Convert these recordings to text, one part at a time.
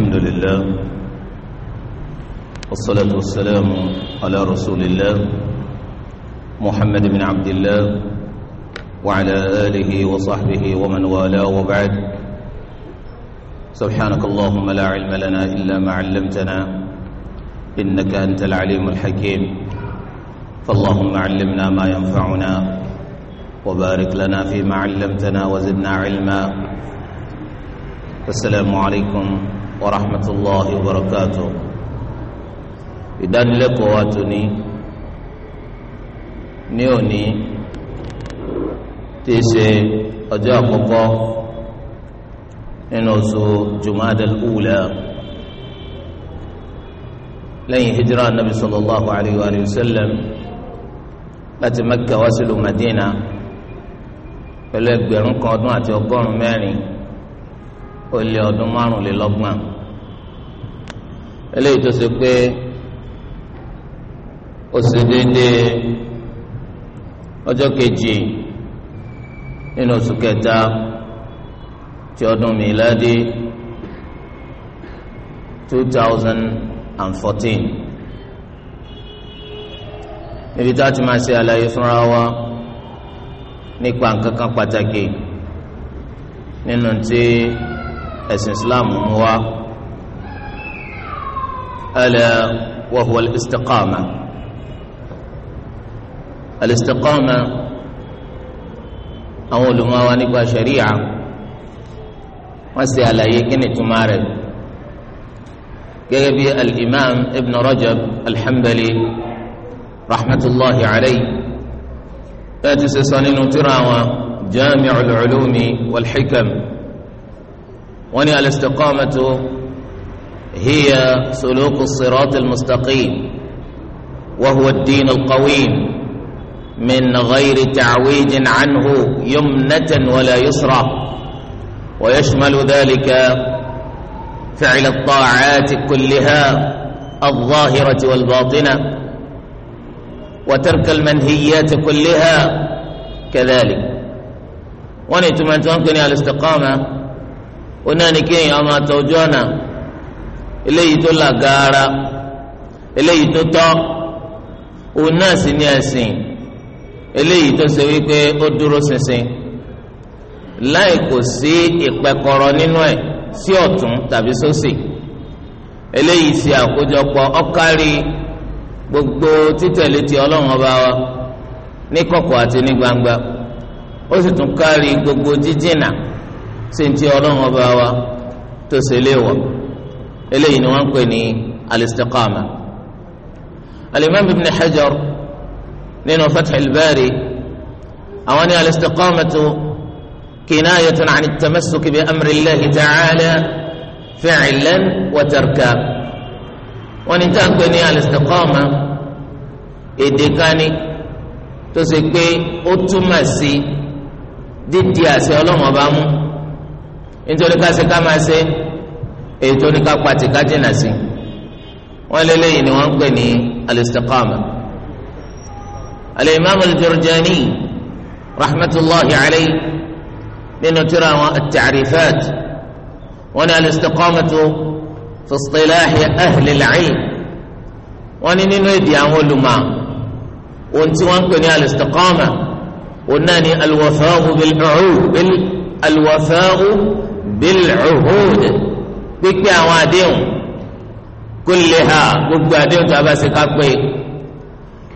الحمد لله والصلاة والسلام على رسول الله محمد بن عبد الله وعلى آله وصحبه ومن والاه وبعد سبحانك اللهم لا علم لنا إلا ما علمتنا إنك أنت العليم الحكيم فاللهم علمنا ما ينفعنا وبارك لنا فيما علمتنا وزدنا علما السلام عليكم wa rahmatulahi wa barakatu ìdánilẹ́kọ̀ọ́ wa tóní ní òní tí í ṣe ọjọ́ àkọ́kọ́ nínú oṣù jumadal ula lẹ́yìn hijira anabi sallallahu alayhi wa sallam láti Mẹ́kà wá sílùú Madina pẹ̀lú ẹgbẹ̀rún kan ọdún àti ọgọ́rùn-ún mẹ́rin ó lé ọdún márùnlélọ́gbọ̀n eléyìí tó ṣe pé ó ṣe déédéé ọjọ́ kejì nínú oṣù kẹta ti ọdún mìládé two thousand and fourteen níbi tá a ti máa ṣe àlàyé fúnra wa nípa nǹkan kan pàtàkì nínú tí ẹ̀sìn Islam mú wá. ألا وهو الاستقامة الاستقامة أول ما ونقى شريعة وسي على يكني تمارد كيبي الإمام ابن رجب الحنبلي رحمة الله عليه فاتي سيصانين تراوى جامع العلوم والحكم وني الاستقامة هي سلوك الصراط المستقيم وهو الدين القويم من غير تعويج عنه يمنة ولا يسرى ويشمل ذلك فعل الطاعات كلها الظاهرة والباطنة وترك المنهيات كلها كذلك ونيتم أن تنقني على الاستقامة ونانكي أما توجهنا eléyìí tó là gaara eléyìí tó tọ́ òun náà sì ní ẹ̀sìn eléyìí tó ṣe wípé ó dúró ṣinṣin láì kò sí ìpẹkọrọ nínú ẹ̀ sí ọ̀tún tàbí sósì eléyìí ṣe àkójọpọ̀ ọ̀kárí gbogbo títẹ̀lé ti ọlọ́run ọba wa ní kọ̀kọ̀ àti ní gbangba ó sì tún kárí gbogbo jíjìnà sí ti ọlọ́run ọba wa tó ṣe léèwọ̀ eléyìí ni wọ́n ń pè ní al-istiqama al-imam ibn hajar nínú fathil bari àwọn ní al-istiqamatu kinayatun an at-tamassuk bi amri allahi ta'ala fi'lan wa tarka wọ́n ní tá à pè ní al èdè kání tó ṣe pé ó túmọ̀ sí dídì àṣẹ ọlọ́run mú nítorí ká ṣe ká máa ṣe èyí tó ní ká pati ká jìnnà sí wọn lélẹyìn ni wọn ń pè ní al-istiqama al-imam al-jurjani rahmatulahi alayhi nínú tírà àwọn at-ta'rifat wọn ni al-istiqamatu fi ahli al wọn ni nínú èdè àwọn olùmọ̀ ohun tí wọn ń pè ní al-istiqama náà ni al-wafa'u bil-'uhud bil pípé àwọn àdéhùn kullaha gbogbo àdéhùn tó a bá ṣe ká pé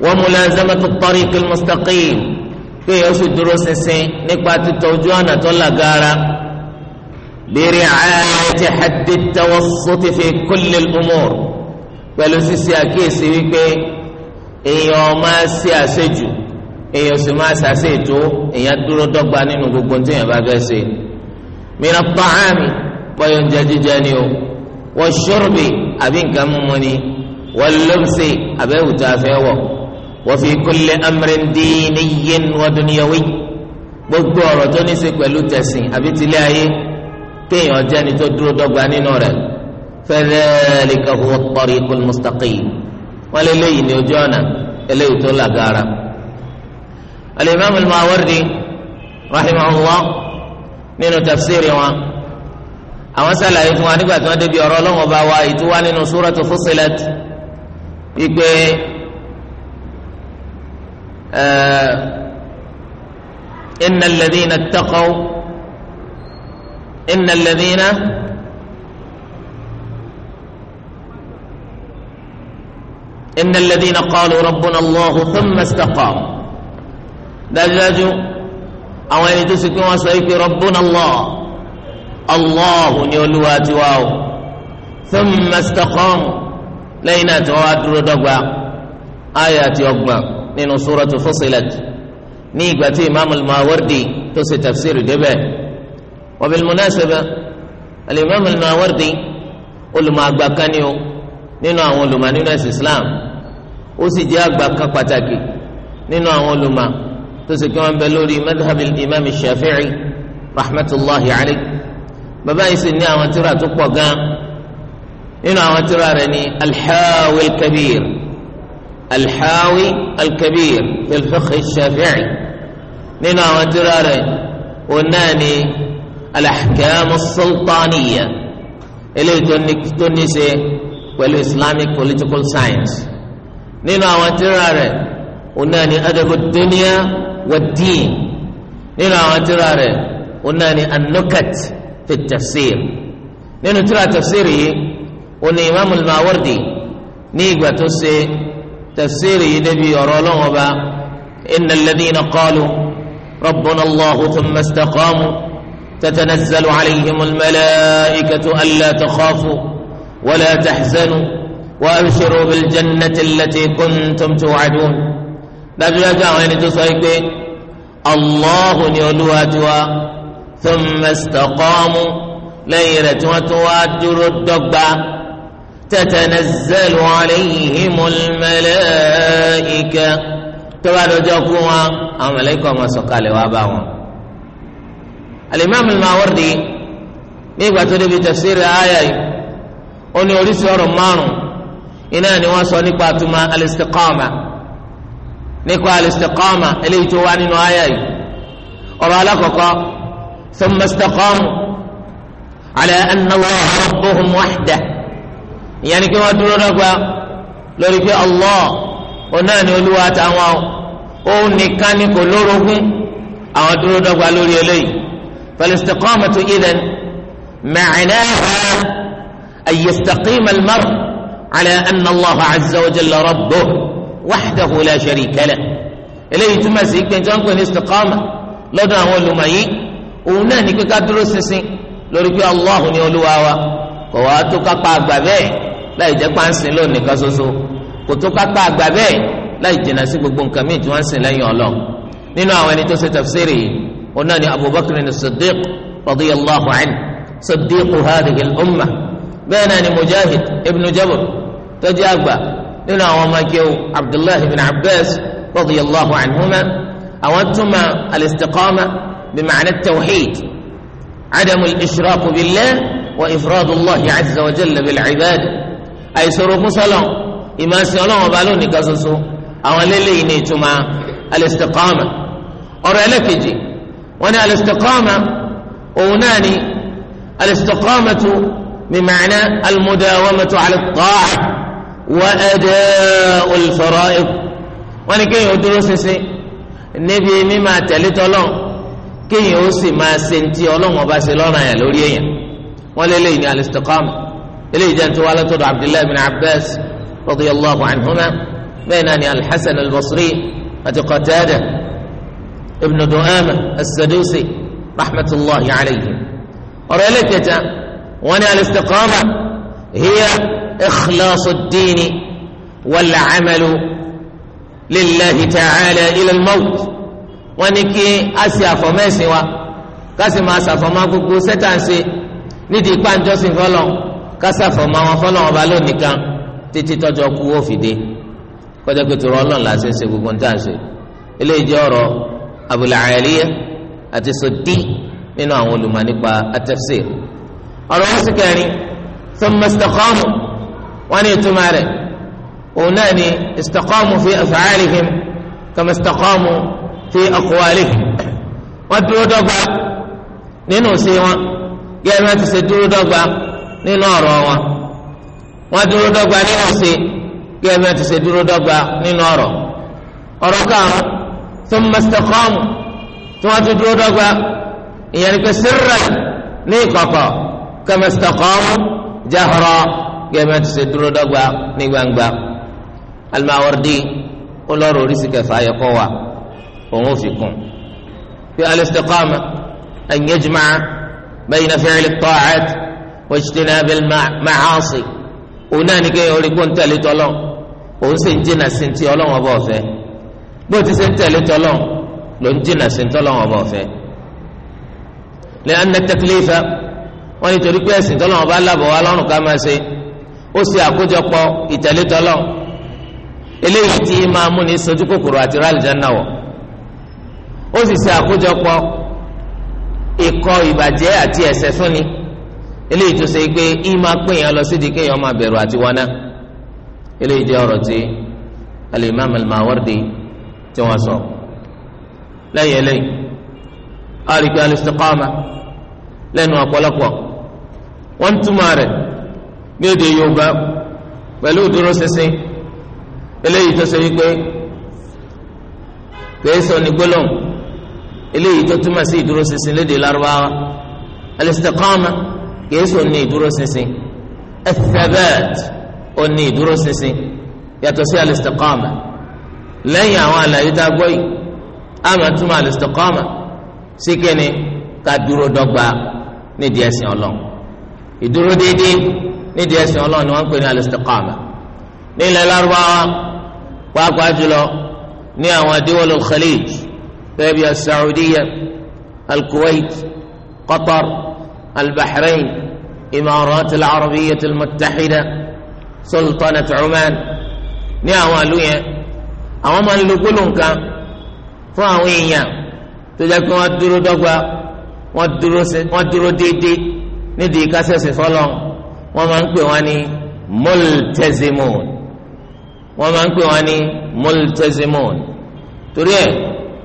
wa mulazamatu tariqil mustaqim pé yóò sì dúró ṣinṣin nípa títọ́ ojú ọ̀nà tó lágara liri'ayati haddi tawassuti fi kullil umur pẹ̀lú ṣíṣe àkíyèsí wípé èèyàn máa ṣe àṣejù èèyàn sì máa ṣàṣe ètò èèyàn dúró dọ́gba nínú gbogbo tí bá fẹ́ ṣe mina ta'ami bọ́yọ̀ ń jẹ jíjẹ ni o wọ́n ṣọ́rọ̀bì àbí nǹkan mímu ni wọ́n lọ́bùsì àbẹ́wùtà fẹ́ wọ̀ wọ́n fi kúnlẹ̀ amúrin dín yín wọ́n dúnìyàwó gbogbo ọ̀rọ̀ tó ní í ṣe pẹ̀lú tẹ̀sìn àbí tilé ayé kéèyàn jẹ́ni tó dúró dọ́gba nínú rẹ̀ fadhalika huwa at-tariqul mustaqim wọ́n lé léyìí ní ojú ọ̀nà eléyìí tó làgàrà. al-imam al-Mawardi nínú tafsiri wọn àwọn sàlàyé fún wa nígbà tí wọ́n débi ọ̀rọ̀ Ọlọ́run ọba wa ètò wa nínú Suratu Fussilat wípé innal ladhina ittaqaw innal ladhina. إن الذين قالوا ربنا الله ثم استقاموا دجاجوا أو أن تسكوا سيف ربنا الله allahu ni olúwa tiwa o thumma istaqamu lẹ́yìn náà tí wọ́n wá dúró dọ́gba ayé àti ọgbọ̀n nínú suratu Fussilat ní ìgbà tí imam al-Mawardi tó ṣe tafsir débẹ̀ wa bil munasaba al-imam al-Mawardi olùmọ̀ àgbà kan ni o nínú àwọn olùmọ̀ nínú ẹ̀sìn Islam ó sì jẹ́ àgbà kan pàtàkì nínú àwọn olùmọ̀ tó ṣe kí wọ́n bẹ lórí madhabil imam Shafi'i rahmatulahi alayhi. bàbá yìí sì ní àwọn tírà tó pọ̀ gan nínú àwọn tírà rẹ̀ ní alḥawi alkabir alḥawi alkabir filfiqi shafi'i nínú àwọn tírà rẹ̀ òun náà ní alaḥkàmù sultaniya eléyìí tó ní ṣe pẹ̀lú islamic political science nínú àwọn tírà rẹ̀ òun náà ní adabu duniya wa diin nínú àwọn tírà rẹ̀ òun náà ní anukat. fi tafsir nínú tíra tafsir yìí òní imaamu mawardi ní ìgbà tó ṣe tafsir yìí débi ọ̀rọ̀ ọlọ́run ọba inna alladhina qalu rabbuna allahu thumma istaqamu tatanazzalu alayhim almalaikatu alla takhafu wala tahzanu wa abshiru biljannati allati kuntum tu'adun dájúdájú àwọn ẹni tó sọ yìí pé allahu ni olúwa tiwa thumma istaqamu lẹ́yìn rẹ̀ tí wọ́n tún wá dúró dọ́gba tatanazzalu alayhimul malaika tó bá dọjọ́ kú wọn àwọn màláíkà máa sọ̀kalẹ̀ wá bá wọn. al-imam al-Mawardi ní ìgbà tó débi tafsir àyà yìí ó ní oríṣi ọ̀rọ̀ márùn iná ni wọ́n sọ nípa àtúmọ̀ al nípa al eléyìí tó wá nínú àyà yìí ọ̀rọ̀ alákọ̀ọ́kọ́ ثم استقاموا على أن الله ربهم وحده يعني كما تقولون lórí pé Allah onáà ni olúwa táwọn òun nìkan ni kò lórogún àwọn dúró dọ́gba lórí eléyìí فالاستقامة إذن معناها أن يستقيم المرء على أن الله عز وجل ربه وحده لا شريك له eléyìí túmọ̀ sí pé njọ́ ń pè ní istiqama lọ́dọ̀ àwọn olùmọ̀yìn òun náà ní pé ká dúró ṣinṣin lórí pé Allahu ni olúwa wa kò wá tó kápá àgbà bẹ́ẹ̀ láì jẹ́ pánsìn lónìí kan ṣoṣo kò tó kápá àgbà bẹ́ẹ̀ láì jìnnà sí gbogbo nǹkan míì tí wọ́n ń sìn lẹ́yìn ọlọ́ nínú àwọn ẹni tó ṣe tafsiri yìí òun náà ni Abubakar ni Siddiq radiyallahu anhu Siddiq hadhihi al-umma bẹ́ẹ̀ náà ni Mujahid ibn Jabr tó àgbà nínú àwọn ọmọ Abdullahi ibn Abbas radiyallahu anhuma àwọn túmọ̀ al بمعنى التوحيد عدم الإشراك بالله وإفراد الله عز وجل بالعباد أي سرق صلاة إما سيولون وبالون قصصه أو للي نيتما الاستقامة أرألكجي وانا الاستقامة أوناني الاستقامة بمعنى المداومة على الطاعة وأداء الفرائض وانا كي يدرس النبي مما تلت الله kéèyàn ó sì máa ṣe ń tí ọlọ́run ọba lọ́nà yẹn àyàn lórí èèyàn wọ́n lé léyìn ní al-istiqama eléyìí jẹ́ nítorí alátọ́dọ̀ abdullahi bin abbas radiyallahu anhuma bẹ́ẹ̀ náà ni alhassan albasri àti qatada ibn du'ama asadusi rahmatulahi alayhi ọ̀rọ̀ ẹlẹ́kẹta wọ́n ní al-istiqama hiya ikhlasu diini wàllu amalu lillahi ta'ala ilal mawt wọ́n ní kí a ṣe àfọ̀mẹ́sìn wa ká sì máa ṣàfọ̀mọ́ gbogbo sẹ́tàǹsì nídìí pàǹjọ́sìn fọlọ́ ká ṣàfọ̀mọ́ àwọn fọlọ́ ọba lónìí kan títí tọ́jọ́ kú ó fìdí kọjá pé tòrọ la ṣe ṣe gbogbo nǹkan ṣe eléyìí jẹ́ ọ̀rọ̀ Abul àti Suddi nínú àwọn olùmọ̀ nípa at ọ̀rọ̀ wọn sì kẹrin thumma wọn ní ìtumọ̀ rẹ̀ òun náà ni istaqamu fi af'alihim kama sí ọkọ̀ wa lè wọ́n dúró dọ́gba nínú sí wọn gẹ́gẹ́ wọ́n ti ṣe dúró dọ́gba nínú ọ̀rọ̀ wọn wọ́n dúró dọ́gba nínú sí gẹ́gẹ́ wọ́n ti ṣe dúró dọ́gba nínú ọ̀rọ̀ ọ̀rọ̀ karùn tó ń mẹ́sítẹ́kọ́ọ̀mù tí wọ́n ti dúró dọ́gba ìyẹn ni pé sírẹ̀ ní ìkọ̀kọ̀ kẹ́mẹ́sítẹ́kọ́ọ̀mù jahra gẹ́gẹ́ wọ́n ti ṣe dúró dọ́gba ní gbangba Al-Mawardi ó lọ́rọ̀ oríṣi kẹfà ayọ̀kọ́ wa. òun ò fi kún fi an bayna òun náà kó tẹ̀lé tọ́lọ́ òun sì ń jìnnà sí ti ọ̀fẹ́ bó ti ń tẹ̀lé tọ́lọ́ ló ń jìnnà sí ti ọ̀fẹ́ torí pé bá lábọ̀ wá lọ́rùn ká máa ṣe ó àkójọpọ̀ ìtẹ̀lé tọ́lọ́ eléyìí máa mú ní sojú kòkòrò àti ó sì ṣe àkójọpọ̀ ikọ̀ ìbàjẹ́ àti ẹ̀ṣẹ̀ súnni eléyìí tó ṣe pé í máa pè yàn lọ sídìí kéèyàn máa bẹ̀rù àti wọná eléyìí jẹ́ ọ̀rọ̀ tí al-Imam al-Mawardi tí wọ́n sọ lẹ́yìn eléyìí àrígbé al-istiqama lẹ́nu ọ̀pọ̀lọpọ̀ wọ́n ń túmọ̀ rẹ̀ ní èdè Yorùbá pẹ̀lú ìdúró ṣinṣin eléyìí tó ṣe wípé kìí ní gbólóhùn eléyìí tó túmọ̀ sí ìdúró ṣinṣin lédè lárúbáwá al-istiqama kìíṣe òní ìdúró ṣinṣin al-thabat òní ìdúró ṣinṣin yàtọ̀ sí al-istiqama lẹ́yìn àwọn àlàyé tá a gbọ́ yìí a máa túmọ̀ al-istiqama sí kíni ká dúró dọ́gba nídìí ẹ̀sìn ọlọ́run ìdúró déédéé nídìí ẹ̀sìn ọlọ́run ni wọ́n ń pè ní al nílẹ̀ lárúbáwá pàápàá jùlọ ní àwọn adéwọlò Khalij gẹ́gẹ́ bí asaudiya alkuwait qatar albahrain imarat alarabiya almutahida sultanat oman ní àwọn àlù yẹn àwọn máa ń lo gbólóǹkan fún àwọn èèyàn tó jẹ́ pé wọ́n dúró dọ́gba wọ́n dúró déédéé nídìí kásẹ̀sì fọlọ́ wọ́n máa ń pè wọ́n ní multazimun wọ́n máa ń pè wọ́n ní multazimun torí ẹ̀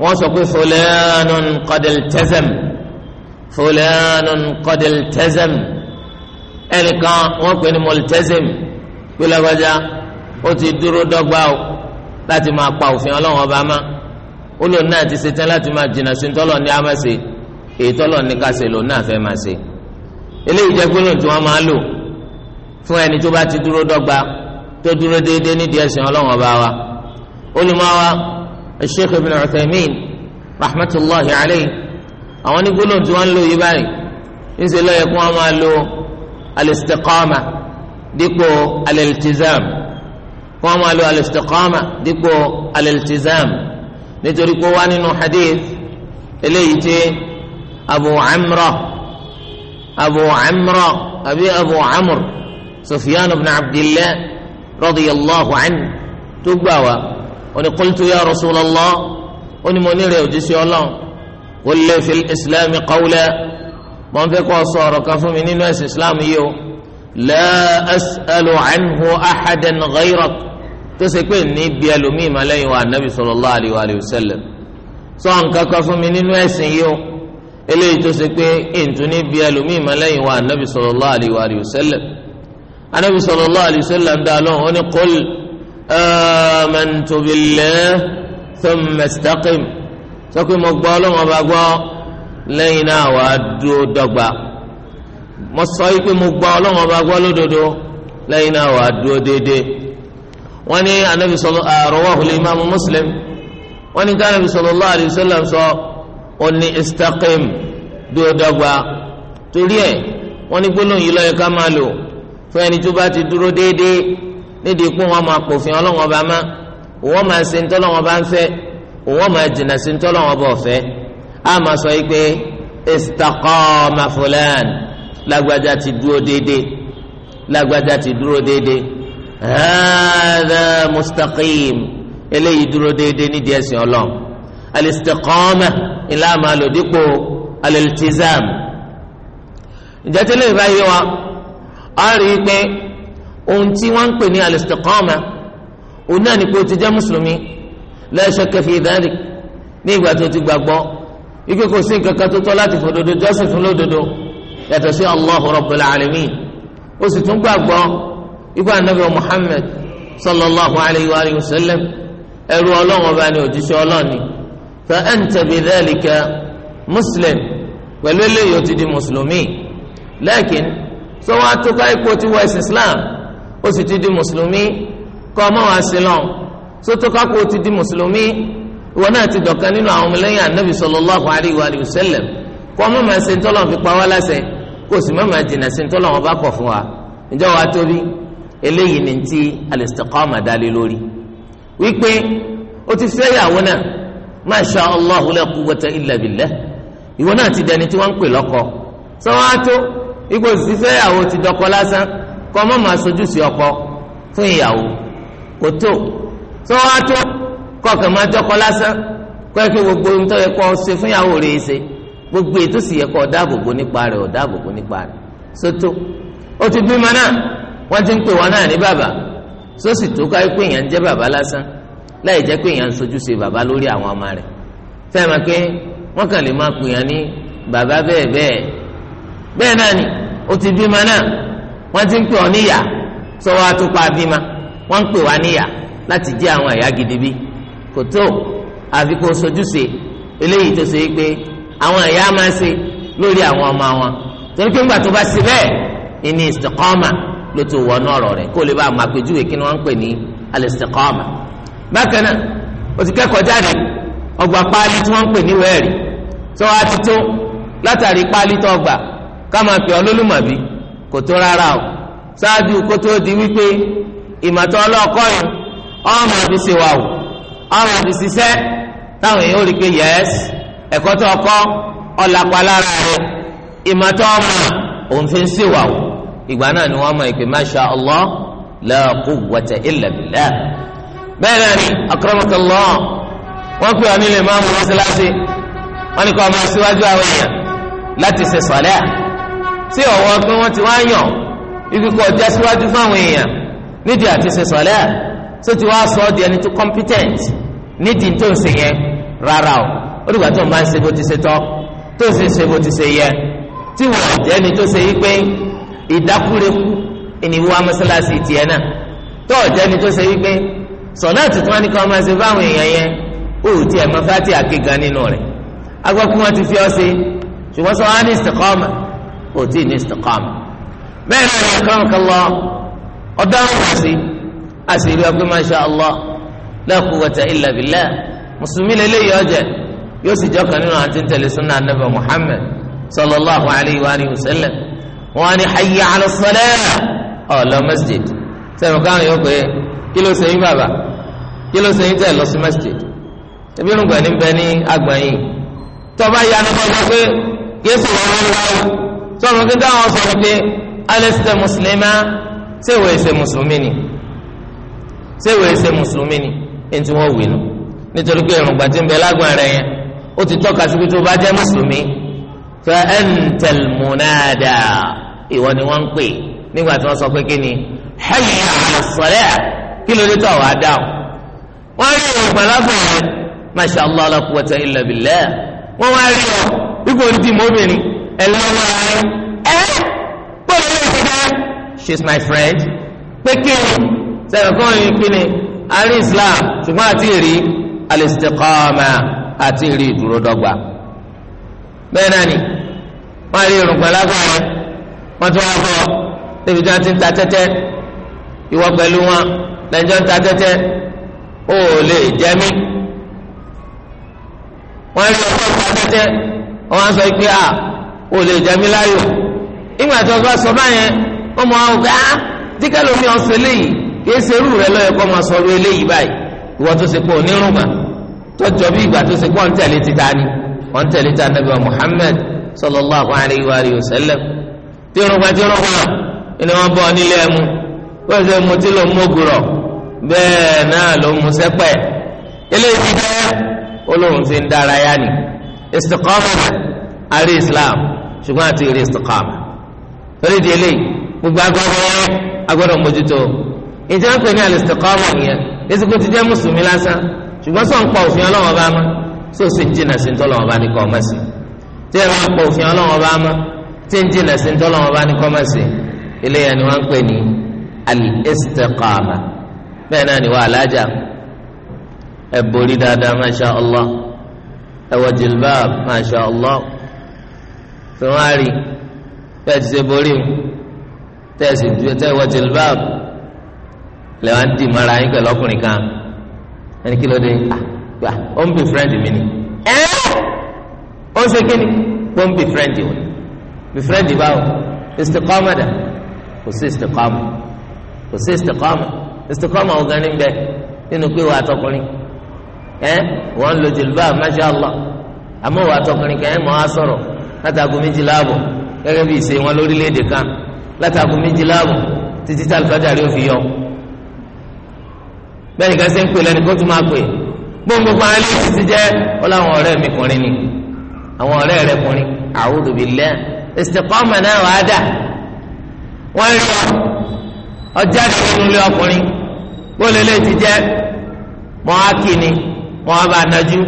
wọ́n sọ pé fulanun qadil tazam fulanun qadil tazam ẹnìkan wọ́n pè ní multazim gbẹlẹgbẹjà ó ti dúró dọ́gba o láti máa pa òfin Ọlọ́run ọba má ó lòun náà ti ṣetán láti máa jìnnà sí tọ́lọ̀ ní amáṣe èyí tọ́lọ̀ ní káṣe lòun náà fẹ́ máa ṣe eléyìí jẹ́ gbólóhùn tí wọ́n máa lò fún ẹni tó bá ti dúró dọ́gba tó dúró déédéé nídìí ẹ̀sìn Ọlọ́run ọba wa olùmọ̀ wa الشيخ ابن عثيمين رحمة الله عليه àwọn onígbólóhùn tí wọ́n ń lò yí báyìí ńṣe lọ́yẹ̀ kó wọ́n máa lo al-istiqama dípò al-iltizam kó wọ́n máa lo al-istiqama dípò al-iltizam nítorí kó wá nínú hadith eléyìí tí abu amra abu amra àbí abu amr sufyan ibn abdillah radiyallahu anhu tó gbà wá oni qultu ya rasulallah oni mo ní rẹ̀ òjísé ọlọ́run kò lè fi islam qawla mo ń fẹ́ kó sọ ọ̀rọ̀ kan fún mi nínú ẹ̀sìn islam yìí o la as'alu anhu ahadan ghayrak tó ṣe pé ní bí ẹlòmíì má lẹ́yìn wa anabi sallallahu alayhi wa sallam sọ nǹkan kan fún mi nínú ẹ̀sìn yìí o eléyìí tó ṣe pé ètò ní bí ẹlòmíì má wa anabi sallallahu alayhi wa sallam anabi sallallahu alayhi wa sallam dá lóhùn ó amantu billah thumma istaqim sọ pé mo gbọ́ ọlọ́run ọba gbọ́ lẹ́yìn náà wàá dúró dọ́gba mo sọ yìí pé mo gbọ́ ọlọ́run ọba gbọ́ lódodo lẹ́yìn náà wàá dúró déédéé wọ́n ní anabi sọlọ àrọwọ́hùn imaamu muslim wọ́n ní kánabi sallallahu alayhi wa sallam sọ ó ní istaqim dúró dọ́gba torí ẹ̀ wọ́n ní gbólóhùn yìí ló yẹ ká máa lò fún ẹni tó bá ti dúró déédéé nídìí pé wọn máa pòfin ọlọ́wọ́n ọba má òwọ́n máa ṣe ntọ́lọ́wọ́n ọba ń fẹ́ òwọ́n máa jìnnà sí ntọ́lọ́wọ́n ọba ọ̀fẹ́ á máa sọ yìí pé istaqama fulan lágbájá ti dúró déédéé lágbájá ti dúró déédéé hadha mustaqim eléyìí dúró déédéé nídìí ẹ̀sìn ọlọ́run alistiqama ilá máa lò ìjẹ́tẹ́lẹ́ ìbáyé wa a rí pé ohun tí wọ́n ń pè ní al-istiqama òun náà ní pé o ti jẹ́ mùsùlùmí la shakka fi dhalik ní ìgbà tó ti gbàgbọ́ ike kò sí nǹkan kan tó tọ́ láti fòdodo jọ́sìn fún lódodo yàtọ̀ sí Allahu Rabbul Alamin o sì tún gbàgbọ́ ikú anabi Muhammad sallallahu alayhi wa sallam ẹrú Ọlọ́run ọba ni òjíṣẹ́ Ọlọ́run ni fa anta bi muslim pẹ̀lú eléyìí o ti di mùsùlùmí lẹ́kìn sọ wá tó ká ipò tí wọ́n ẹ̀sìn Islam ó sì ti di mùsùlùmí kọ́ ọmọ wa sí lọ sótó kákó ó ti di mùsùlùmí ìwọ náà ti dọ̀kan nínú àwọn ọmọlẹ́yìn anabi sallallahu alayhi wa sallam kọ́ ọmọ máa ṣe ntọ́lọ́ fi pa wá láṣẹ kó o sì má máa jìnnà sí ntọ́lọ́ wọn bá kọ̀ fún wa ǹjẹ́ wàá tóbi eléyìí ni ti al-istiqama dálé lórí wípé o ti fẹ́ yàwó náà masha allah la quwwata illa billah ìwọ náà ti dẹni tí wọ́n ń pè lọ́kọ sọ wọ́n á tó ipò sì fẹ́ yàwó ti dọ́kọ lásán kọ́ mọ́ máa sojú sí ọkọ fún ìyàwó kò tó tó wá tó kọ̀ọ̀kan máa jọ́kọ lásán kọ́ ẹ kí gbogbo ohun tó yẹ kọ́ ṣe fún ìyàwó rẹ̀ ṣe gbogbo ètò sì yẹ kọ́ ọ̀dáàbòbò nípa rẹ̀ ọ̀dáàbòbò nípa rẹ̀ sótó ó ti bímọ náà wọ́n ti ń pè wọn náà ní bàbá sósì tó ká pé èèyàn ń jẹ́ bàbá lásán láì jẹ́ pé èèyàn ń sojú ṣe bàbá lórí àwọn ọmọ rẹ̀ fẹ́ẹ́ máa pé wọ́n kàn lè máa pè yàn ní bàbá bẹ́ẹ̀ bẹ́ẹ̀ bẹ́ẹ̀ náà ni ó ti bímọ náà wọ́n ti ń pè ọ́ níyà sọ́wọ́ àtúpà bímá wọ́n ń pè wá níyà láti jẹ́ àwọn ẹ̀yà gidi bí kò tó àfi kò sojúṣe eléyìí tó ṣe é pé àwọn ẹ̀yà máa ṣe lórí àwọn ọmọ wọn torí pé ńgbà tó bá ṣe bẹ́ẹ̀ ìní istiqama ló tó wọ náà rọ̀ rẹ̀ kó lè bá àmọ́ àpèjúwe kí ni wọ́n ń pè ní al bákan náà o ti kẹ́kọ̀ọ́ jáde ọgbà páálí tí wọ́n ń pè ní wẹ́ẹ̀rì tó wá ti tó látàrí páálí tó ọgbà ká máa pè ọ́ lólùmọ̀bí kò tó rárá o ṣáájú kó tó di wípé ìmọ̀tọ́ ọlọ́ọ̀kọ́ yẹn ọmọ àbí ṣe wà o ọmọ àbí ṣiṣẹ́ táwọn èèyàn ò rí pé yẹ́s ẹ̀kọ́ tó ọkọ́ ọ̀làpá lára rẹ̀ ìmọ̀tọ́ ọmọ òun fi ń ṣe wà o ìgbà náà ni wọ́n mọ̀ ìpè masha Allah la quwwata illa bẹ́ẹ̀ náà ni akramakallah wọ́n pè ọ́ nílé máàmù mọ́sálásí wọ́n ní kọ́ ọmọ sí ọ̀wọ́ pé wọ́n ti wá yàn ikú ọjà síwájú fáwọn èèyàn nídìí àti ṣe sọ̀lẹ́ tó ti wá sọ ọ́ di ẹni tó competent nídìí tó ń ṣe yẹn rárá o ó dìgbà tó ń bá ń ṣe bó ti ṣe tọ́ tó ń ṣe ṣe bó ti ṣe yẹ tí wọ́n jẹ́ ni tó ṣe yí pé ìdákúrekú ìníwó amọ́sálásí tiẹ̀ náà tó ọ̀jẹ́ ni tó ṣe yí pé sọ̀lá tuntun wọn ni kí wọ́n máa ṣe fáwọn èèyàn yẹn ó ti ẹ̀ mọ́ fati àkégan nínú rẹ̀ agbọ́kú wọn ti fi ọ́ ṣe ṣùgbọ́n sọ wọn á ní ìsìnkọ́ ọ̀mà kò tí ì ní istiqama bẹ́ẹ̀ náà ní akramakallah ọ̀daràn wá sí a sì rí ọgbẹ́ masha allah la quwwata illa billah mùsùlùmí lélẹ́yìí ọ̀jẹ̀ yóò sì jọ́ kan nínú àti tẹ̀lé sunna anabi muhammed sallallahu alayhi wa alihi wa sallam wọn á ní hayya ala salah ọ̀ lọ masjid sẹ́mi káwọn yóò pé kí ló sẹ́yìn bàbá kí ló sẹ́yìn lọ sí masjid ebi irun gbẹ̀ni bẹ ní agbọ̀nyìn yanu kọ́ pé kí èsì wọn sọ̀rọ̀ kí táwọn sọ̀rọ̀ pé alẹ́sẹ̀ mùsùlùmá ṣéwò ẹ̀sẹ̀ mùsùlùmí ni ṣéwò ẹ̀sẹ̀ mùsùlùmí ni ẹni tí wọ́n wì nù nítorí pé ìrùngbà tí ń bẹ lágbọ̀n rẹ̀ yẹn ó ti tọ́ka sí pé tó bá jẹ́ mùsùlùmí fa antal munada ìwọ ni wọ́n ń pè nígbà tí wọ́n sọ pé kí ni hayya ala salah kí ló dé tó wá rí ẹ lọ́wọ́ mọ́ra yín ẹ pẹ̀lú ilé ìṣẹ̀dá she is my friend pé kí ni sẹ́yìn kan yìí kí ni àrí Islam ṣùgbọ́n àti ìrí al-istiqama àti ìrí ìdúró dọ́gba bẹ́ẹ̀ náà ni wọ́n rí irùngbọ̀n lágbára wọ́n tún wá bọ̀ níbi tí wọ́n ti ń ta tẹ́tẹ́ ìwọ pẹ̀lú wọn lẹ́jọ́ ń ta tẹ́tẹ́ ó lè jẹ́ mí wọ́n rí ọkọ̀ ta tẹ́tẹ́ wọ́n á sọ pé à. o lè jẹ mí láyò ìgbà tí wọn bá sọ báyẹn wọn mọ àwọn ọgá díkẹ́ ah, lómi léyìí kì í ṣe irú rẹ lọ́yẹ̀ kó máa sọ̀rọ̀ eléyìí báyìí ìwọ tó ṣe pé onírùngbà tó bí ìgbà tó sallallahu wa tí tí ni wọn bọ nílé ẹmu wọn ṣe mu tí ló náà ló sẹpẹ eléyìí ṣùgbọ́n àti rí istiqama torí di eléyìí gbogbo agbọ́dọ̀ yẹn agbọ́dọ̀ mójútó ìjọba pè ní al-istiqama nìyẹn ti jẹ́ mùsùlùmí lásán ṣùgbọ́n sọ̀ ń pa òfin ọlọ́wọ́n bá má sọ sì ń jìnà sí ntọ́lọ́wọ́n bá ní kọ́ tí ẹ pa òfin bá tí ń jìnà sí bá ní eléyà ni wọ́n pè ní masha Allah ẹ masha Allah. tí wọ́n á rí tẹ́ ẹ ti ṣe borí o tẹ́ ẹ sì ju tẹ́ ẹ wọ jìlbáàbù lẹ́wọ̀n á dì mọ́ra yín pẹ̀lú ọkùnrin kan ẹni kí ló dé gbà ó ń bì friend mi ni ẹ ó ṣe kí ni ó ń bì friend o bì friend báwo istiqama dà kò sí istiqama kò sí istiqama istiqama ọ̀gá ni bẹ́ẹ̀ nínú pé wà á tọkùnrin ẹ wọ́n ń lo jìlbáàbù masha Allah àmọ́ wà á tọkùnrin kẹ́ ẹ mọ́ á sọ̀rọ̀ látàgò méjìlá àbọ̀ gẹ́gẹ́ bí ìṣe wọn lórílẹ̀‐èdè kan látàgò méjìlá àbọ̀ títí tá àlùfáàjà rí òfin yọ. bẹ́ẹ̀ nìkan ṣe ń pè lẹ́nu kó tún máa pè gbóngbó fún alẹ́ yìí ti jẹ́ ó láwọn ọ̀rẹ́ mi kùnrin ni àwọn ọ̀rẹ́ rẹ kùnrin a'udhu billah istiqama náà wàá dà wọ́n rí ọjà nínú ilé ọkùnrin bóòlù lè ti jẹ́ mọ́ ákì ni mọ́ abánájú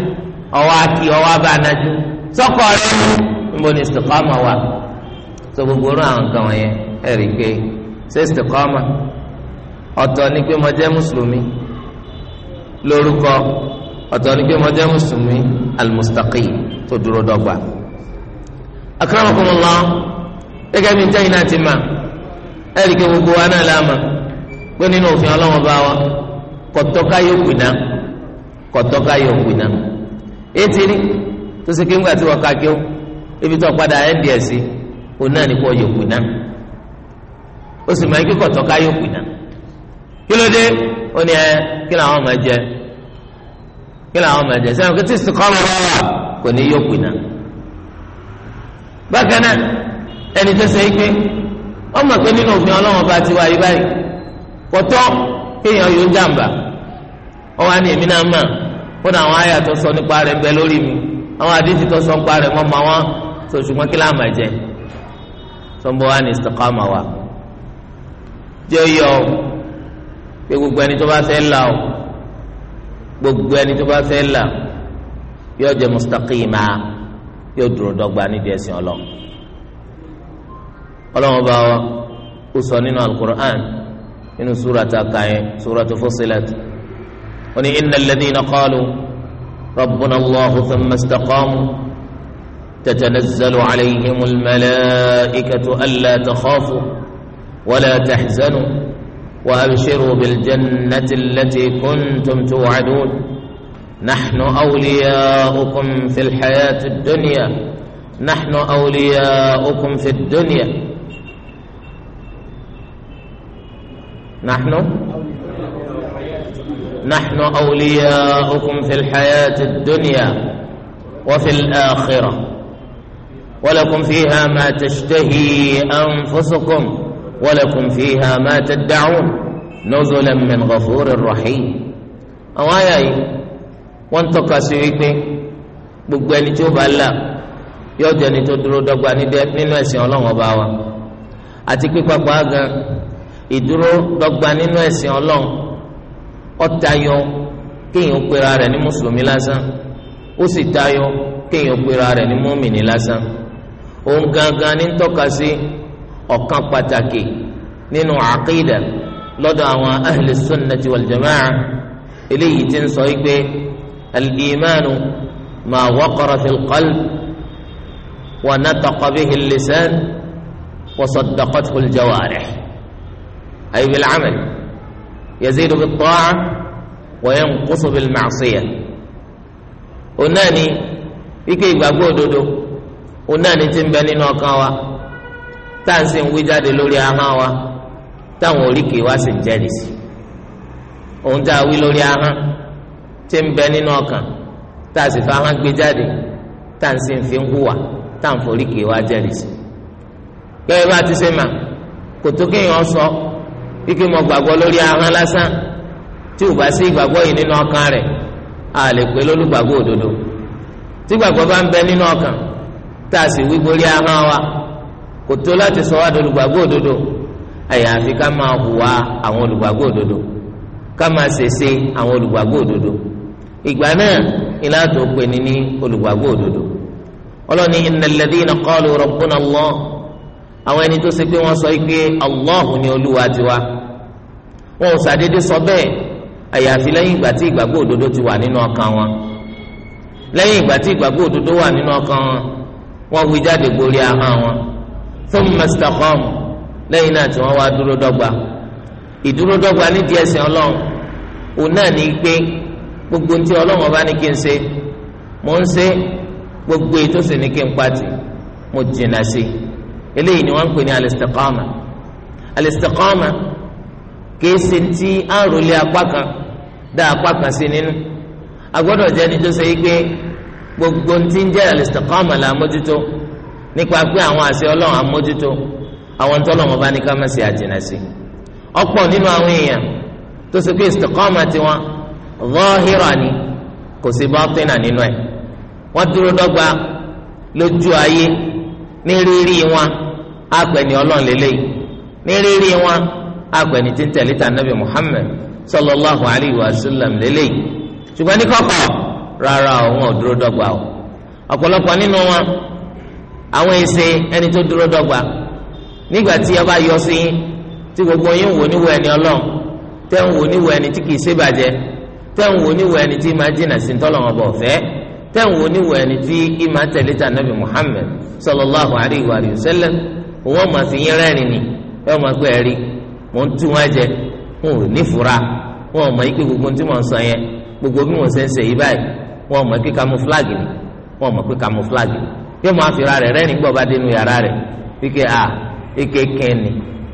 ọwọ́ ákì ọwọ́ abánájú sọ́kọ̀ rẹ̀ níbo ni istiqama wà tó gbogbo orun àwọn nǹkan wọ̀nyẹn ẹ rí i pé ṣé istiqama ọ̀tọ̀ ni pé mo jẹ́ mùsùlùmí lórúkọ ọ̀tọ̀ ni pé mo jẹ́ mùsùlùmí almustaqi tó dúró dọ́gba. akramakumullah gẹ́gẹ́ bí jẹ́yìn náà ti mà ẹ pé gbogbo wa náà láàmà pé nínú òfin ọlọ́wọ́n bá wa kọ̀tọ́ká yóò gbìnà kọ̀tọ́ká yóò gbìnà ètí rí tó ṣe kéńgbà tí wọ́n ká kí ibi tó padà ẹ̀ díẹ̀ sí òun náà ní kó yòókù náà o sì máa kíkọ̀ tọ́ka yòókù náà kí ló dé ó ní ẹ kí làwọn máa jẹ kí làwọn máa jẹ sẹ́wọ̀n kí tí wà kò ní náà bákan náà ẹni tó ṣe é pé ọmọ pé nínú ti báyìí pọ̀tọ́ kéèyàn yóò jàǹbá èmi náà mà àwọn àyà tó sọ nípa rẹ̀ bẹ lórí mi àwọn àdéhùn tó sọ nípa mọ́ so ṣùgbọ́n kí láàmà jẹ sọmbọ wa ní istiqama wa jẹ yọ ọ pé gbogbo ẹni tó bá fẹ́ là ọ gbogbo ẹni tó bá fẹ́ là yóò jẹ mustaqima yóò dúró dọ́gba nídìí ẹ̀sìn ọlọ Ọlọ́run bá wa ó sọ nínú alukur'an nínú súrata kàyẹn súratu Fussilat ó ní innal ladhina qalu rabbuna Allahu thumma istaqamu. تتنزل عليهم الملائكة ألا تخافوا ولا تحزنوا وأبشروا بالجنة التي كنتم توعدون نحن أولياؤكم في الحياة الدنيا نحن أولياؤكم في الدنيا نحن نحن أولياؤكم في الحياة الدنيا وفي الآخرة ولكم فيها ما تشتهي أنفسكم ولكم فيها ما تدعون نزلا من غفور رحيم àwọn àyà yìí wọ́n ń tọ́ka sí wípé gbogbo ẹni tí ó bá là yóò jẹ́ ẹni tó dúró dọ́gba nínú ẹ̀sìn Ọlọ́run ọba wa àti pípapọ̀ àgàn ìdúró dọ́gba nínú ẹ̀sìn Ọlọ́run ó tayọ kéèyàn pera rẹ̀ ní mùsùlùmí lásán ó sì tayọ kéèyàn pera rẹ̀ ní mùmìnì lásán òun gangan ní tọ́ka sí ọ̀kan pàtàkì nínú àkídà lọ́dọ̀ àwọn ahli sunnati wal jamaa eléyìí tí ń sọ pé al-imanu ma waqara fil qalb wa nataqa bihi al-lisan wa saddaqathu bil amal yazidu bit ta'a wa yanqusu bil ma'siyah onani ike ìgbàgbọ́ òdodo òun náà ní ti ń bẹ nínú ọkàn wa tá à ń sì ń wí jáde lórí ahọ́n wa táwọn oríkèé wa sì ń jẹ́rìí sí òun tá a wí lórí ahọ́n ti ń bẹ nínú ọkàn tá a sì fa ahọ́n gbé jáde tá à ń sì ń fi ń hùwà tá à ń foríkèé wa jẹ́rìí sí gẹ́gẹ́ bá a ti ṣe mà kò kéèyàn sọ kíkí mo gbàgbọ́ lórí ahọ́n lásán tí ò bá sí ìgbàgbọ́ yìí nínú ọkàn rẹ̀ a lè pè lólùgbàgbọ́ òdodo tí ìgbàgbọ́ bá ń bẹ nínú ọkàn tá a sì wí borí ahọ́n wa kò tó láti sọ wá di olùgbàgbọ́ òdodo àyàfi ká máa hùwà àwọn olùgbàgbọ́ òdodo ká máa ṣèṣe àwọn olùgbàgbọ́ òdodo ìgbà náà iná tó pè ní ní olùgbàgbọ́ òdodo ọlọ́ni innal ladhina qalu rabbuna Allah àwọn ẹni tó ṣe pé wọ́n sọ pé Allahu ni olúwa tiwa wọn ò ṣàdédé sọ bẹ́ẹ̀ àyàfi lẹ́yìn ìgbà tí ìgbàgbọ́ òdodo ti wà nínú ọkàn wọn lẹ́yìn ìgbà tí ìgbàgbọ́ òdodo wà nínú ọkàn wọn wọ́n wí jáde borí ahọ́n wọn fún mẹsítàkọ́m lẹ́yìn náà tí wọ́n wá dúró dọ́gba ìdúró dọ́gba nídìí ẹ̀sìn ọlọ́run òun náà ní pé gbogbo ntí ọlọ́run ọba ní kí n ṣe mò ń ṣe gbogbo ètò sì ní kí n pati mo jìnnà sí eléyìí ni wọ́n ń pè ní alistakama alistakama kìí ṣe ti àròlé apá kan dá apá kan sí nínú agbọ́dọ̀ jẹ́ ní tó ṣe yí pé gbogbo ndị ti ń jẹ́ al-istiqama la mójútó nípa pé àwọn àṣẹ ọlọ́run amójútó àwọn tọ́lọ́run bá ní ká má ṣe àjìnà sí i ọ̀pọ̀ nínú àwọn èèyàn tó pé tiwọn ni kò sí batina nínú ẹ̀ wọ́n dúró dọ́gba lójú ayé ní rírí wọn rárá òun ò dúró dọgba o ọ̀pọ̀lọpọ̀ nínú wọn àwọn èsè ẹni tó dúró dọ́gba nígbà tí ọba yọ sí yín tí gbogbo yín ń wò níwò ẹni ọlọ́run tẹ́ ń wò níwò ẹni tí kìí ṣe bàjẹ́ tẹ́ ń wò níwò ẹni tí máa jìnnà sí tẹ́ ń wò níwò ẹni tí tẹ̀lé ta nabi sallallahu alayhi wa sallam fi yín rẹ́rìn ni ẹ ọmọ pé ẹ̀rí mò ń tú wọn jẹ wọn ò ní fura wọn ò wọn mọ̀ pé ni wọn mọ̀ pé camouflage ni yóò máa fi ra rẹ rẹ́rìn yàrá a ike kẹ́ni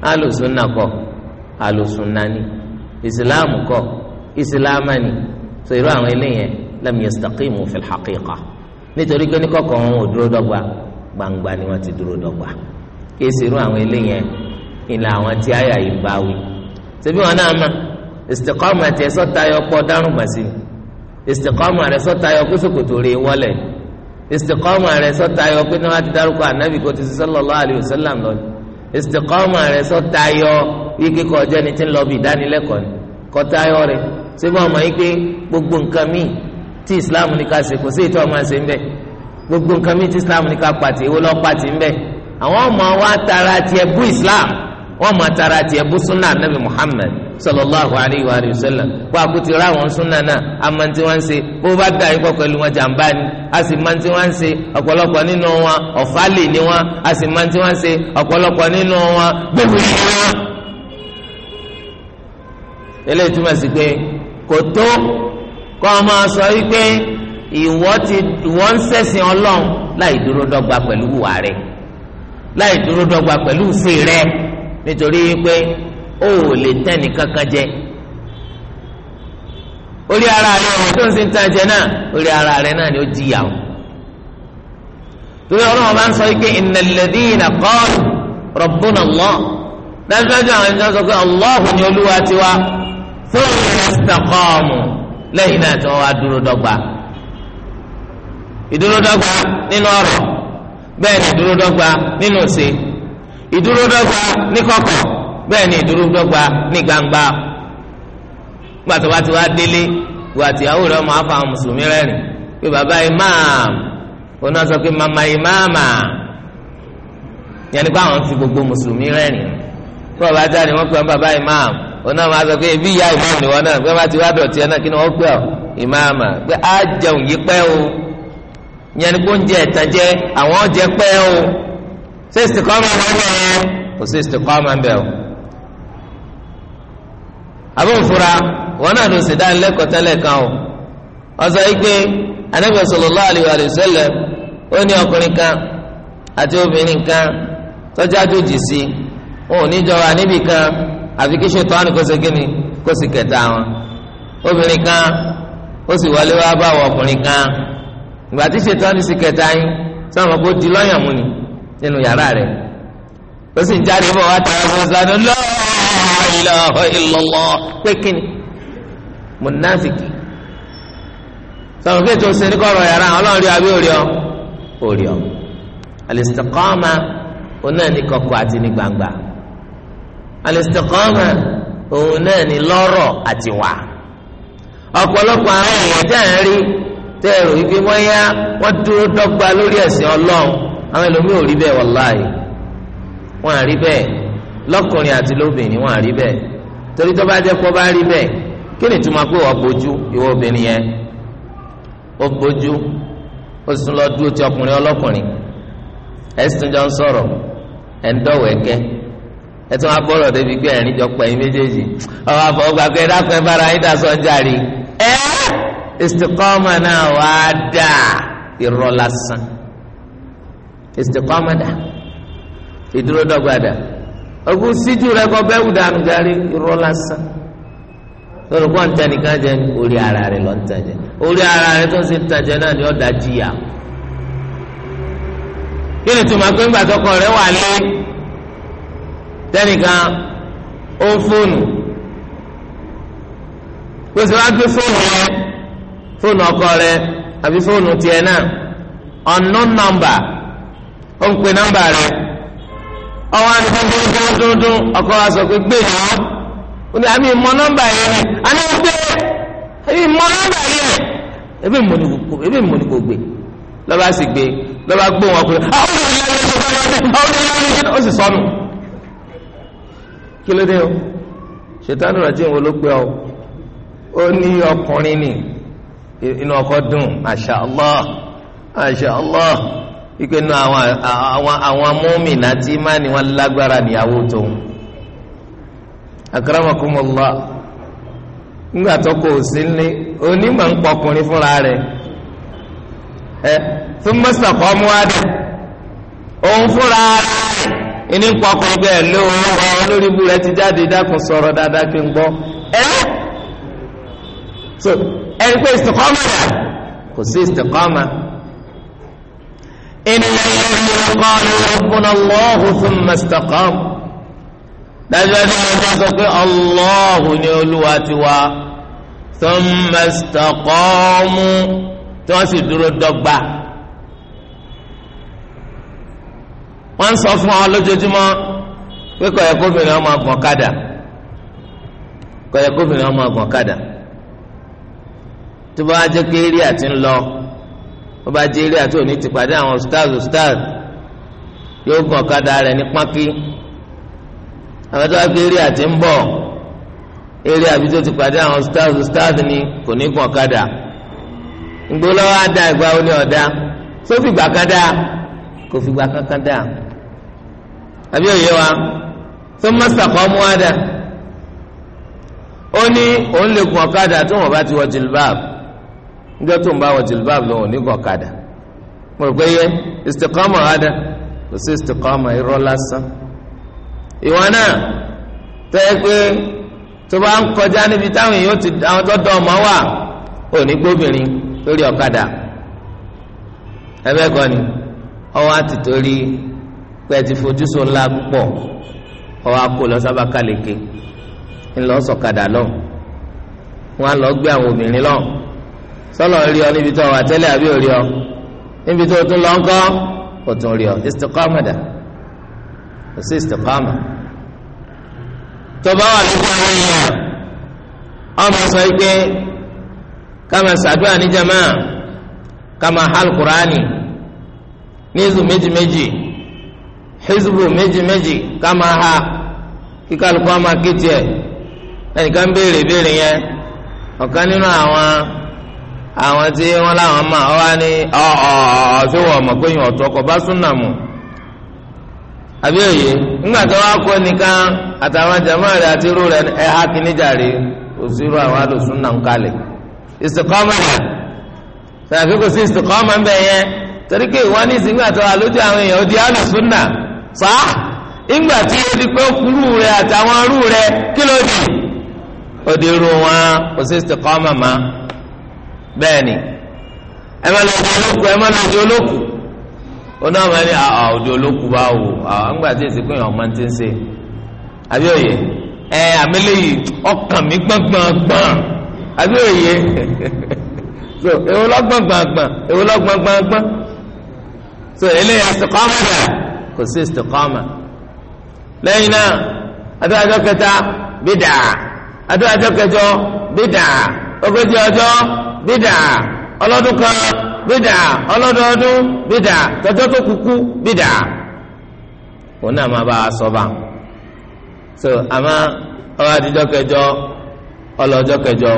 alùsùnà kọ alùsùnà ni ìsìláàmù kọ ìsìláàmà ni so irú àwọn eléyẹn lam yastaqimu fil haqiqa nítorí pé ní kọ̀kọ̀ wọn ò dúró gbangba ni ti dúró irú àwọn eléyẹn ìlà àwọn tí yìí bá wí wọn náà mọ̀ pọ̀ istikọ́mù rẹ sọ́tayọ pé sòkòtò rẹ wọlé istikọ́mù rẹ sọ́tayọ pé náà ti dárúkọ ànábì kò ti sọ sallallahu alayhi sallam lọ istikọ́mù rẹ sọ́tayọ wíkí kọ ọjọ́ ni ti lọ bí ìdánilẹ́kọ̀ọ́ ni kọ́tayọ rẹ síbẹ̀ ọmọ yìí pé gbogbo nǹkan míì tí islam ní ká ṣe kò sí ìtọ́ ọmọ ṣe ń bẹ̀ gbogbo nǹkan míì tí islam ní ká pàtì ìwọlọ́ ń bẹ̀ àwọn ọmọ wa tara tiẹ̀ bú islam wọn máa tara tiẹ̀ bú súnà anabi muhammed sallallahu alayhi wa sallam wọn àkútì rà wọn súnà náà a máa ti wọn ṣe bó bá dà yín pọ̀ pẹ̀lú wọn jàǹbá ni a sì máa ti wọn ṣe ọ̀pọ̀lọpọ̀ nínú wọn ọ̀fálè ni wọn a sì máa ti wọn ṣe ọ̀pọ̀lọpọ̀ nínú wọn gbẹ̀gbẹ̀ ni wọn. eléyìí túmọ̀ sí pé kò tó kọ́ ọ máa sọ yí pé ìwọ ti wọ́n ń ọlọ́run láì dúró dọ́gba pẹ̀lú ìwà láì dúró dọ́gba pẹ̀lú ìṣe nítorí pé ó ò lè tẹ́nì kankan jẹ orí ara rẹ ọ̀rọ̀ tó ń sin tán jẹ náà orí ara rẹ náà ni ó jìyà o torí ọlọ́run bá ń sọ pé innal ladhina qalu rabbuna Allah dájúdájú àwọn ènìyàn sọ pé Allahu ni olúwa tiwa fún ìrẹsìtàkọ́ọ̀mù lẹ́yìn náà tí wọ́n wá dúró dọ́gba ìdúró dọ́gba nínú ọ̀rọ̀ bẹ́ẹ̀ ni ìdúró dọ́gba nínú òsè. ìdúró dọ́gba ní kọ̀kọ̀ bẹ́ẹ̀ ni ìdúró dọ́gba ní gbangba gbàtọ́ bá ti wá délé wò àti ìyàwó ọmọ àwọn mùsùlùmí rẹ́rìn pé bàbá imam sọ mama imama yẹnni pé àwọn ti gbogbo mùsùlùmí rẹ́rìn pé bàbá jáde bàbá imam oná máa sọ pé imam ni wọ́n náà pé ti wá dọ̀tí ẹ̀ náà kí ni wọ́n pè ọ́ imama pé á jẹun yí ṣé istikọ́mà máa ń bẹ̀ yẹn kò sí istikọ́mà ń bẹ̀ o. abófura wọn náà ló sì dá nílẹ́kọ̀ọ́ tẹ́lẹ̀ kan o ọsọ igbe anabi sallallahu alayhi wa sallam ó ní ọkùnrin kan àti obìnrin kan tọ́jà jòjì sí wọn ò ní jọra níbì kan àfi kí ṣètọ́ni kó ṣe kíni kó sì kẹta wọn obìnrin kan ó sì wọlé wá bá ọkùnrin kan ìgbà tí ṣètọ́ni sì kẹta yín sọ ma kó di lọ́yàn mú ni nínú yàrá rẹ̀ ó sì ń jáde bọ̀ wá tara fún islam la ilaha illallah pé kíni munafiki sọ̀rọ̀ pé tó sin kọ̀rọ̀ yàrá ọlọ́run rí abẹ́ òrí ọ òrí ọ al-istiqama òun náà ní kọ̀kọ̀ àti ní gbangba al-istiqama òun náà ní lọ́rọ̀ àti wà ọ̀pọ̀lọpọ̀ àwọn èèyàn jẹ́ àárín tẹ́ẹ̀rù ibi yá wọ́n dúró dọ́gba lórí ẹ̀sìn ọlọ́run àwọn ẹlòmíì ò rí bẹ́ẹ̀ wàláì wọn à rí bẹ́ẹ̀ lọ́kùnrin àti lóbìnrin wọn à rí bẹ́ẹ̀ torí tó bá jẹ́ kó bá rí bẹ́ẹ̀ kí ni túmọ̀ pé wọ́n bójú ìwọ obìnrin yẹn ó bójú ó sì lọ dúró ti ọkùnrin ọlọ́kùnrin ẹ̀ jọ ń sọ̀rọ̀ ẹ̀ ń dọ̀wọ̀ ẹ̀kẹ́ ẹ̀ tún wá bọ̀rọ̀ débi pé ẹ̀rín jọ pẹ̀ yín méjèèjì ọ̀rọ̀ àfọwọ́gbà pé ẹ bára yín dà sọ jàre ẹ̀ istikọ́mọ náà wàá dà irọ́ lásán. istiqama dà ìdúró Oku dà ogun síjú rẹ kọ gari irọ́ lórí kó ara rẹ lọ ń orí ara rẹ tó ń ṣe ń náà ni ọ̀dà jìyà kí ni pé ńgbà tọkọ rẹ wà lé tẹnìkan ó fóònù kó wá gbé fóònù rẹ fóònù ọkọ rẹ àbí fóònù náà unknown number. ó ń pe nọ́mbà rẹ̀ ọwọ́ àti dúndúndúndún ọkọ wa pé gbé náà ó ní àmì ìmọ̀ nọ́mbà yẹn àní gbé ìmọ̀ nọ́mbà yẹn ebi mọ̀ ní kò ebi mọ̀ ní kò gbé sì gbé Lọba gbó wọn pé àwọn ọmọ ìyá rẹ̀ sọ̀rọ̀ ọmọ ìyá rẹ̀ ó sì sọnù o ṣètánù ló pé ọ ó ní ọkùnrin ni inú ọkọ dùn Allah Allah. wípé nínú àwọn àwọn àwọn mọ́mìnà tí ìmánì wọn lágbára níyàwó tóun akaramakumullah ńgbà tó kò sí ní onímọ̀ ń pọkùnrin fúnra rẹ̀ ẹ tó mọ́sà kọ́ mú wá dẹ̀ òun fúnra rẹ̀ ìní pọkùnrin bẹ́ẹ̀ lóòrùn lórí ibú rẹ̀ ti jáde dákun sọ̀rọ̀ dáadáa kí n gbọ́ ẹ so ẹni pé istiqama kò sí إن الذين قالوا ربنا الله ثم استقاموا dájúdájú wọn bá sọ pé allahu ni olúwa ti wá thumma istaqamu tí wọ́n sì dúró dọ́gba wọ́n sọ fún ọ lójoojúmọ́ pé kọ̀yẹ́ kófìnrin ọmọ ọgbọ̀n kádà kọ̀yẹ́ kófìnrin ọmọ ọgbọ̀n kádà tó bá jẹ́ kéèrí àti ńlọ wọ́n bá jẹ́ eré àti òní ti pàdé àwọn ustaz ustaz yóò gàn ọ̀kadà rẹ̀ ní pákí àwọn tó wá pé eré àti ń bọ̀ eré àbí tó ti pàdé àwọn ustaz ustaz ni kò ní gàn ọ̀kadà ìgbólọ́wọ́ á da ìgbà ó ní ọ̀dá sófìgbà kan dáa kò fìgbà kankan dáa àbí òye wa tó mọ́sà kọ́ mú wa dáa ó ní òun lè gun ọ̀kadà tó wọ́n bá ti wọ jìlbáàbù níjọ́ tó ń bá wọn jìlbáàbù lòun ò ní gọ̀kadà mo rò pé yẹ istikọ́mọ̀ ada kò sí istikọ́mọ̀ irọ́ lásán ìwọ náà tẹ́ ẹ pé tó bá ń kọjá níbi táwọn èèyàn ti àwọn tó dán ọmọ wà ò gbóbìnrin lórí ọ̀kadà ẹbẹ́ kan ni ọwọ́ àti torí pé ẹ ti fojú so ńlá púpọ̀ ọwọ́ akó lọ sábà káleke ńlọ sọ̀kadà lọ wọn á lọ gbé àwọn obìnrin lọ. sọlọ ń rí ọ níbi tó wà tẹ́lẹ̀ àbí ò ọ níbi tó tún lọ ń kọ́ ó tún rí ọ istiqama kò sí istiqama tọba wà lójú àwọn èèyàn ọmọ sọ pé kàmá sàdúrà hal méjì méjì ha kíkàlùkọ́ ọmọ akéjì ẹ̀ ẹnìkan béèrè béèrè yẹn ọ̀kan nínú àwọn. àwọn tí wọn láwọn mọ ọ wá ní ọ ọ ṣé wọn mọ pé yìnyín ọ̀tọ̀ ọkọ bá súnà mu àbí òye nígbà tó wá kó nìkan àtàwọn jàmáà rẹ àti irú rẹ ẹ há kìnnìjà rè òsirú àwọn àlòsúnà ń kalẹ̀ ìsìkọ́mọ rẹ tàbí kò sí ìsìkọ́mọ ń bẹ yẹn torí pé ìwọ ní ìsìnkú àti àlójú àwọn èèyàn ó di àlòsúnà sá ìgbà tí ó di pé bẹ́ẹ̀ ni ẹ má lọ di ẹ má lọ di ó náà máa ní àà bá wò tí èsì ti ń ṣe àbí ẹ àmìlẹ yìí ọkàn mi gbọngbọngbọn so èwo lọgbọngbọngbọn èwo lọgbọngbọngbọn so eléyìí asèkọ́mà rẹ̀ kò sí asèkọ́mà lẹ́yìn náà kẹta kẹjọ bídà ọlọ́dún kan bídà ọlọ́dọọdún bidà tọjọ́ tó kúkú bídà òun náà máa bá a sọ bá so àmọ́ ọba àtijọ́ kẹjọ ọlọ́jọ́ kẹjọ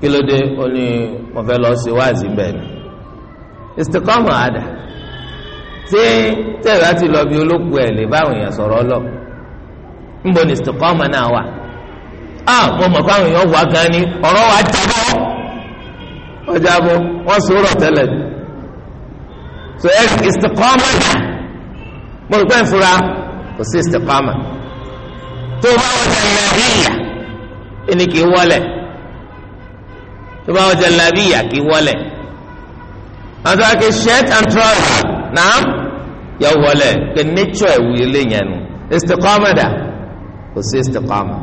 kí ló dé ó ní mo fẹ́ lọ sí wáàzì bẹ́ẹ̀ ni istikọ́mù àdà tí tẹ̀lé láti lọ bí olóko ẹ̀ lè báwọn èèyàn sọ̀rọ̀ lọ níbo ni istikọ́mù náà wà á ah, mo mọ̀ fáwọn èèyàn wà gan ni ọ̀rọ̀ wa jábọ́. ọjà bọ wọn sọ̀rọ̀ tẹ́lẹ̀ so ẹ istikọọmọ yà mo rò pé n fura kò sí istikọọmọ tó bá wọn jẹ làbíyà ẹni kì í wọlẹ̀ tó bá wọn jẹ làbíyà kì í wọlẹ̀ àti wọn kì í shirt and trouser náà yà wọlẹ̀ kì í nature ìwúyẹlẹ yẹn nu istikọọmọ dà kò sí istikọọmọ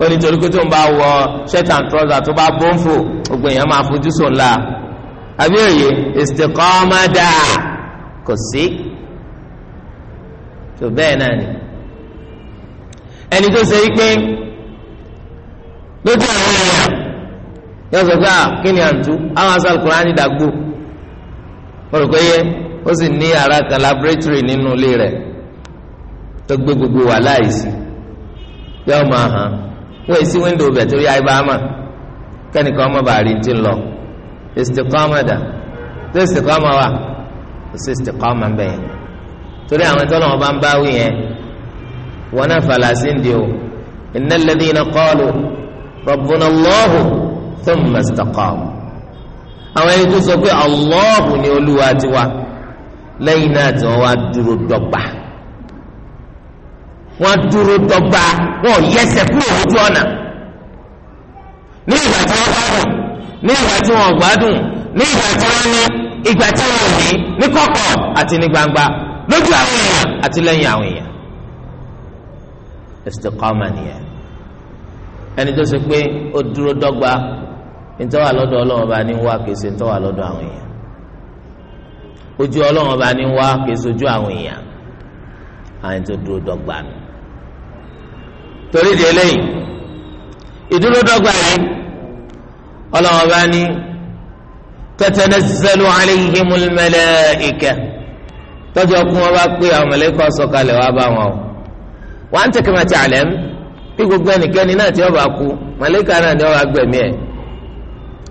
ó ní torí pé tó ń bá wọ shirt and trouser tó bá bọ́ǹfò gbogbo èèyàn máa fojú sùn la àbí òye istiqamada kò sí tó bẹ́ẹ̀ náà ni ẹni tó ṣe wípé lójú àwọn èèyàn yóò sọ pé kí ni àǹtú àwọn asal Kùránì dàgbò mo rò pé yẹ ó sì ní ara kan laboratory nínú ilé rẹ̀ tó gbé gbogbo wà láìsí yóò máa hàn wọ́n èsì wíńdò bẹ̀ torí àìbámà kẹ́nìkan ọmọ bàárì ti ń lọ istiqama dà tó istiqama wà kò sí istiqama bẹ̀ yẹn torí àwọn ìtọ́nà ọba ń báwí yẹn wọn náà fàlàsí ń di o innal ladhina qalu rabbuna Allahu thumma istaqamu àwọn ẹni tó sọ pé Allahu ni olúwa tiwa lẹ́yìn náà tí wọ́n wá dúró dọ́gba wọ́n dúró dọ́gba wọ́n yẹsẹ̀ kúrò lójú ọ̀nà ní ìgbà tí wọ́n gbádùn ní ìgbà tí wọ́n gbádùn ní ìgbà tí wọ́n ní ìgbà tí wọ́n ní ní kọ̀kọ̀ àti ní gbangba lójú àwọn èèyàn àti lẹ́yìn àwọn èèyàn istiqama nìyẹn ẹni tó ṣe pé ó dúró dọ́gba ntọ́wà lọ́dọ̀ ọlọ́run bá ní wá kèsè ntọ́wà lọ́dọ̀ àwọn èèyàn ojú ọlọ́run bá ní wá kèsè ojú àwọn èèyàn àwọn tó dúró dọ́gba nù torí di eléyìí ìdúró dọ́gba yìí ọlọ́wọ́ bá ní tatanazzalu alayhimul malaika tọ́jú ọkùn wọn bá pé àwọn sọ̀kalẹ̀ wá bá wọn o gbogbo ẹnikẹ́ni náà tí wọ́n bá kú náà ni wọ́n bá gbẹ̀mí ẹ̀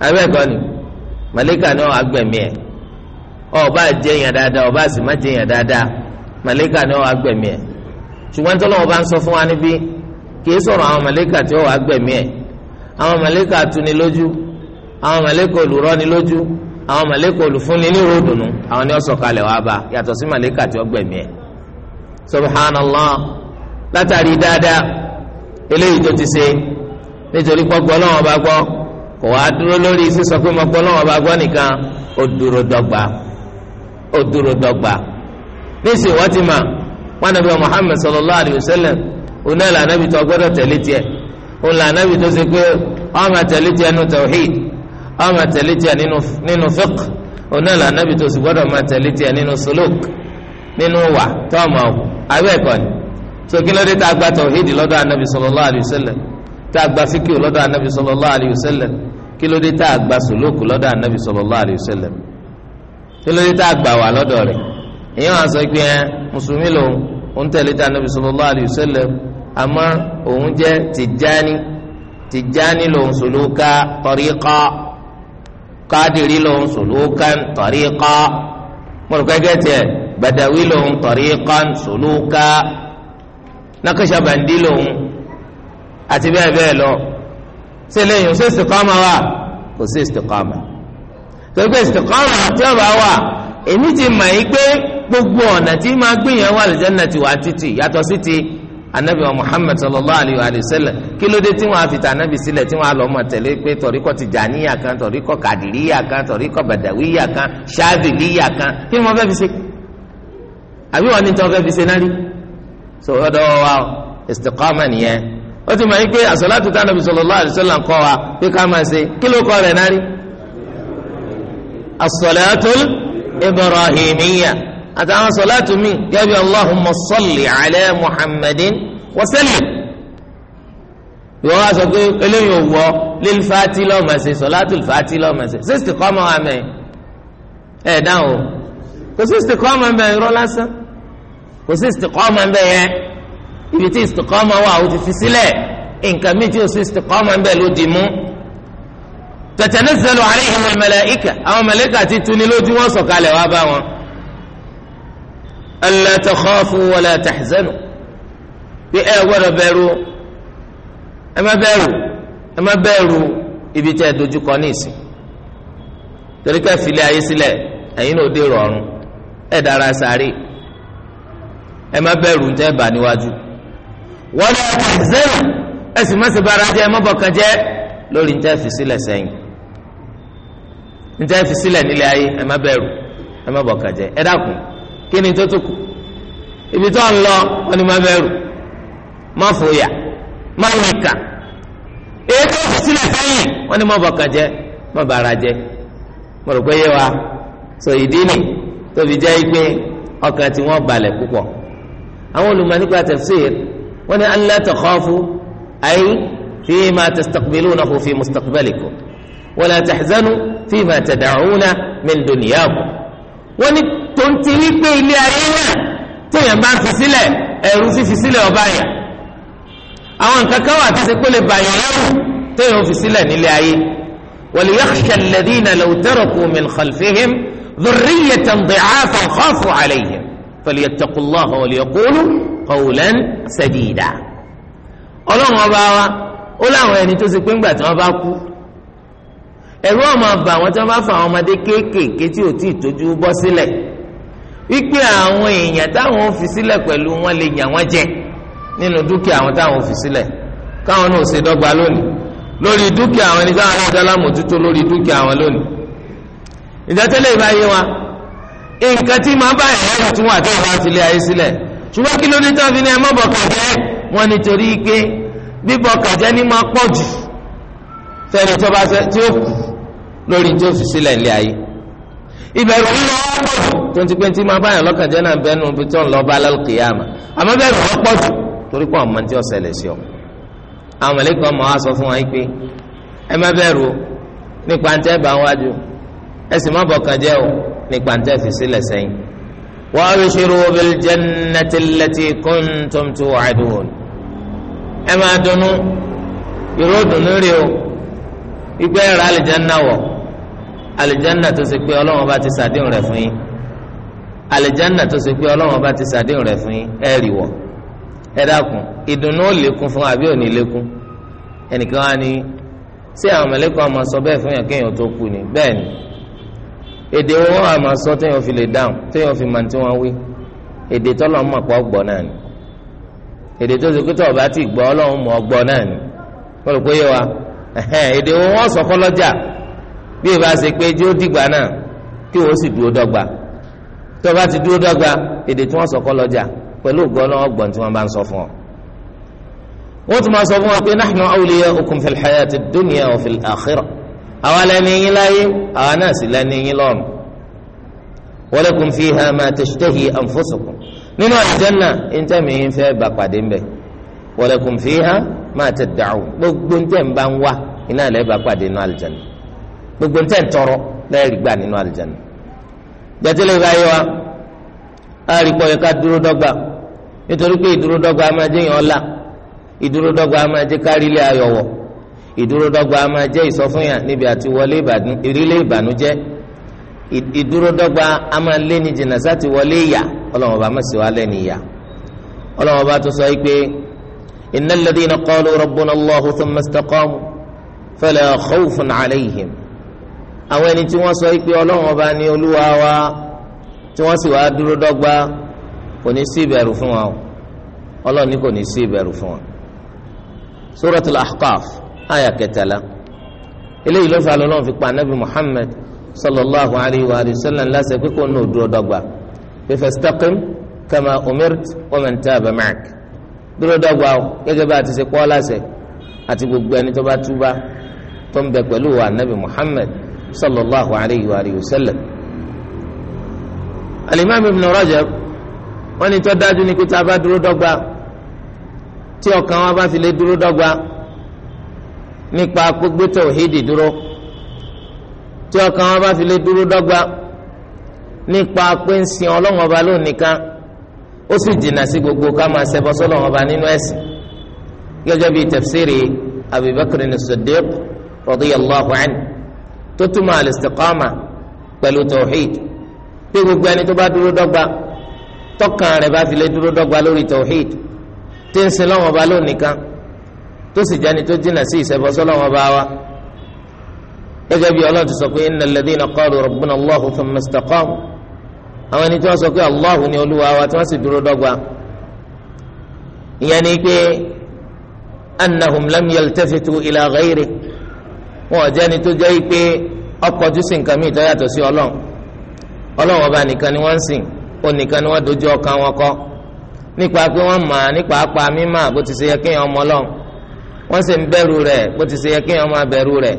abẹ́ẹ̀kọ́ ni mẹlẹ́kà ni gbẹ̀mí ẹ̀ ọba jẹ́ dáadáa ọba sì dáadáa ni wọ́n gbẹ̀mí kìí sọ̀rọ̀ àwọn màlẹ́kà tí ó wà gbẹ̀mí ẹ̀ àwọn màlẹ́kà atuni lójú àwọn màlẹ́kà olùrọ́ni lójú àwọn màlẹ́kà olùfúnni ní ròdùnú àwọn ni ó sọ̀kalẹ̀ wàá bá yàtọ̀ sí màlẹ́kà tí ó gbẹ̀mí ẹ̀ subhanallah látàrí dáadáa eléyìí tó ti ṣe nítorí pọ́gbọ́ lọ́wọ́ bá gbọ́ kò wá dúró lórí sísọ pé bá gbọ́ òun náà lànàbì tó gbọ́dọ̀ tẹ̀lé tiẹ̀ òun lànàbì tó ṣe pé ó máa tẹ̀lé tiẹ̀ nínú tawhid ó máa tẹ̀lé nínú fiqh òun náà lànàbì tó sì gbọ́dọ̀ máa tẹ̀lé tiẹ̀ nínú suluk nínú wà tó ọmọ so kí ló dé tá a gba tawhid lọ́dọ̀ anabi sallallahu alayhi wa sallam tá a gba fiqh lọ́dọ̀ anabi sallallahu alayhi wa sallam kí ló dé tá a gba suluk lọ́dọ̀ anabi sallallahu alayhi wa sallam kí ló dé tá a gbà wà lọ́dọ̀ rẹ̀ èèyàn á sọ pé ẹ lòun òun tẹ̀lé tá anabi sallallahu alayhi wa sallam àmọ́ òun jẹ́ tìjáni tìjáni lòun sòlóka tọ́ríkọ́ kádìrí lòun sòlóka tọ́ríkọ́ mọ̀lùkẹ́gẹ́ tiẹ̀ bàdàwí lòun tọ́ríkọ́ sòlóka nàkàṣàbàndí lòun àti bẹ́ẹ̀ bẹ́ẹ̀ lọ ṣe lẹ́yìn ṣe istiqama wa kò sí istiqama torí pé istiqama àti ọ̀bà wa èmi ti mọ̀ yí pé gbogbo ọ̀nà tí máa gbìyànjú àlùjánnà ti wà títì yàtọ̀ sí ti anabi wa muhammed sallallahu alayhi wa sallam kí ló dé tí wọ́n á fi ta anabi sílẹ̀ tí wọ́n á lọ mọ̀ tẹ̀lé pé tọ̀ríkọ̀ tìjàníyà kan tọ̀ríkọ̀ kàdìríyà kan tọ̀ríkọ̀ bàdàwíyà kan ṣáàbìlíyà kan kí wọ́n fẹ́ fi ṣe àbí wọ́n ní tí wọ́n fẹ́ fi ṣe náà rí so ọ̀dọ̀ wa istiqama nìyẹn ó ti mọ̀ yín pé àsọ̀látù tá anabi sallallahu alayhi wa sallam kọ́ wa pé ká máa ṣe kí kọ́ rẹ̀ náà rí asọ̀látù ibrahimiyya àtàwọn sọláàtù mi gẹ́gẹ́ bí allahumma salli ala muhammadin wa sallim ìwọ wá sọ pé eléyìí ò wọ lílì fati lọ́mọ̀ọ́sẹ̀ sọláàtù fati lọ́mọ̀ọ́sẹ̀ sísìtì kọ́ ọmọ wa mẹ́rin ẹ̀ dáhùn o kò sí sísìtì kọ́ ọmọ mẹ́rin lásán kò sí sísìtì kọ́ ọmọ ibi tí sísìtì kọ́ ọmọ wa ti fi sílẹ̀ nǹkan mi tí ò sí sísìtì kọ́ ọmọ mẹ́rin ló dì mú tatanazzalu alayhim al-malaika àwọn mẹlẹ́kà ti tuni lójú wọn sọ̀kalẹ̀ wá bá wọn. alla takhafu wala tahzanu pé ẹ gbọ́dọ̀ bẹ̀rù ẹ má bẹ̀rù ẹ má bẹ̀rù ibi tẹ́ ẹ dojú kọ ní ìsìn torí pé filẹ̀ ayé sílẹ̀ ẹ̀yin náà dé rọrùn ẹ dára sáré ẹ má bẹ̀rù ntẹ́ bà níwájú wala tahzanu ẹ sì má ṣe bára jẹ́ ẹ má bọ̀kan jẹ́ lórí ntẹ́ fi sílẹ̀ sẹ́yìn ẹ kí ni tó tó kù ibi tó ń lọ wọn ni má bẹ̀rù má fòyà má yìnkà èyí tó fi sílẹ̀ sẹ́yìn wọn ni má bọ̀kàn jẹ́ má bàrà jẹ́ mo rò pé yé wa sọ ìdí ni tó jẹ́ pé ọkàn tí wọ́n balẹ̀ púpọ̀ àwọn olùmọ̀ nípa wọn ni alla takhafu ay fima tastaqbilunahu fi mustaqbalikum wala tahzanu fima tad'una min dunyakum wọ́n ní tonti wípé ilé ayé náà téèyàn bá ń fi sílẹ̀ ẹ̀rù fífi sílẹ̀ ọba yẹn àwọn nǹkan kan wà tẹ́sí pé lè bàyàn lẹ́rù téèyàn fi sílẹ̀ nílé ayé wal yakhsha alladhina law taraku min khalfihim dhurriyyatan dhi'afan khafu alayhim falyattaqullaha wal yaqulu qawlan sadida ọlọ́run ọba wa ó láwọn ẹni tó ṣe pé ńgbà tí wọ́n bá kú ẹ̀rú ọmọ ọba àwọn tí wọ́n bá fa àwọn ọmọdé kéékèèké tí ò tí ì tójú bọ́ sílẹ̀ wípé àwọn èèyàn táwọn ò fi sílẹ̀ pẹ̀lú wọn lè yàn wọ́n jẹ nínú dúkìá àwọn táwọn ò fi sílẹ̀ káwọn náà ṣe dọ́gba lónìí lórí dúkìá àwọn ẹni táwọn náà dálá lórí dúkìá àwọn lónìí ìdátẹ́lẹ̀ ìbáyé wa nǹkan tí màá bá ẹ̀rọ tún wà tó ìwà àtìlẹ̀ ayé sílẹ̀ ṣùgbọ́n kí ló dé tán fi ní ẹ má bọ̀ kàjẹ́ wọn nítorí pé bíbọ̀ kàjẹ́ ní máa pọ̀ jù fẹ́ni tó bá fẹ́ tí ó kù lórí tí ó fi sílẹ̀ ńlẹ̀ ayé ìbẹ̀rù ńlọ ọ̀pọ̀ jù tó ń ti pé ń ti máa báyàn lọ́kàn jẹ́ náà bẹ́ẹ̀ nu bí tó ń lọ bá lálùkì yá àmà àmọ́ bẹ̀rù ọ̀pọ̀ jù torí kó ọmọ tí ó ṣẹlẹ̀ sí ọ. àwọn mọ̀lẹ́kọ̀ ọmọ wa sọ fún wọn pé ẹ má bẹ̀rù nípa ń tẹ́ bá ń wájú ẹ sì má bọ̀kàn jẹ́ o nípa ń tẹ́ fi sílẹ̀ sẹ́yìn. wa rí o ìgbẹ́ ìrà àlìjẹ́ náà alìjánà tó ṣe pé ọlọ́run bá ti ṣàdéhùn rẹ̀ fún yín alìjánà tó ṣe pé ọlọ́run bá ti ṣàdéhùn rẹ̀ fún yín ẹ rí wọ̀ ẹ dákun ìdùnnú ò lékún fún àbí ò lékún ẹnìkan wá ní ṣé àwọn mẹlẹ́kọ̀ ọmọ sọ bẹ́ẹ̀ fún yàn kéèyàn tó kú ni bẹ́ẹ̀ ni èdè wọn àmọ́ sọ téèyàn fi lè dáhùn téèyàn fi mọ̀ tí wọ́n wí èdè tọ́lọ́ mọ̀ pọ̀ gbọ́ náà ni èdè tó ṣe pé tọ́ọ̀ bá ti gbọ́ ọlọ́run mọ̀ ọgbọ́ náà ni wọ́n rò pé yé wa èdè wọn sọ kọ́lọ́jà bí ìbá ṣe pé tí ó dìgbà náà kí òun sì dúró dọ́gba tó bá ti dúró dọ́gba èdè tí wọ́n sọ kọ́ lọ́jà pẹ̀lú ògbọ́n náà ọgbọ̀n tí wọ́n bá ń sọ fún ọ. wọ́n tún máa sọ fún wa pé nahnu awliya'ukum fil hayati dunya wa fil akhirah àwa lẹ́ni yín láyé àwa náà sì lẹ́ni yín lọ́run. walakum fiha ma tashtahi anfusukum nínú àlùjánnà ìntẹ́mi yín fẹ́ bà pàdé ńbẹ walakum fiha ma tad'un gbogbo ìntẹ́mi bá ń wá iná lẹ́ bà pàdé nínú àlùjánnà gbogbo ntẹ̀ ntọrọ lẹ́ẹ̀rì gbà nínú àlìjáná gbẹ̀tẹ́lẹ̀ ìbáyé wa a rí pọ̀ yẹ ká dúró dọ́gba nítorí pé ìdúró dọ́gba a máa jẹ́ yàn ọ́lá ìdúró dọ́gba a máa jẹ́ kárílé ayọ̀wọ̀ ìdúró dọ́gba a máa jẹ́ ìsọfúnyà níbi àti wọlé ìrílé ìbànújẹ́ ìdúró dọ́gba a máa lé ní jìnnà sáti wọlé ìyà ọlọ́wọ́n bá má sì wá lẹ́ni ìyà ọlọ́wọ́n bá tó sọ yìí pé innal ladhina qalu rabbuna Allahu thumma istaqamu fala khawfun alayhim àwọn ẹni tí wọ́n sọ pé ọlọ́run ọba ni olúwa wa tí wọ́n sì wáá dúró dọ́gba kò ní sí ìbẹ̀rù fún wa o ọlọ́run ní kò ní sí ìbẹ̀rù fún wa. suratul ahqaf aya kẹtàlá eléyìí ló fà lọ́lọ́run fi pa anabi muhammed sallallahu alayhi wa sallam lásìkò pé kò ní òdúró dọ́gba pé fastaqim kama umirt wa man dúró dọ́gba o gẹ́gẹ́ bá a ti ṣe kọ́ lásẹ̀ àti gbogbo ẹni tó bá túbá tó ń bẹ pẹ̀lú anabi muhammed صلى الله عليه وآله وسلم الإمام ابن رجب rajab wọ́n ní tó dájú ní pé tá a bá dúró dọ́gba tí ọkàn wa bá fi lè dúró dọ́gba nípa gbogbo tauhidi dúró tí ọkàn wa bá fi lè dúró dọ́gba nípa pé ń sin ọlọ́run ọba lóun nìkan ó sì jìnnà sí gbogbo ká máa ṣẹbọ sọ́lọ́run ọba nínú ẹ̀sìn gẹ́gẹ́ bíi tafsiri abubakar ní sadiq radiyallahu anhu tó túmọ̀ al-istiqama pẹ̀lú tawhid pé gbogbo ẹni tó bá dúró dọ́gba tọkàn rẹ̀ bá fi lè dúró dọ́gba lórí tawhid tí ń sin lọ́wọ́ ọba lónìkan tó sì jẹ́ni tó jìnnà sí ìṣẹ́bọsọ́ lọ́wọ́ ọba wa gẹ́gẹ́ bí ọlọ́run ti sọ pé innal ladhina qalu rabbuna Allahu thumma istaqamu àwọn ẹni tí wọ́n sọ pé Allahu ni olúwa wa tí wọ́n sì dúró dọ́gba ìyẹn ni pé annahum lam yaltafitu ila wọn ò jẹ́ni tó jẹ́ pé ọkọ̀ ojú sí nǹkan míì tó yàtọ̀ sí ọlọ́run ọlọ́run ọba nìkan ni wọ́n ń sìn ó nìkan ni wọ́n dojú ọkàn wọn kọ́ nípa pé wọ́n mọ̀ á nípa apá mímọ́ bó ti ṣe yẹ kéèyàn ọmọ ọlọ́run wọ́n sì ń bẹ̀rù rẹ̀ bó ti ṣe yẹ kéèyàn máa bẹ̀rù rẹ̀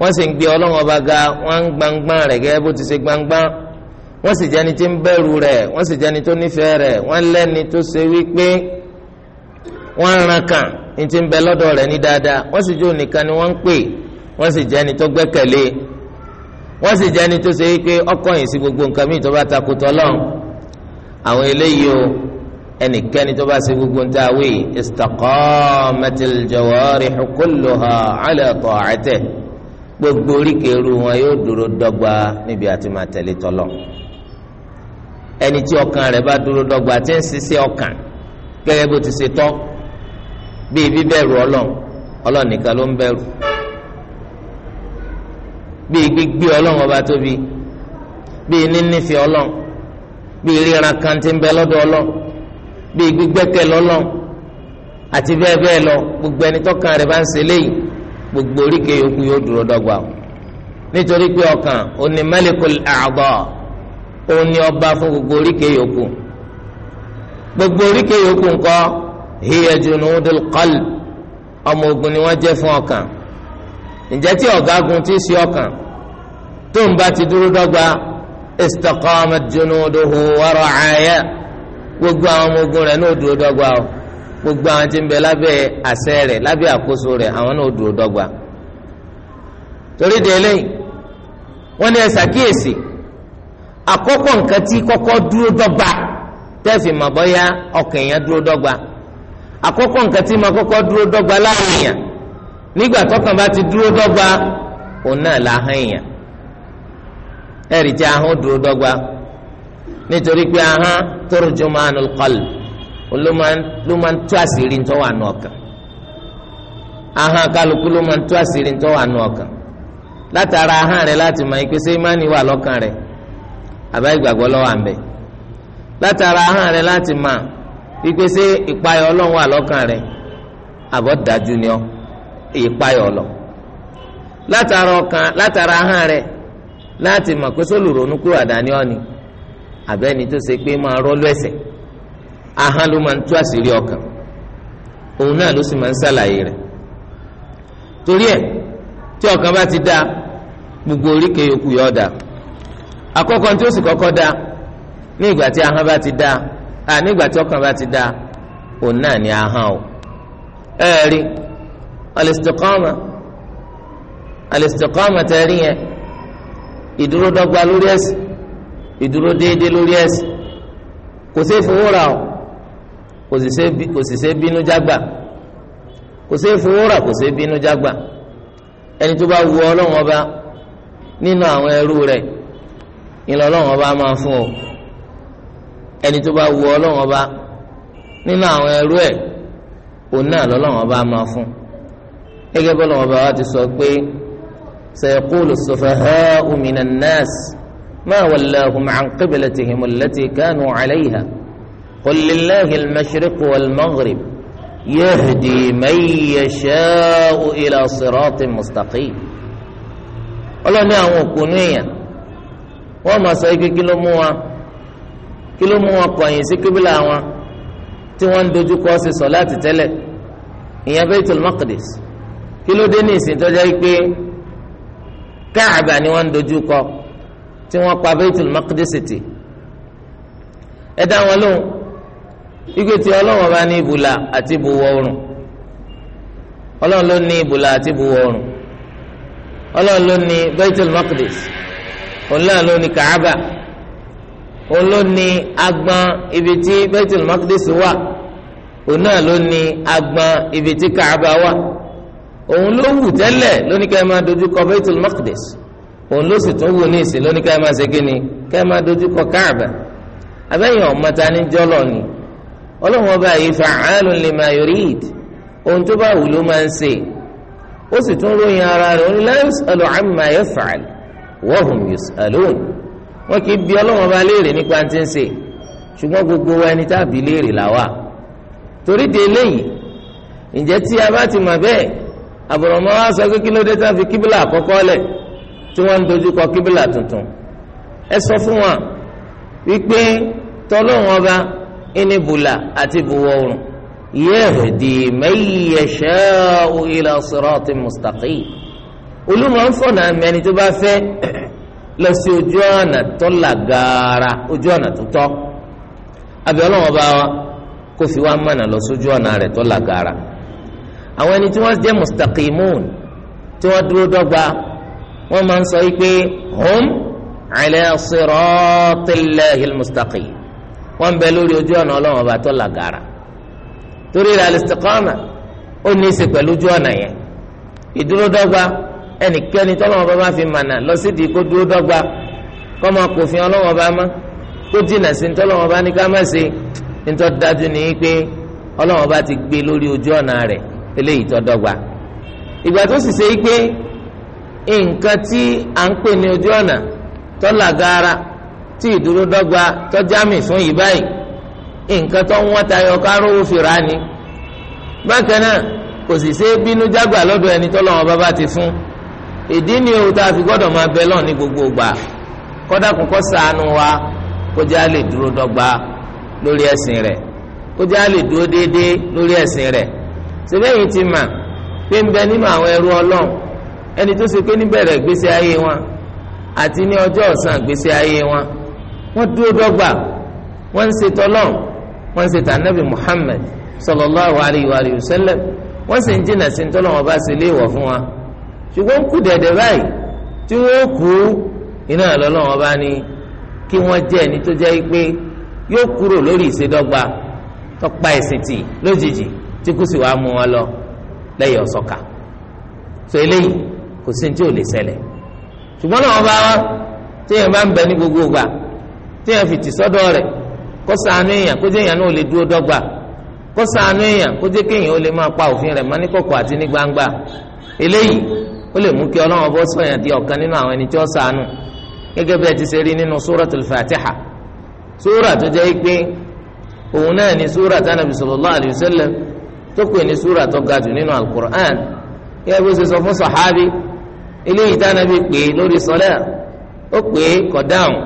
wọ́n sì ń gbé ọlọ́run ọba ga wọ́n ń gbangban rẹ̀ gẹ́gẹ́ bó ti ṣe gbangban wọ́n sì jẹ́ni tí ń bẹ̀rù rẹ̀ wọ́n sì jẹ́ni tó nífẹ̀ẹ́ rẹ̀ wọ́n lẹ́ni tó ṣe wípé wọ́n rankan ní ti ń bẹ lọ́dọ̀ rẹ̀ ní dáadáa wọ́n sì jó nìkan ni wọ́n ń pè é wọ́n sì jẹ́ ẹni tó gbẹ́kẹ̀lé wọ́n sì jẹ́ ẹni tó ṣe pé ọkọ̀ yìí sí gbogbo nǹkan míì tó bá takò tọ́lọ́n àwọn eléyìí o ẹnikẹ́ni tó bá ṣe gbogbo ń tàwé istaqamatil jawarihu kulluha ala ta'atihi gbogbo oríkèérú wọn yóò dúró dọ́gba níbi àti máa tẹ̀lé tọ́lọ́ ẹni tí ọkàn rẹ̀ bá dúró dọ́gba tí ń ṣiṣẹ́ ọkàn gẹ́gẹ́ bó ti ṣe tọ́ bíi bíbẹ̀rù ọlọ́run ọlọ́run nìkan ló ń bẹ̀rù bíi gbígbé ọlọ́run ọba tóbi bíi nínífẹ̀ ọlọ́run bíi ríran kàntí ń bẹ lọ́dọ̀ ọlọ́run bíi gbígbẹ́kẹ̀ lọ́lọ́run àti bẹ́ẹ̀ bẹ́ẹ̀ lọ gbogbo ẹni tọ́kàn rẹ̀ bá ń ṣe léyìí gbogbo oríkè yòókù yóò dúró dọ́gba o nítorí pé ọkàn òní malikul a'dha òní ọba fún gbogbo oríkè yòókù gbogbo oríkè yòókù ńkọ́ hiya junudul qalb ọmọ ogun ni wọ́n jẹ́ fún ọkàn ǹjẹ́ tí ọ̀gágun ti ṣe ọkàn tó ń bá ti dúró dọ́gba istaqamat junuduhu wa ra'aya gbogbo àwọn ọmọ ogun rẹ̀ náà dúró dọ́gba o gbogbo àwọn tí ń bẹ lábẹ́ àṣẹ rẹ̀ lábẹ́ àkóso rẹ̀ àwọn náà dúró dọ́gba torí de eléyìí wọ́n ní ẹ ṣàkíyèsí àkọ́kọ́ nǹkan tí kọ́kọ́ dúró dọ́gba tẹ́sí mà bọ́yá ọkàn èèyàn dúró dọgba àkọ́kọ́ nǹkan tí mà kọ́kọ́ dúró dọ́gba láàrin èèyàn nígbà tọkàn bá ti dúró dọ́gba òun náà la hàn èèyàn ẹ̀rì tí ahọ́n dúró dọ́gba nítorí pé ahọ́n turjumanul qalb ló máa ń tú àṣírí tó wà nù ọkàn ahọ́n kálukú ló máa ń tú àṣírí tó wà nù ọkàn látara ahọ́n rẹ láti mọ ìpèsè ìmánì wà lọ́kàn rẹ àbá ìgbàgbọ́ lọ́wọ́ àmbẹ̀ látara ahọ́n rẹ láti mọ ìpèsè ìpayọ̀ ọlọ́run wà lọ́kàn rẹ àbọ̀ dájú ni ọ́ ìpayọ̀ lọ látara ọkàn látara ahọ́n rẹ láti mọ̀ pé sólùrònú kúrò àdáni ọ́ni àbẹ́ni tó ṣe pé máa rọ́lú ẹ̀sẹ̀ ahọ́n ló máa ń tú àṣírí ọkàn òun náà ló sì máa ń ṣàlàyé rẹ̀ torí ẹ̀ tí ọkàn bá ti dá gbogbo oríkèé yòókù yọ̀ dá àkọ́kọ́ tí ó sì kọ́kọ́ dá ní ìgbà tí ahọ́n bá ti dá ní ìgbà tí ọkàn bá ti dá òun náà ni ahọ́n o ẹ̀ẹ́rì. Eh, al-istiqama al-istiqama tẹ̀rí yẹn ìdúró dọ́gba lórí ẹ̀sìn ìdúró déédéé lórí ẹ̀sìn kò sí ìfowórà o kò sì sí bínú jágbà kò sí ìfowórà kò sí bínú jágbà ẹni tó bá wu ọlọ́run ọba nínú àwọn ẹrú rẹ̀ ìlọ ọlọ́run ọba máa fún o ẹni tó bá wu ọlọ́run ọba nínú àwọn ẹrú ẹ̀ òun náà lọ́lọ́run ọba máa fún o gẹ́gẹ́ bọ́lá wọn bá wa ti sọ pé sayaqulu sufaha'u minan nas ma wallahum an qiblatihim allati kanu alayha qul lillahi al-mashriq wal-maghrib yahdi man yasha'u ila siratin mustaqim ọlọ́ni àwọn òkùnú èèyàn wọ́n máa sọ ike kí ló mú wa kí ló mú wọn kọ̀yìn sí kíbílà wọn tí wọ́n ń dojúkọ sí sọ láti tẹ́lẹ̀ ìyẹn Baitul Maqdis kí ló dé ní ìsìn tó jẹ́ pé káàbà ni wọ́n ń dojú kọ tí wọ́n pa Baitul Maqdis tì ẹ dá wọn lóhùn igbe tí ọlọ́wọ́n bá ní ibùlà àti ibùwọ̀ oòrùn ọlọ́run ló ní ibùlà àti ibùwọ̀ oòrùn ọlọ́run ló ní Baitul Maqdis ọlọ́run ló ní káàbà òun ní agbọn ibi tí Baitul Maqdis wà òun ló ní agbọn ibi tí káàbà wà òun ló wù tẹ́lẹ̀ lóníkà ẹ máa dojú kọ Baitul Maqdis òun ló sì tún wù ní ìsìn lóníkà ẹ máa ṣe kíni ká ẹ máa dojú kọ Káàbà abẹ́yìn ọ̀mọ́ta ní jọ́lọ̀ ni ọlọ́run ọba yìí fa'alun lima yurid ohun tó bá wù ló máa ń ṣe ó sì tún ròyìn ara rẹ̀ òun la yus'alu amma yaf'al wa hum yus'alun wọn kì í bi ọlọ́run ọba léèrè nípa àbùrọ̀mọ́ wa sọ pé kí ló dé tá a fi kíbìlà àkọ́kọ́ lẹ̀ tí wọ́n ń dojú kọ kíbìlà tuntun ẹ sọ fún wa wípé tọ́lọ́wọ́n ọba ìnibùlà àti ìbùwọ̀ oòrùn yahdi man yasha'u ila siratin mustaqim olùmọ̀ ń fọ̀nà mẹ́ni tó bá fẹ́ lọ sí ojú ọ̀nà tó là gaara ojú ọ̀nà tó tọ́ àbí ọlọ́wọ́n bá wa fi wá mọ̀nà lọ sójú ọ̀nà rẹ̀ tó là gaara àwọn ẹni tí wọ́n jẹ́ mustaqimun tí wọ́n dúró dọ́gba wọ́n máa ń sọ wípé hum ala siratillahil mustaqim wọ́n ń bẹ lórí ojú ọ̀nà ọlọ́wọ́n bá tọ́ làgàrà torí rẹ̀ al-istiqama ó ní í ṣe pẹ̀lú ojú ọ̀nà yẹn ìdúró dọ́gba ẹnikẹ́ni tọ́lọ́wọ́n bá máa fi mànà lọ sídìí kó dúró dọ́gba kọ́ máa kò fi ọlọ́wọ́n bá má kó jìnà sí tọ́lọ́wọ́n bá ní ká má ṣe nítorí dájú ni pé ọlọ́wọ́n bá ti gbé lórí ojú ọ̀nà rẹ̀ eléyìí tó dọ́gba ìgbà tó sì ṣe é pé nǹkan tí à ń pè ní ojú ọ̀nà tó làgàra tí ìdúró dọ́gba tó jámì fún yìí báyìí nǹkan tó ń wọ́n tayọ kárówó fìrà ni bákan náà kò sì ṣe é bínú jágbà lọ́dọ̀ ẹni tó lọ́wọ́ bàbá ti fún ìdí ni òun tá a fi gbọ́dọ̀ máa bẹ lọ́ọ̀ ní gbogbo ìgbà kọ́dákùn kó ṣàánú wa kó já lè dúró dọ́gba lórí ẹ̀sìn rẹ̀ kó já lè dúró déédéé lórí ẹ̀sìn rẹ̀ sẹ́lẹ̀yìn ti mà pé ń bẹ nínú àwọn ẹrú ọlọ́run ẹni tó ṣe pé níbẹ̀rẹ̀ ìgbésí ayé wọn àti ní ọjọ́ ọ̀sán ìgbésí ayé wọn wọ́n dúró dọ́gba wọ́n ń ṣe tọ́lọ́run wọ́n ń ṣe tànàbì Muhammad sallallahu alayhi wa sallam wọ́n sì ń jìnnà sí ń tọ́lọ́run ọba ṣe léèwọ̀ fún wa ṣùgbọ́n kù dẹ̀dẹ̀ báyìí tí wọ́n kú iná lọ́lọ́run ọba ní kí wọ́n jẹ́ ẹni tó jẹ́ pé yóò kúrò lórí ìṣedọ́gba tọ́pa ẹ̀sìn tì lójijì tí kò sì wá mú wọn lọ lẹ́yìn ọ̀sọ́ka tó eléyìí kò sí tí ò lè ṣẹlẹ̀ ṣùgbọ́n náà wọ́n bá tí téèyàn bá ń bẹ ní gbogbo gbà téèyàn fi tì sọ́dọ̀ rẹ̀ kó ṣàánú èèyàn kó jẹ́ èèyàn náà lè dúró dọ́gba kó èèyàn kó jẹ́ kéèyàn lè máa pa òfin rẹ̀ mọ́ ní kọ̀kọ̀ àti ní gbangba eléyìí ó lè mú kí ọlọ́wọ́n bọ́ sọ̀yàn di ọ̀kan nínú àwọn ẹni tí ó gẹ́gẹ́ bí ẹ ti ṣe rí tó pè ní súrà tó ga jù nínú alukur'an yẹ bó ṣe sọ fún sàhábì eléyìí tánàbí pè é lórí sọlẹ ó pè é kọ dáhùn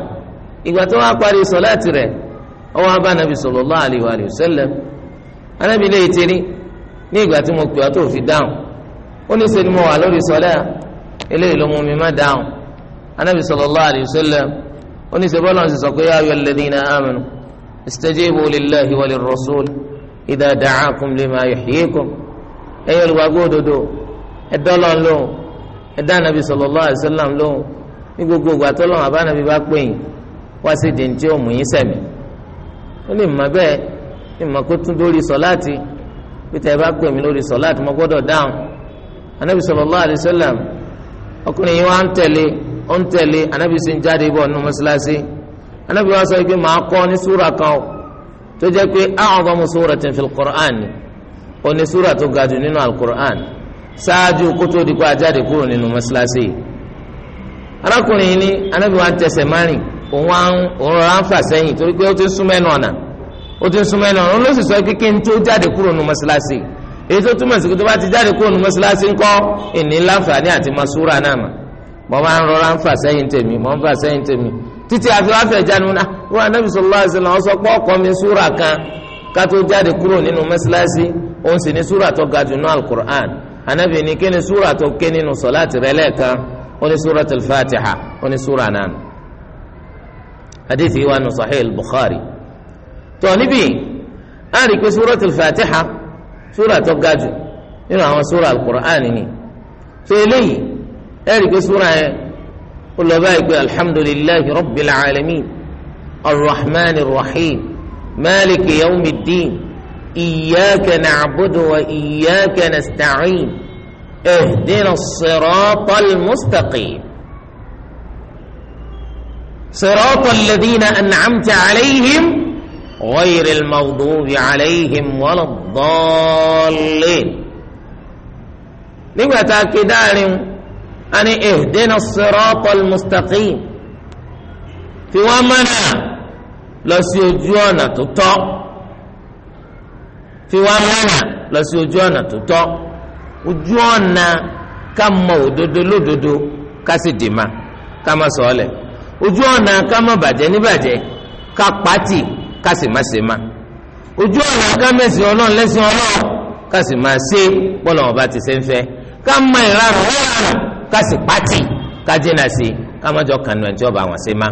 ìgbà tó wá parí sọlẹ tirẹ̀ ọwọ abánabi sallallahu alaihi wa sallam anábì lè tẹrí ní ìgbà tí mo pè ọ́ tó fi dáhùn ó ní sẹni mo wà lórí sọlẹ eléyìí ló mú mi má dáhùn anábì sallallahu alaihi wa ó ní sẹbọlọ ń sọ pé ya ayyuhalladhina amanu istajibu lillahi wa lirrasul. idha da'akum lima yuhyikum ẹ̀yin olùwàgbọ́ òdodo ẹ̀dọ́lọ́n lóhùn ẹ̀dá nàbí sallallahu alaihi wasallam lóhùn ní gbogbo ìgbà tó lọ́wọ́ àbánàbí bá pè yín wá sí di tí ó sẹ̀mí ó lè mọ bẹ́ẹ̀ ní lórí sọ̀láàtì pété ẹ bá pè mí lórí sọ̀láàtì gbọ́dọ̀ dáhùn anabi sallallahu alaihi ọkùnrin yìí wá ń tẹ̀lé ń tẹ̀lé anabi sì ń jáde bọ̀ nínú mọ́ṣáláṣí anabi wá tó jẹ́ pé a'zamu suratin fil Qur'an ni òní súra tó ga jù nínú al-Qur'an ṣáájú kótó dikó ajáde kúrò nínú mọ́ṣáláṣí yìí arákùnrin yìí ní anábì wa ń tẹsẹ̀ márìn òun á ń òun rà ń fà sẹ́yìn torí pé ó ti ń sún mẹ́nu ọ̀nà ó ti ń sún mẹ́nu ọ̀nà ó ló sì sọ pé kí tó jáde kúrò nínú mọ́ṣáláṣí èyí tó túmọ̀ sí pé tó bá ti jáde kúrò nínú mọ́ṣáláṣí ńkọ́ ìní láǹfààní àti masúra náà mà mo ń rọra ń fà sẹ́yìn tèmi mo ń fà sẹ́yìn tèmi títí àfiwáfẹ jánuná wọn anabi sallallahu alaihi wasallam sọ pé ọkọ mi súra kan kátó jáde kúrò nínú mẹsàlásì òun sì ní súra tó ga jù nínú alukur'an anabi ní kí ni súra tó ké nínú sọláàtì rẹ lẹ́ẹ̀kan ó ní súra tó fatiha ó ní súra náà hadith yìí wà nù sahih bukhari tó níbí a rí súra tó fatiha súra tó ga jù nínú àwọn súra alukur'an ni tó eléyìí ẹ rí súra yẹn. ó lọ báyìí pé alhamdulillahi rabbil alamin arrahman arrahim maliki yawmiddin iyyaka na'budu wa iyyaka nasta'in ihdina siratal mustaqim siratal ladina an'amta alayhim. غير المغضوب عليهم ولا الضالين nígbà tá a ké dáàrin ani ihdina siratal mustaqim fi wọ́n mọ́nà lọ sí ojú ọ̀nà tó tọ́ fi wọ́n mọ́nà lọ sí ojú ọ̀nà tó tọ́ ojú ọ̀nà ká mọ òdodo lódodo ká sì dì má ká má sọ ọ́ lẹ̀ ojú ọ̀nà ká má bàjẹ́ níbàjẹ́ ká pàtì ká sì má ṣe má ojú ọ̀nà ká mẹ́sìn ọlọ́run lẹ́sìn ọlọ́run ká sì má ṣe bọ́lá ọba ti ṣe ń fẹ́ ká mọ ìranù wọ́n rà kásì pátì kájínà sí kámájọ kànú ẹni tí ọba àwọn ṣe má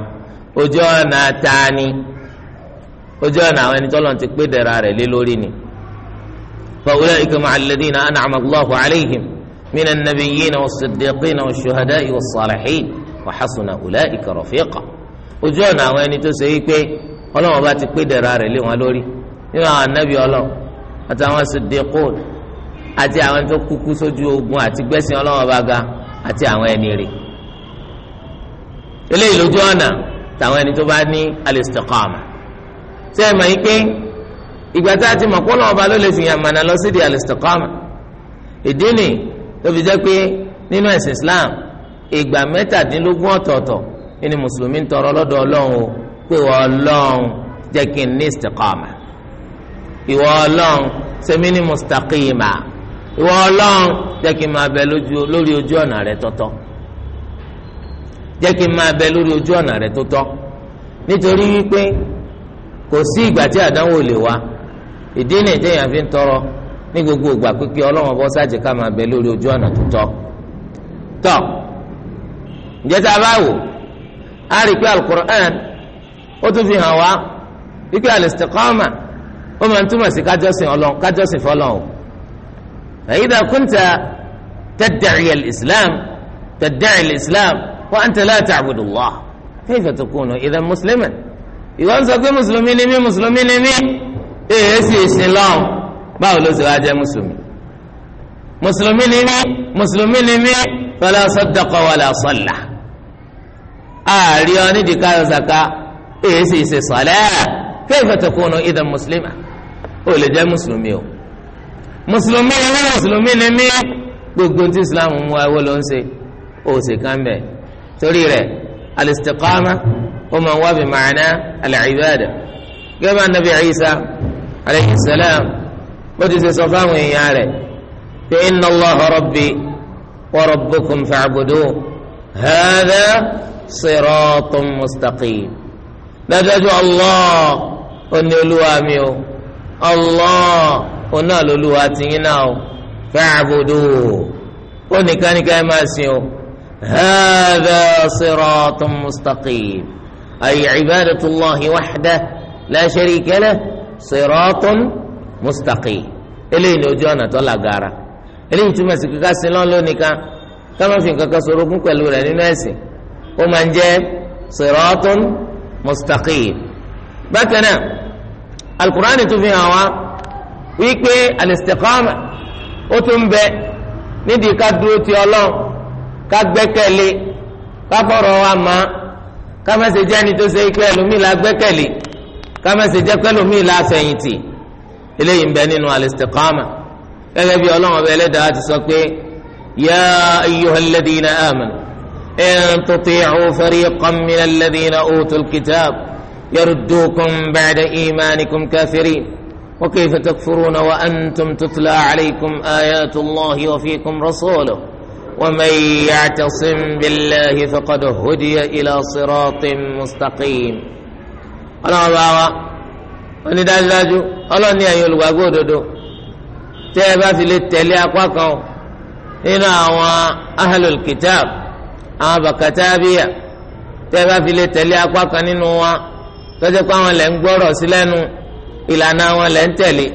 ojú ọ̀nà tani ojú ọ̀nà àwọn ẹni tí ọlọ́run ti pé dẹ̀ra rẹ̀ lé lórí ni fa ulaika ma'a alladhina an'ama Allahu alayhim mina an-nabiyyina was-siddiqina wash-shuhada'i was-salihin wa hasuna ojú ọ̀nà àwọn ẹni tó ṣe yí pé ti pé dẹ̀ra rẹ̀ lé wọn lórí nínú àwọn anábì ọlọ́run àtàwọn siddiqun àti àwọn tó kúkú sójú ogun àti gbẹ́sìn ọlọ́run bá ga àti àwọn ẹni rẹ̀ eléyìí lójú ọ̀nà tàwọn ẹni tó bá ní alistiqama ṣé ẹ mọ̀ yín pé ìgbà tá a ti mọ̀ kó lọ́wọ́ ba ló lè fi yàn mọ̀nà lọ sí di alistiqama ìdí ni tó fi jẹ́ pé nínú ẹ̀sìn Islam ìgbà mẹ́tàdínlógún ọ̀tọ̀ọ̀tọ̀ ni mùsùlùmí ń tọrọ lọ́dọ̀ ọlọ́run o pé ìwọ ọlọ́run jẹ́ kí n ní istiqama ìwọ ọlọ́run sẹ́mi ní mustaqima ìwọ ọlọ́run jẹ́ kí n máa bẹ lórí ojú ọ̀nà rẹ tọ́tọ́ jẹ́ kí n máa bẹ lórí ojú ọ̀nà rẹ tọ́tọ́ nítorí wípé kò sí ìgbà tí àdánwò lè wá ìdí ni ń tọrọ ní gbogbo ìgbà pípé ọlọ́run ọbọ̀ sáàjì ká máa bẹ lórí ojú ọ̀nà tọ́tọ́ tọ́ a bá wò á rí i fi hàn wá wípé ó máa ń túmọ̀ sí kájọ́sìn فإذا كنت تدعي الإسلام تدعي الإسلام وأنت لا تعبد الله كيف تكون إذا مسلما ìwọ́n sọ pé mùsùlùmí ni mí mùsùlùmí ni mí èyí sì sin lọ́hùn báwo ló sì wá jẹ́ mùsùlùmí mùsùlùmí ni mí mùsùlùmí ni mí fala saddaqa wala salla ààrí onídìí káyọ̀sàká èyí sì sin sọ̀lẹ́ kayfa takunu idhan muslima ó lè jẹ́ mùsùlùmí o mùsùlùmí ni mí mùsùlùmí ni mí gbogbo tí islam mú wa wọ́n ló ń ṣe ó sì kàn bẹ̀ torí rẹ̀ alistiqama ó máa wá bí màánà alàìbáàdà gẹ́gẹ́ nabi isa alayhi salam bó ti ṣe sọ fáwọn èèyàn rẹ̀ pé inna allaha rabbi wa rabbukum fa'budu hadha siratun mustaqim dájọ́jú allah ó ní o allah òun náà lolúwa ti yín náà o fa'buduhu ó nìkan nìkan ẹ máa sìn o hadha siratun mustaqim ay ibadatullahi wahdahu la sharika lahu siratun mustaqim eléyìí ni ojú ọ̀nà tó làgàrà eléyìí túmọ̀ sí kíkà sí lọ́n lónìí kan ká má sọ̀rọ̀ ogún pẹ̀lú rẹ̀ nínú ẹ̀sìn ó máa ń jẹ́ siratun mustaqim bákan náà alukur'ani tún fi hàn wá wípé al-istiqama ó tún ń bẹ nídìí ká dúró ti ọlọ́run ká gbẹ́kẹ̀lé ká fọ̀rọ̀ wa mọ́ ká má ṣe jẹ́ ẹni tó ṣe pé ẹlòmíì la gbẹ́kẹ̀lé ká má ṣe jẹ́ pé ẹlòmíì la fẹ̀yìntì eléyìí ń bẹ nínú al gẹ́gẹ́ bí ọlọ́run ọba ẹlẹ́dàá ti sọ pé ya ayyuhal ladina amanu in tuti'u fariqan minal ladina utul kitab yaruddukum ba'da imanikum kafirin. وكيف تكفرون وأنتم تتلى عليكم آيات الله وفيكم رسوله ومن يعتصم بالله فقد هدي إلى صراط مستقيم أنا بابا أنا داجو أنا نيا يلوا غودو تابا في للتلي أقواكو هنا أهل الكتاب أبا كتابية تابا في للتلي أقواكو ننوا تجد قوانا لنقورو سلانو ìlànà wọn lẹ́ ń tẹ̀lé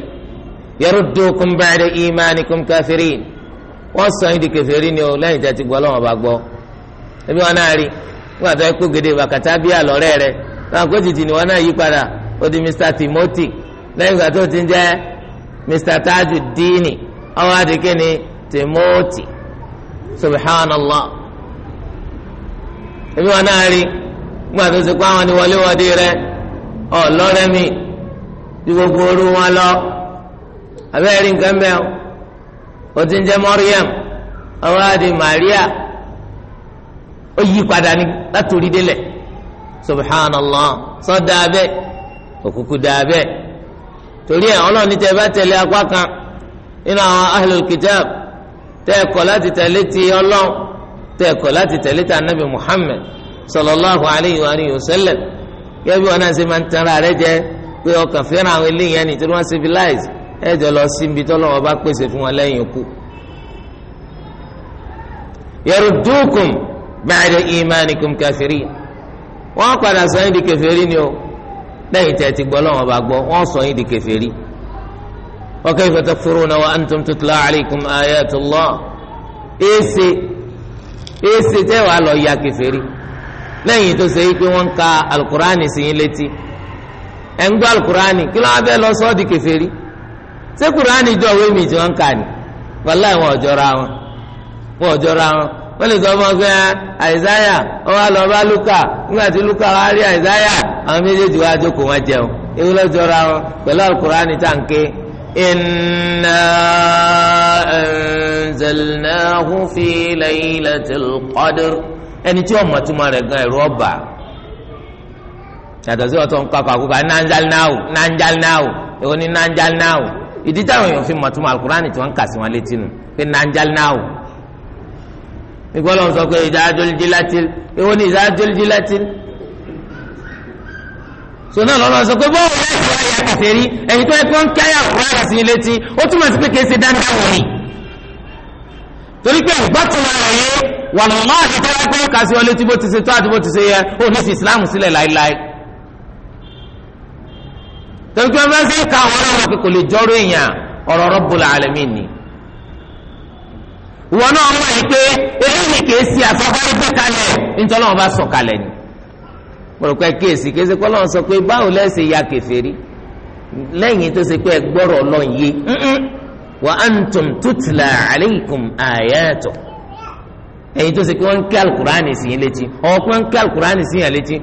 yaruddukum ba'da imanikum kafirin wọ́n sọ yín di ni o lẹ́yìn ti gbọ́ lọ́wọ́ bá wọn náà rí wọn ikú gidi bàkàtà bí àlọ́rẹ́ rẹ náà ni wọn náà yí padà di Mr Timothy ju gbogbo orú wọn lọ abẹ́rẹ́ nǹkan bẹ́ẹ̀ o ti ń jẹ́ mọ́ríyàm ọwọ́ àdì màríà ó yí padà ní látòrí délẹ̀ subhanallah sọ dáa bẹ́ẹ̀ òkùnkùn dáa bẹ́ẹ̀ torí ẹ̀ ọlọ́ọ̀ni tẹ bá tẹ̀lé apá kan nínú àwọn ahlul kitab tẹ́ ẹ̀kọ́ láti tẹ̀lé ti ọlọ́run tẹ́ ẹ̀kọ́ láti tẹ̀lé ti anabi muhammed sallallahu alayhi wa sallam gẹ́gẹ́ bí wọn náà ṣe máa ń tanra rẹ jẹ́ pé ọkàn fẹ́ràn àwọn eléyìí ẹni tí wọ́n civilize ẹ̀jọ̀ lọ sí ibi tọ́lọ́wọ́ bá pèsè fún wọn lẹ́yìn ikú. yaruddukum ba'da imanikum kafirin wọ́n padà sọ yín di kèfèrí ni o lẹ́yìn tẹ́ ti gbọ́ lọ́wọ́ bá gbọ́ wọ́n sọ yín di kèfèrí. wa kayfa takfuruna wa antum tutla alaykum ayatullah èsè èsè tẹ́ wàá lọ ya kèfèrí lẹ́yìn tó ṣe yí pé wọ́n ka alukur'ani sí yín létí ẹ̀ ń gbọ́ alukurani kí ló wá bẹ́ẹ̀ lọ sọ́ọ́ di kèfèrí ṣé kurani jọ òwe mi tí wọ́n ń kà ní wàlá wọn ò jọra wọn wọn ò jọra wọn wọ́n lè sọ fún ọ pé àìsáyà ọ wá lọ bá lúkà nígbà tí lúkà wá rí àìsáyà àwọn méjèèjì wá jókòó wọn jẹun ewu ló jọra wọn pẹ̀lú alukurani tá à ń ké inna anzalnahu fi laylatil qadr ẹni tí ọmọ túmọ̀ rẹ̀ gan ẹ̀rọ ọba yàtọ̀ sí ọ̀tọ̀ nǹkan àkùkà nanjal náwó nanjal náwó èwo ni nanjal náwó ìdí táwọn èèyàn fi mọ̀ tó mọ alukurani tí wọ́n ń kà sí wọn létí nu pé nanjal náwó ìgbọ́lọ́ sọ pé ìdájọ́lìjìlátìl èwo ni ìdájọ́lìjìlátìl sọ̀nà lọ́nà sọ pé bọ́ọ̀lù láti wá ìyá kẹsẹ̀ rí ẹni tó ẹ̀kọ́ ń káyà kúrò sí létí ó túmọ̀ sí pé kìí ṣe dáńdá ni torí pé ìgbọ́tún ara yẹ wàlúùmọ́ àti tẹ́lá pé kásìwọlé tí bó ti ṣe tó àti bó ti ṣe yẹ ó ní sí ìsìláàmù sílẹ̀ láéláé. torí pé ọmọ ká àwọn ọ̀rọ̀ kò lè jọ́rọ̀ èèyàn ọ̀rọ̀ Rabbul Alamin ni. ìwọ náà mọ̀ yìí pé eléyìí kìí ṣe kalẹ̀ nítorí sọ kalẹ̀ ni. mo rò pé kéèsì kéèsì kọ́ lọ́wọ́ sọ pé báwo lẹ́sẹ̀ ya kèfèrí lẹ́yìn tó ṣe pé ẹ gbọ́rọ̀ yé wa tó ṣe pé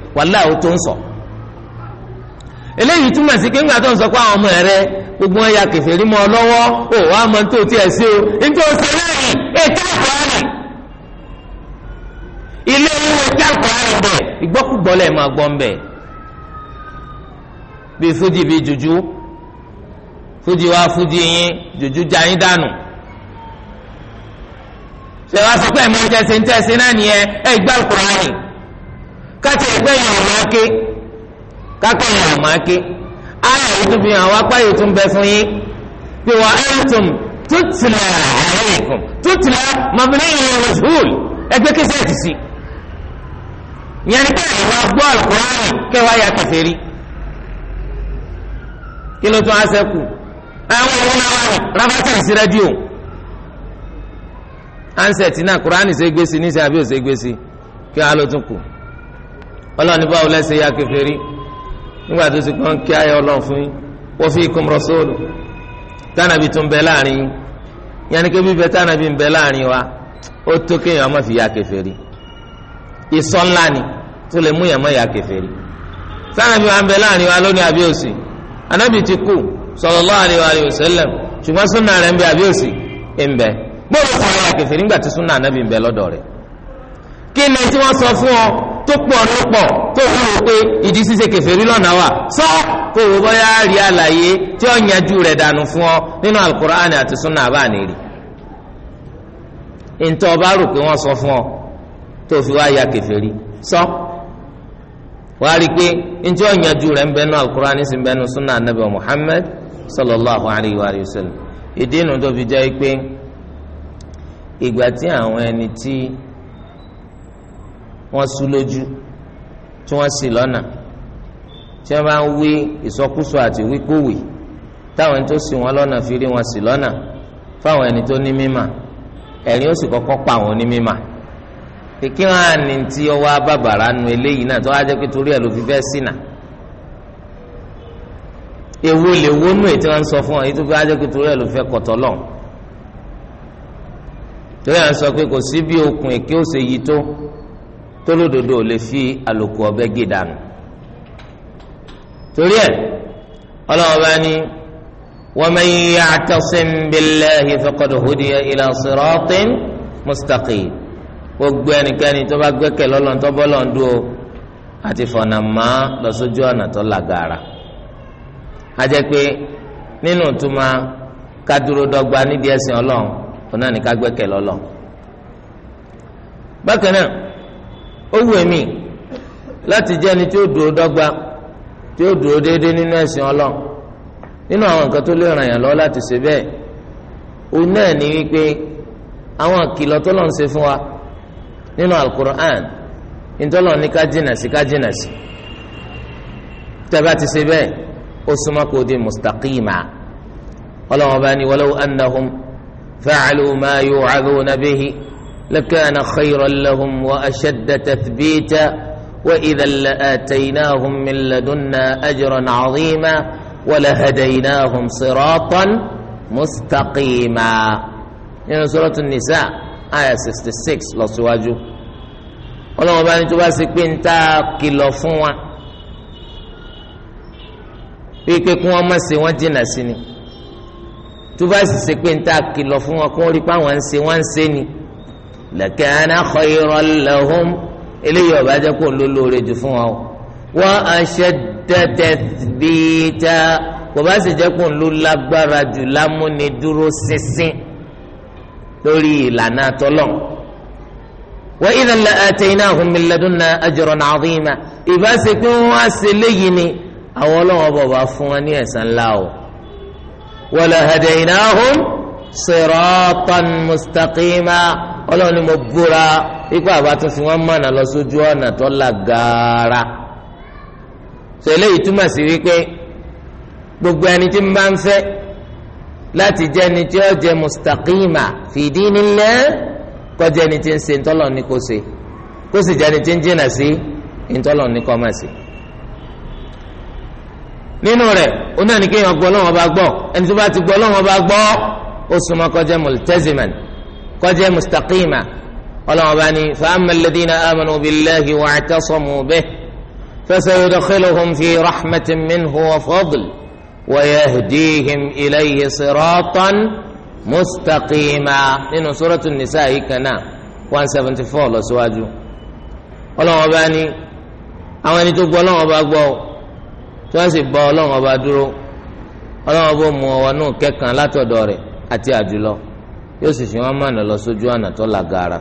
wọ́n ń kí eléyìí túmọ̀ sí kéńgà tó ń sọ pé àwọn ọmọ rẹ gbogbo wọn ya kẹsẹ̀ rí mọ́ ọ lọ́wọ́ ò wá mọ tó tiẹ̀ sí o nítorí ṣe lẹ́yìn ètò ìkọ́ni ilé ìwé ètò ìkọ́ni bẹ̀ ìgbọ́kúgbọ́ lẹ̀ máa gbọ́ ń bẹ̀ bí fújì bí jùjú fújì wá fújì yín jùjú já yín dànù ṣe wá sọ pé ẹ̀mọ́ jẹ́sìn tẹ́sìn náà nìyẹn ẹ̀ gbá ìkọ́ni káàtì ẹ̀gbẹ́ yẹn ò kápẹ́ ní àmàké ayé yìí fi hàn wá páyé tún bẹ fún yín bí wà antum tutla alaykum tutla mabni yẹn ẹgbẹ́ kẹsẹ̀ ti si yẹn ní káyọ̀ gbọ́ àlùkùránì kẹwàá ya kẹsẹ̀ rí kí ló tún á sẹ́kù àwọn ìwé náà wà rábàtà sí rẹ́díò ansẹ̀tì náà ṣe gbé sí àbí ò ṣe gbé sí kí nígbà tó ti pé wọn kí ayọ̀ Ọlọ́run fún yín wa fiikum rasulu tánàbí tún bẹ láàrin yín yẹn ni bíbẹ tánàbí ń bẹ láàrin wa ó tó kéèyàn fi ya kèfèrí ìsọ ńlá ni tó lè mú ya kèfèrí tánàbí wa ń bẹ láàrin wa lónìí àbíòsì anábì ti kú sallallahu wa ṣùgbọ́n súnà rẹ̀ ń bẹ àbíòsì ń bẹ gbọ́dọ̀ kó wọ́n wò pé ìdí ṣíṣe kèfèrí lọ́nà wà sọ kó wọ́n bọ́yá rí àlàyé tí ó yanjú rẹ̀ dànù fún ọ nínú alukur'ani àti sunna abáàní rí ntọ́ ọba rò pé wọ́n sọ fún ọ tó fi wá ya kèfèrí sọ wà á rí i pé ntí ó yanjú rẹ̀ ń bẹ nínú alukur'ani sì ń bẹ nínú sunna anabi muhammad sallallahu alayhi wa sallam ìdí inú tó fi jẹ́ pé ìgbà tí àwọn ẹni tí wọ́n sú lójú tí wọ́n sì lọ́nà tí wọ́n bá ń wí ìsọkúsọ àti wíkúwì táwọn ẹni tó sì wọ́n lọ́nà fi rí wọn sì lọ́nà fáwọn ẹni tó ní mímà ẹ̀rín ó sì kọ́kọ́ pa àwọn onímímà kí wọn á ní tí ọwọ́ abàbàrà nu eléyìí náà tó wá jẹ́ pé torí ẹ̀ ló fi fẹ́ sínà èwo lè wónú èyí tí wọ́n sọ fún ọ yìí tó fi wá jẹ́ pé torí ẹ̀ ló fẹ́ kọ̀tọ̀ lọ torí à sọ pé kò sí bí okùn èké ó ṣe yí tó tólódodo ò lè fi àlòkù ọ̀bẹ gé dànù torí ẹ ọlọ́wọ́ bá ní wa man ya'tasim billahi faqad hudiya ila siratin mustaqim gbogbo ẹnikẹ́ni tó bá gbẹ́kẹ̀ lọ́lọ́n tó bọ́ lọ́n dúró àti fọ̀nà má lọ ọ̀nà tó làgàrà a pé nínú ìtumọ̀ ká dọ́gba nídìí ẹ̀sìn ọlọ́run ọ̀nà ni ká gbẹ́kẹ̀ lọ́lọ́run bákan náà ó wù mí láti jẹ́ ẹni tí ó dúró dọ́gba tí ó dúró déédéé nínú ẹ̀sìn ọlọ́run nínú àwọn nǹkan tó lè ràn yàn lọ́wọ́ láti ṣe bẹ́ẹ̀ òun náà ní wípé àwọn àkìlọ̀ tó lọ́n ṣe fún wa nínú alukur'an ìtọ́lọ̀ ní ká jìnà sí ká jìnà sí tẹ́bá ti ṣe bẹ́ẹ̀ ó súnmọ́ kó di mustaqima ọlọ́wọ́n bá ní walau annahum fa'alu ma yu'aduna bihi. لكان خيرا لهم وأشد تثبيتا وإذا لآتيناهم من لدنا أجرا عظيما ولهديناهم صراطا مستقيما nínú sọ́rọ́tù nìsá àyà sixty six lọ́síwájú ọlọ́wọ́n bá ní tó bá ṣe pé ń tá a kìlọ̀ fún wa bí pé kí wọ́n má ṣe wọ́n jìnnà sí ni tó bá sì ṣe pé ń tá a kìlọ̀ fún wa kó rí pé àwọn ń ṣe wọ́n ń ṣe ni lakana khayran lahum eléyìí ọba jẹ́ kó ló lóore jù fún wa o wa ashadda tathbita kò bá sì jẹ́ kó ló lágbára jù lámúnidúró ṣinṣin lórí ìlànà àtọ́lọ́ wa idhan la ataynahum min ladunna ajran azima ìbá ṣe pé wọ́n á ṣe léyìí ni àwọn ọlọ́wọ́ bọ̀ bá fún wa ní ẹ̀san ńlá o wa la hadaynahum siratan mustaqima ọlọ́run ni mo búra ikú àbátún fi wọ́n mọ̀nà lọ sójú ọ̀nà tó la gaara sọ eléyìí túmọ̀ sí wípé gbogbo ẹni tí ń bá ń fẹ́ láti jẹ́ ẹni tí ó jẹ́ mustaqima fìdí nílẹ̀ kó jẹ́ ẹni tí ń ṣe ntọ́lọ̀ ní kò ṣe kó sì jẹ́ ẹni tí ń jìnà sí ntọ́lọ̀ ní kò má ṣe. nínú rẹ̀ ó gbọ́ lọ́wọ́ bá gbọ́ ẹni tó bá ti gbọ́ lọ́wọ́ bá gbọ́ ó súnmọ́ kó jẹ́ kọjá mustaqima ọlọ́wọ́n bá ní fàámà lẹ́dínà amanu billahi wa àtàsọ́mù bẹ́ẹ̀ fasayudkhiluhum fi rahmatin minhu wa fadl wa yahdihim ilayhi siratan mustaqima nínú sọ́rọ́tù nìsa yìí kan náà one seventy four lọ síwájú ọlọ́wọ́n bá ní àwọn ẹni tó gbọ́ ọlọ́wọ́n bá gbọ́ tí wọ́n sì bọ́ ọlọ́wọ́n bá dúró ọlọ́wọ́n bó mu ọwọ́ nù kẹ́kàn látọ̀dọ̀ rẹ̀ àti àjùlọ yóò sì fi wọn mọ̀nà lọ sójú ọ̀nà tó lagara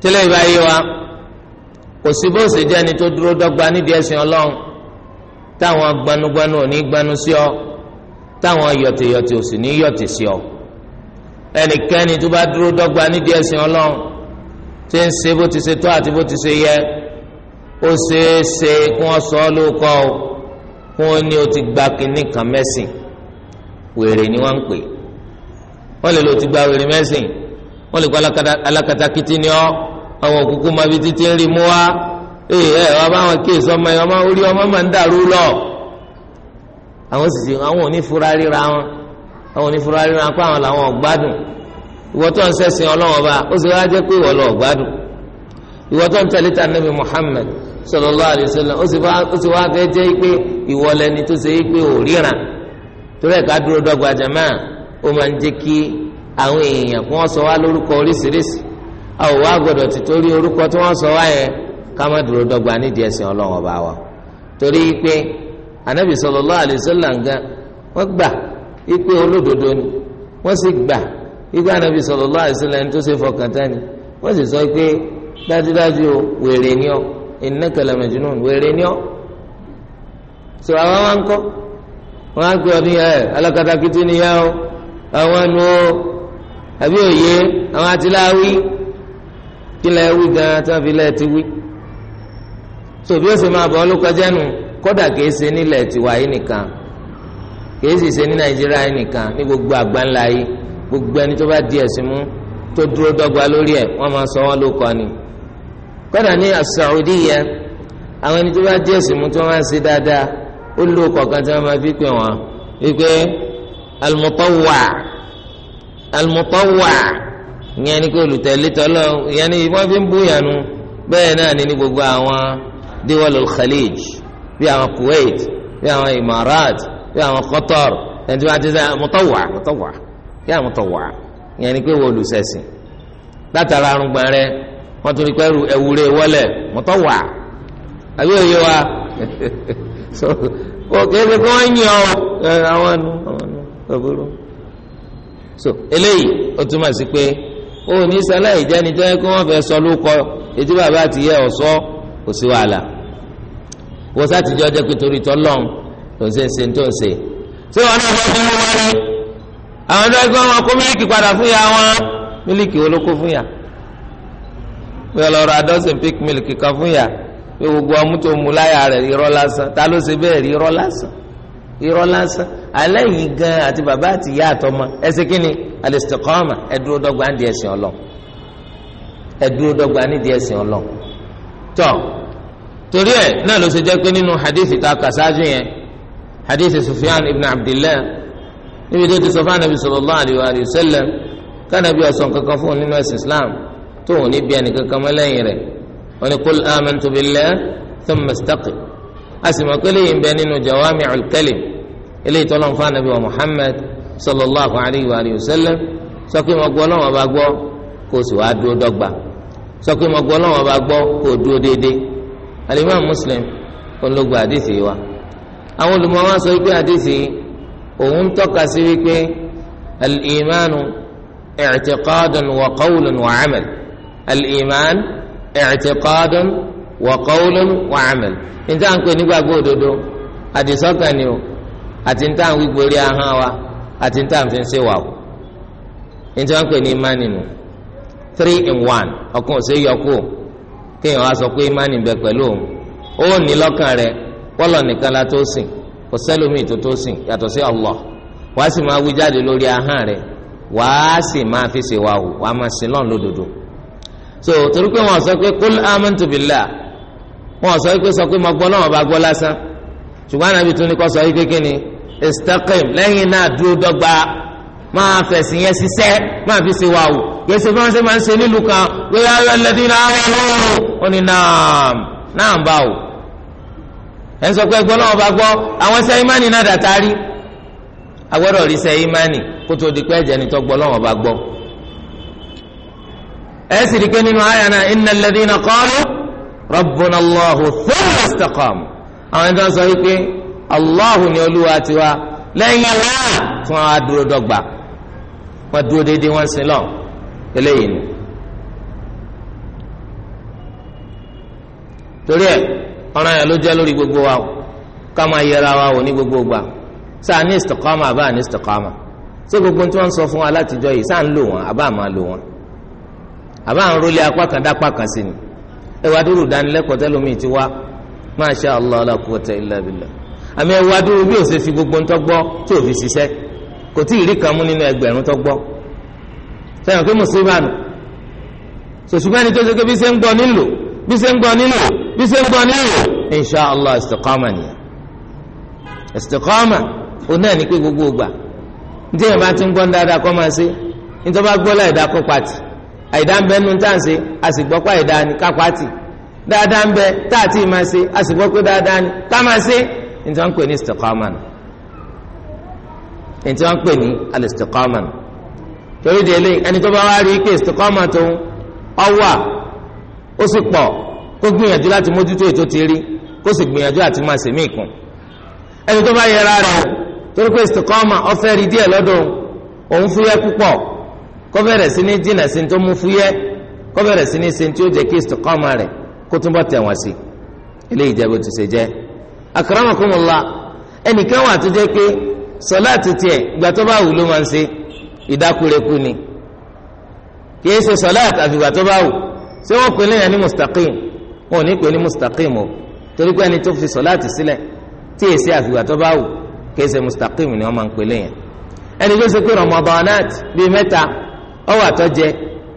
tẹ́lẹ̀ ìbáyé wa kò sí bó ṣe jẹ́ ẹni tó dúró dọ́gba nídìí ẹ̀sìn ọlọ́run táwọn gbanugbanu ò ní gbanu sí ọ táwọn yọ̀tìyọ̀tì ò sì ní yọ̀tì sí ọ ẹnikẹ́ni tó bá dúró dọ́gba nídìí ẹ̀sìn ọlọ́run tí ń ṣe bó ti ṣe tó àti bó ti ṣe yẹ ó ṣeé ṣe kí wọ́n sọ ọ́ lóko kí wọ́n ní o ti gba kinní kan mẹ́sìn. wèrè ni wọn ń pè wọ́n lè lò ti gba wèrè mẹ́sìn wọ́n lè alakata alákatakítí ni ọ àwọn òkúkú máa fi títí rí mú wá ee ẹ bá wọn kéésì ọmọ yẹn ọmọ orí ọmọ máa ń dàrú lọ àwọn sì àwọn fura ríra wọn àwọn fura ríra àwọn làwọn ń sẹ́sìn ọlọ́wọ́n bá ó sì Muhammad ó sì fẹ́ jẹ́ pé tó ṣe torí ẹ̀ka dúró dọ́gba jama ó máa ń jẹ́ kí àwọn èèyàn kí wọ́n sọ wá lórúkọ oríṣiríṣi àwọn wa gbọ́dọ̀ ti torí orúkọ tí wọ́n sọ wá yẹn ká má dúró dọ́gba nídìí ẹ̀sìn ọlọ́run ọba wa torí pé anabi sallallahu alaihi wasallam gan wọ́n gbà ipe olódodo ni wọ́n sì gbà ipe anabi sallallahu alaihi wasallam tó ṣe fọkàn tán ni wọ́n sì sọ pé dájúdájú wèrè ni ọ́ innaka la wèrè ni ọ́ sọ àwọn wa ń kọ́ wọn á gbé ọdún yẹn ẹ alákatakítí ni yẹn o àwọn nu o àbí òye àwọn atiláwí kí lẹ wí gan tí wọn fi lẹ ti wí tòbí ó sì máa bọ ọlọ́kọjá nù kódà kìí ṣe nílẹ̀ tiwa yìí nìkan kìí sì ṣe ní nàìjíríà yìí nìkan ní gbogbo àgbáńlá yìí gbogbo ẹni tó bá di ẹ̀sìn mú tó dúró dọ́gba lórí ẹ̀ wọ́n máa sọ wọ́n ló kọ́ ni kódà ní Saudi yẹn àwọn ẹni tó bá di ẹ̀sìn mú tí máa ń ṣe dáadáa ó lò kọ̀ọ̀kan tí wọ́n máa fi pè wọ́n wípé alimọ̀tọ́wà alimọ̀tọ́wà ìyẹn ni kí olùtẹ̀lé tọ́lọ́ ìyẹn ni wọ́n fi ń bú yànnu bẹ́ẹ̀ náà ni ní gbogbo àwọn diwalul khalij bí àwọn kuwait bí àwọn imarat bí àwọn qatar ẹni wọ́n ti sẹ́ mọ̀tọ́wà mọ̀tọ́wà kí àwọn ìyẹn ni pé wọ́n olùsẹ̀sìn látara arúgbà rẹ wọ́n tún ní pẹ́rù ẹ̀wúrẹ́ wọlé mọ̀tọ́wà àbí òye wa. so kéde kí wọ́n yàn ọ́ àwọn ànú àwọn ànú ọ̀bùrú. so eléyìí ó túmọ̀ sí pé ó ní sáláì jẹ́ni tó yẹ kí wọ́n fẹ́ sọ lóko etí bàbá àti yẹ ọ̀sọ́ kò sí wàhálà wọ́n sá ti jọ jẹ́ pé torí tọ́lọ́n ló ń ṣe ń ṣe tó ń ṣe. ṣé wọn náà fẹ́ fún wọn ni àwọn tó yẹ kí wọ́n kó mílíkì padà fún ya wọn mílíkì olóko fún ya wọ́n lọ ra pík mílíkì kan fún ya pé gbogbo ọmú tó mu láyà rẹ̀ irọ́ lásán ta ló ṣe bẹ́ẹ̀ rí irọ́ lásán irọ́ lásán aláìyín gan àti bàbá àti ìyá àtọmọ ẹsẹ̀ kínni al-istiqama ẹ̀dúró ní ẹ̀sìn ọlọ ẹ̀dúró dọ́gba ní ẹ̀sìn ọlọ tọ torí ẹ náà ló ṣe jẹ́ pé nínú hadithi ta kà yẹn hadithi Sufyan ibn Abdillah níbi tó ti sọ fún anabi sallallahu alayhi wa sallam kánàbí ọ̀sán kankan fún nínú ẹ̀sìn Islam tóun ní bí ẹnì kankan mọ́ lẹ́yìn rẹ̀ wọ́n ní kul amantu billahi thumma istaqim àsìmọ̀ pé lẹ́yìn bẹ nínú jawami'ul kalim eléyìí tọ́lọ́ fún anabi wa muhammad sallallahu alayhi wa sallam sọ pé mo gbọ́ lọ́wọ́ bá gbọ́ kó sì wá dúró dọ́gba sọ pé gbọ́ lọ́wọ́ bá gbọ́ kó dúró déédéé alimam muslim ológun àdìsí wa àwọn olùmọ̀ sọ pé àdìsí òun tọ́ka sí wípé al-imanu i'tiqadun wa qawlun wa 'amal al-iman. i'tiqadun wa qawlun wa níta ń pè nígbàgbọ́ òdodo àdìsọ́kàn ni o àti níta ń wígbó orí ahọ́n wa àti níta ń fi ń o níta ń in one ọkàn òsè yọkù kéèyàn wá sọ pé bẹ pẹ̀lú òun ó ní lọ́kàn rẹ̀ pọ́lọ̀ nìkan la tó sìn kò sẹ́lómi tó tó sìn yàtọ̀ sí wàá sì máa wí jáde lórí ahọ́n rẹ̀ o wàá máa sin so torí pé wọn sọ pé kul amantu billah wọn sọ pé sọ pé mo gbọ́ náà bá gbọ́ lásán ṣùgbọ́n ànábì tún ní kọ́ sọ yìí kékeré ni istaqim lẹ́yìn náà dúró dọ́gba máa fẹ̀sìn yẹn ṣiṣẹ́ máa fi ṣe wàhù yẹn ṣe fún ṣe máa ń ṣe nílùú kan wíyá ọlọ́dún náà wọ́n ó ní naam naam bá o ẹ̀ sọ pé gbọ́ náà bá gbọ́ àwọn ṣe ìmánì náà dàtàrí agbọ́dọ̀ rí ṣe ìmánì kó di pé ẹ̀jẹ̀ ni tó náà bá gbọ́ ẹ sì rí i pé nínú àyà náà innal ladhina qalu rabbuna Allahu thumma istaqamu àwọn ẹni tó ń sọ wípé Allahu ni olúwa tiwa lẹ́yìn náà fún àwọn adúró dọ́gba wọ́n dúró déédéé wọ́n sin lọ eléyìí ni. torí ẹ ọ̀ràn yẹn ló jẹ́ lórí gbogbo wa ká máa yẹra wa wò ní gbogbo gbà sáà ní istiqama àbá ní ṣé gbogbo tí wọ́n sọ fún wa látijọ́ yìí sáà ń lò wọ́n àbá máa lò wọ́n. àbá àwọn rólé apá kan dápá Ewaduru sí ni ẹ wá masha allah la quwwata illa ami àmì ẹ wá fi gbogbo ń tọ́gbọ́ tí fi ṣiṣẹ́ kò tí ì rí kan mú nínú ẹgbẹ̀rún tọ́gbọ́ sẹ́yìn pé mùsùlùmí sòṣùgbọ́n ẹni tó ṣe pé bí ṣe ń gbọ́ nílò bí ṣe ń gbọ́ nílò bí ṣe ń gbọ́ nílò insha allah istiqama ni àìdá ń bẹ nínú tá à ń ṣe a sì pé àìdá ni tì dáadáa ń bẹ tá à ti ṣe a sì pé dáadáa ni ká máa ṣe ní tí wọ́n ń pè ní istiqamana ní tí wọ́n ń pè ní torí délé ẹni tó bá wá rí tó ọ ó sì pọ̀ kó gbìyànjú láti mójútó ètò ti rí kó sì gbìyànjú àti máa ẹni tó bá torí pé fẹ́ rí díẹ̀ lọ́dọ̀ kó bẹ̀rẹ̀ sí ní jìnnà sí tó mú fúyẹ́ kó bẹ̀rẹ̀ sí ní sí tí ó jẹ́ kí istiqama rẹ̀ kó túnbọ̀ tẹ̀wọ̀n sí eléyìí jẹ́ bó ti ṣe jẹ́ akramakumullah ẹnìkan wà tó jẹ́ pé sọláàtì tiẹ̀ ìgbà tó bá wù ló máa ń ṣe ìdákúrekú ni kìí ṣe sọláàtì àfìgbà tó wù ṣé wọ́n pè léyìn ní mustaqim wọn ò ní pè ní mustaqim o torí pé ẹni tó fi sọláàtì sílẹ̀ tí èsì àfìgbà tó wù kìí ṣe mustaqim ni wọ́n máa ń pè léyìn ẹni tó ṣe pé ramadanat bíi mẹ́ta ọwọ́ àtọ́jẹ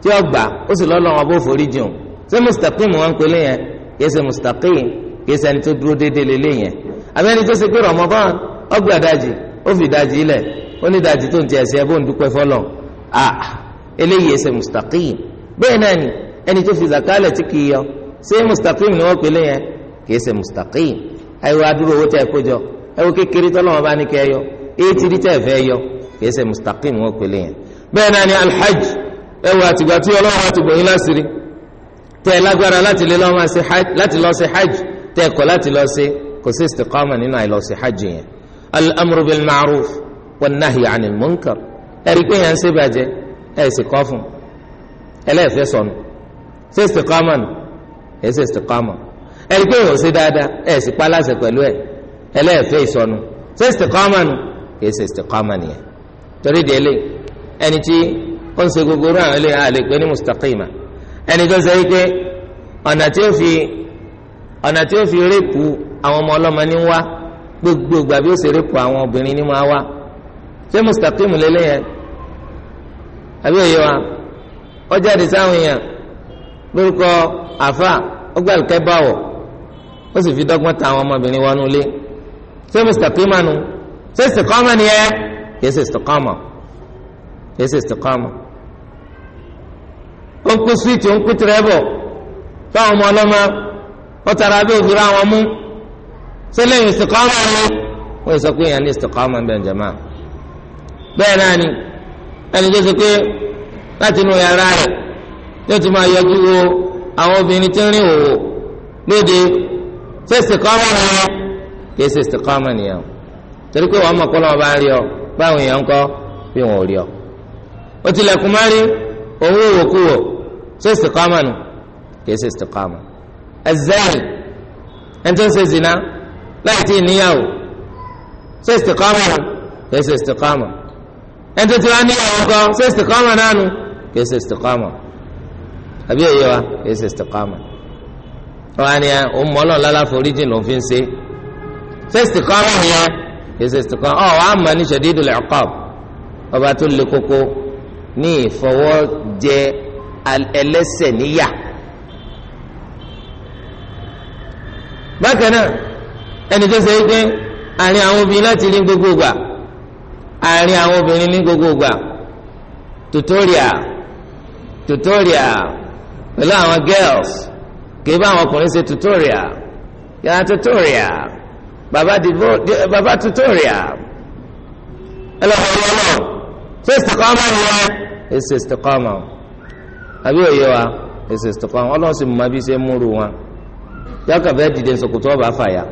tí ó gbà ó sì lọ́nà wọn bó jùn ṣé mustaqim wọn ń pè yẹn kìí ṣe mustaqim kìí ṣe ẹni tó dúró déédéé yẹn tó ṣe pé ọgbà ó fi ó ní tó ń bó ń dúpẹ́ mustaqim bẹ́ẹ̀ náà ni ẹni tó fi zakalẹ̀ tí kì yọ ṣé mustaqim ni wọ́n pè lé yẹn kìí ṣe mustaqim ẹ adúrò owó tẹ kó jọ ẹ wo bá ní kẹ́ bẹ́ẹ̀ náà ni alhaj ẹ wò àtìgbà tí ọlọ́run àti gbòyìn lásìrí tẹ ẹ lágbára láti lè lọ́ọ́ máa ṣe hajj láti lọ́ọ́ ṣe hajj tẹ ẹ kọ̀ láti lọ́ọ́ ṣe kò sí istiqama nínú àìlọ́ọ́ ṣe hajj yẹn al-amru bil ma'ruf wan nahy 'anil munkar ẹ̀rí pé yẹn ń ṣe bàjẹ́ ẹ̀ sì kọ́ fún ẹlẹ́ẹ̀fẹ́ sọnù ṣé istiqama nù ẹ̀ istiqama ẹ̀rí pé yẹn ò ṣe dáadáa ẹ̀ sì pa pẹ̀lú ẹ̀ ẹlẹ́ẹ̀fẹ́ ìsọnù ṣé istiqama nù ẹ̀ istiqama nìyẹn torí délé ẹni tí ó ń ṣe gbogbo rú àwọn ilé àlè pé ní mustaqima ẹni tó ṣe wípé ọ̀nà tí ó fi ọ̀nà tí ó fi rẹ́pù àwọn ọmọ ọlọ́mọ ní wá gbogbo ìgbà bí ó ṣe rẹ́pù àwọn obìnrin ní máa wá ṣé mustaqim lélẹ́yẹn àbí òye wa ó jáde sáwọn èèyàn lórúkọ àfà ó gbà kẹ́ báwọ̀ ó sì fi dọ́gbọ́n ta àwọn ọmọbìnrin wọnú ilé ṣé mustaqima nu ṣé istiqama ni ẹ kìí ṣe istiqama kìí ṣe istiqama ó ń kú síìtì ó ń kú tìrẹ́bọ̀ táwọn ọmọ ọlọ́mọ ó tara bí òfin àwọn mú sílẹ̀ istiqama ni wọ́n sọ pé èèyàn ní istiqama bẹ́ẹ̀ jẹ̀má bẹ́ẹ̀ náà ni ẹni tó ṣe pé láti inú yàrá rẹ̀ yóò ti máa yọjú wo àwọn obìnrin tí ń rìn òwò lóde ṣé istiqama ni kìí ṣe istiqama nìyẹn torí pé wọ́n mọ̀ kọ́ lọ́wọ́ bá ń rí ọ báwọn èèyàn ń kọ́ bí wọ́n ò rí ọ ó tilẹ̀kùn má rí òun ò wòkú wò ṣé istiqama nù kìí ṣe istiqama ẹ̀zẹ́rì ẹni tó ń ṣe zina láì tí ì níyàwó ṣé istiqama nù kìí ṣe istiqama ẹni tó ti wá níyàwó kan ṣé istiqama náà nù kìí ṣe istiqama àbí òye wa kìí ṣe istiqama wọn ni òun mọ́ lọ́n lálá foríjì ló fi ń ṣe ṣé istiqama yẹn kìí ṣe istiqama ọ̀ wàá mọ̀ ní shadidul iqab ọba tó le koko ní ìfọwọ́jẹ ẹlẹ́ṣẹ̀ níyà bákan náà ẹni tó ṣe é pé àárín àwọn obìnrin láti ní gbogbo gbà àárín àwọn obìnrin ní gbogbo gbà tutorial tutorial pẹ̀lú àwọn girls kìí bá àwọn ọkùnrin ṣe tutorial yàrá tutorial baba divo baba tutorial ẹ lọ́wọ́ ọlọ́wọ́ ṣé ìsìnkọ́ máa ń lọ. èsì istiqama o àbí òye wa Ese istiqama ọlọ́run sì mọ bí ṣe ń múru wọn yọkàn fẹ́ dìde nsòkòtò ọba fàyà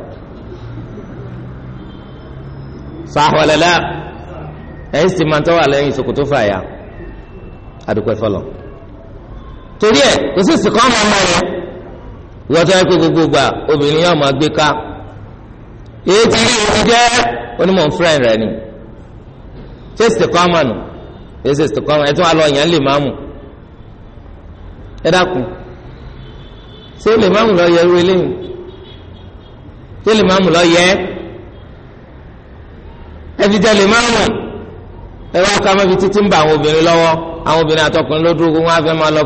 sàhùlẹ̀lẹ̀ ẹ̀yìn sì máa ń tọ́wà lẹ́yìn nsòkòtò fàyà àdúpẹ́ fọlọ́ torí ẹ̀ kò sí istiqama ọmọ yẹn wọ́n tọ́ ẹ pé gbogbo gbà obìnrin yóò máa gbé ká èyí ti rí ìwé jẹ́ onímọ̀ fúrẹ́ǹ rẹ̀ ni ṣé istiqama nù. e ìsìtìkọ́mà ẹ̀ tún wà lọ yàn lè máàmù le dákun lọ yẹ irú eléyìí ṣé lè lọ yẹ ẹ fi jẹ lè máàmù ẹ wá ká má fi títí ń bá wọn á fẹ́ máa lọ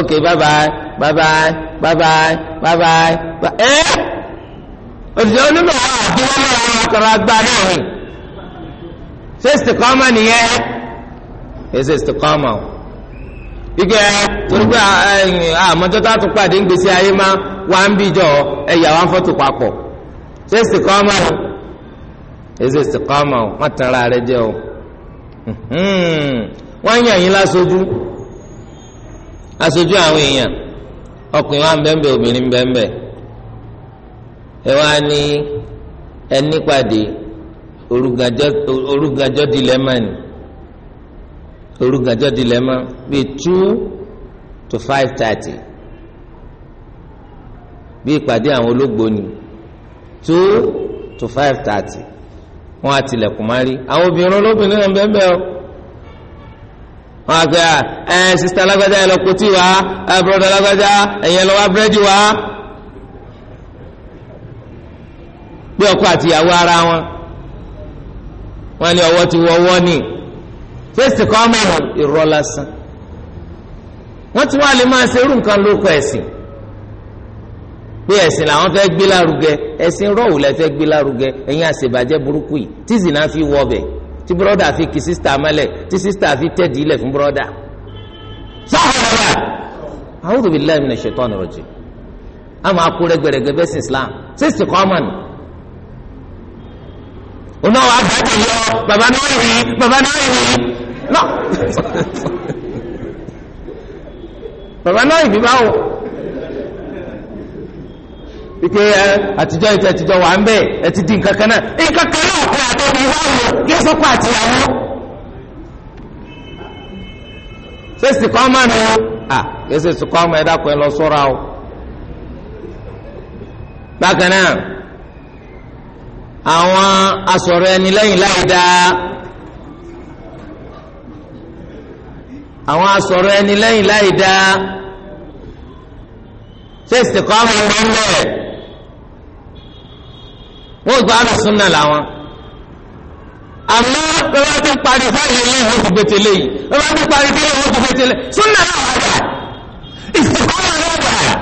ok bye bye bye bye bye bye bye bye èsì ìsìtìkọ́mọ̀ ike torí pé eh, àmọ́tọ́tà tún pàdé ń gbèsè ayé máa wá ń bíjọ ẹ̀yà wá ń fọ́tò papọ̀ ṣé ìsìtìkọ́mọ̀ o o wọ́n rẹ jẹ o hmm, wọ́n yàn yín lásojú aṣojú àwọn èèyàn ọkùnrin wa ń bẹ́ẹ̀ obìnrin bẹ́ẹ̀ bẹ́ẹ̀ ẹ wá ní ẹni pàdé orúgàjọ́ orúgànjọ́ dilẹ̀ mọ́ bíi two to five thirty bí ìpàdé àwọn ológbò ni two to five thirty wọ́n á tilẹ̀kùn má rí àwọn obìnrin olóbìnrin náà bẹ́ẹ̀ o wọ́n á gbé ẹ sista alágbájá ẹ lọ kó tí wá ẹ bùrọ̀dá alágbájá ẹ̀yẹ lọ wá búrẹ́dì wá bí ọkọ àti ìyàwó ara wọn wọ́n ní ọwọ́ ti wọ ọwọ́ ni. fèsì kọ́ máa irọ́ lásán wọ́n ti wá lè máa ṣe irú nǹkan lóko ẹ̀sìn pé ẹ̀sìn làwọn fẹ́ gbé lárugẹ ẹ̀sìn rọ́ọ̀wù lẹ fẹ́ gbé lárugẹ ẹ̀yin àṣebàjẹ́ burúkú yìí tí zina fi wọ ọbẹ̀ tí bùrọ̀dà fi kì sísítà mẹ́lẹ̀ tí sísítà fi tẹ̀dí ilẹ̀ fún bùrọ̀dà. sọ́ọ̀rọ̀ Islam òun náà wàá bàjẹ́ yọ bàbá náà rí bàbá náà rí náà bàbá náà báwo ike ẹ àtijọ́ ìtẹ̀ àtijọ́ wà ń bẹ̀ ẹ ti di nǹkan kan náà nǹkan kan náà kọ́ àtọ́bí wáwo kí ẹ sọ́kọ́ àtìyàwó. sẹ́sì kọ́ máa nù à kí ẹ sẹ́sì kọ́ máa ẹ dákun ẹ lọ sọ́ra o. bákan náà. àwọn asọ̀rọ̀ ẹni lẹ́yìn láì dáa àwọn asọ̀rọ̀ ẹni lẹ́yìn láì dáa ṣé ìsìnkọ́mù ń bọ́ bẹ́ẹ̀ wọ́n gba àlùsùn náà làwọn àmọ́ bàbá tó ń parí fáyọ̀ lẹ́yìn wọ́n ti gbẹ̀tẹ̀ lẹ́yìn bàbá tó ń parí fáyọ̀ wọ́n ti gbẹ̀tẹ̀ lẹ́yìn sún làwọn àgbà ìsìnkọ́mù ń bọ̀ bẹ́ẹ̀